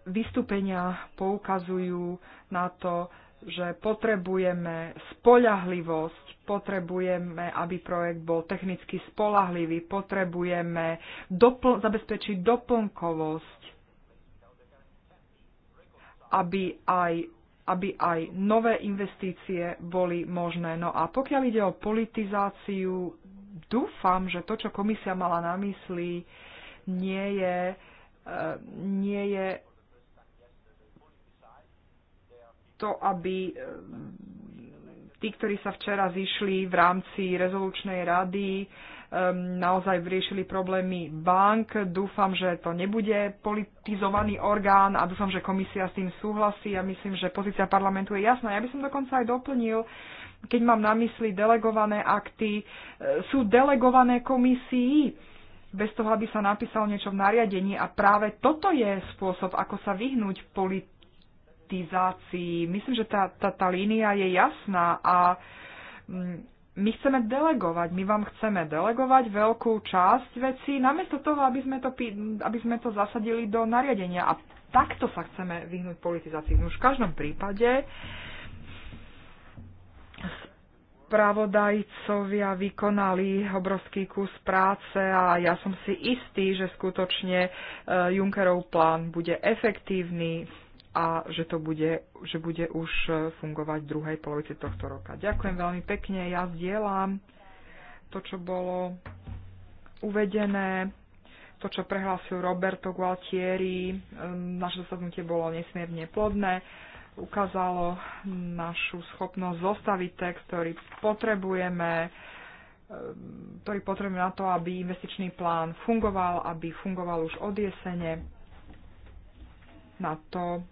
vystúpenia poukazujú na to, že potrebujeme spolahlivosť, potrebujeme, aby projekt bol technicky spolahlivý, potrebujeme dopl- zabezpečiť doplnkovosť, aby aj, aby aj nové investície boli možné. No a pokiaľ ide o politizáciu, dúfam, že to, čo komisia mala na mysli, nie je, e, nie je to, aby eh, tí, ktorí sa včera zišli v rámci rezolučnej rady, eh, naozaj vyriešili problémy bank. Dúfam, že to nebude politizovaný orgán a dúfam, že komisia s tým súhlasí a ja myslím, že pozícia parlamentu je jasná. Ja by som dokonca aj doplnil, keď mám na mysli delegované akty, eh, sú delegované komisii bez toho, aby sa napísalo niečo v nariadení a práve toto je spôsob, ako sa vyhnúť politizovaným politizácii. Myslím, že tá, tá, tá línia je jasná a mm, my chceme delegovať, my vám chceme delegovať veľkú časť vecí, namiesto toho, aby sme to, aby sme to zasadili do nariadenia. A takto sa chceme vyhnúť politizácii. No už v každom prípade spravodajcovia vykonali obrovský kus práce a ja som si istý, že skutočne e, Junckerov plán bude efektívny, a že to bude, že bude už e, fungovať v druhej polovici tohto roka. Ďakujem veľmi pekne, ja zdieľam to, čo bolo uvedené, to, čo prehlásil Roberto Gualtieri. E, naše zasadnutie bolo nesmierne plodné, ukázalo našu schopnosť zostaviť text, ktorý potrebujeme, e, ktorý potrebujeme na to, aby investičný plán fungoval, aby fungoval už od jesene. Na to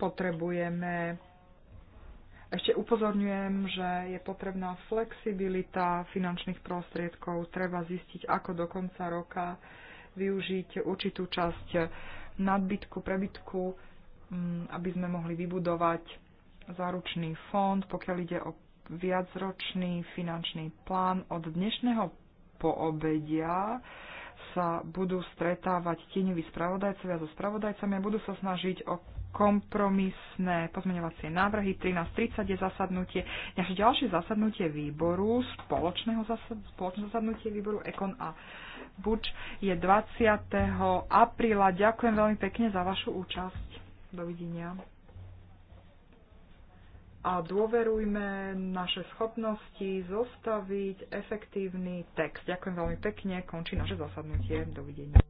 Potrebujeme ešte upozorňujem, že je potrebná flexibilita finančných prostriedkov. Treba zistiť, ako do konca roka využiť určitú časť nadbytku, prebytku, mm, aby sme mohli vybudovať záručný fond, pokiaľ ide o viacročný finančný plán. Od dnešného poobedia sa budú stretávať tieňoví spravodajcovia so spravodajcami a budú sa snažiť o kompromisné pozmeňovacie návrhy. 13.30 je zasadnutie. Naše ďalšie zasadnutie výboru, spoločného zasad, spoločné zasadnutie výboru Ekon a Buč je 20. apríla. Ďakujem veľmi pekne za vašu účasť. Dovidenia. A dôverujme naše schopnosti zostaviť efektívny text. Ďakujem veľmi pekne. Končí naše zasadnutie. Dovidenia.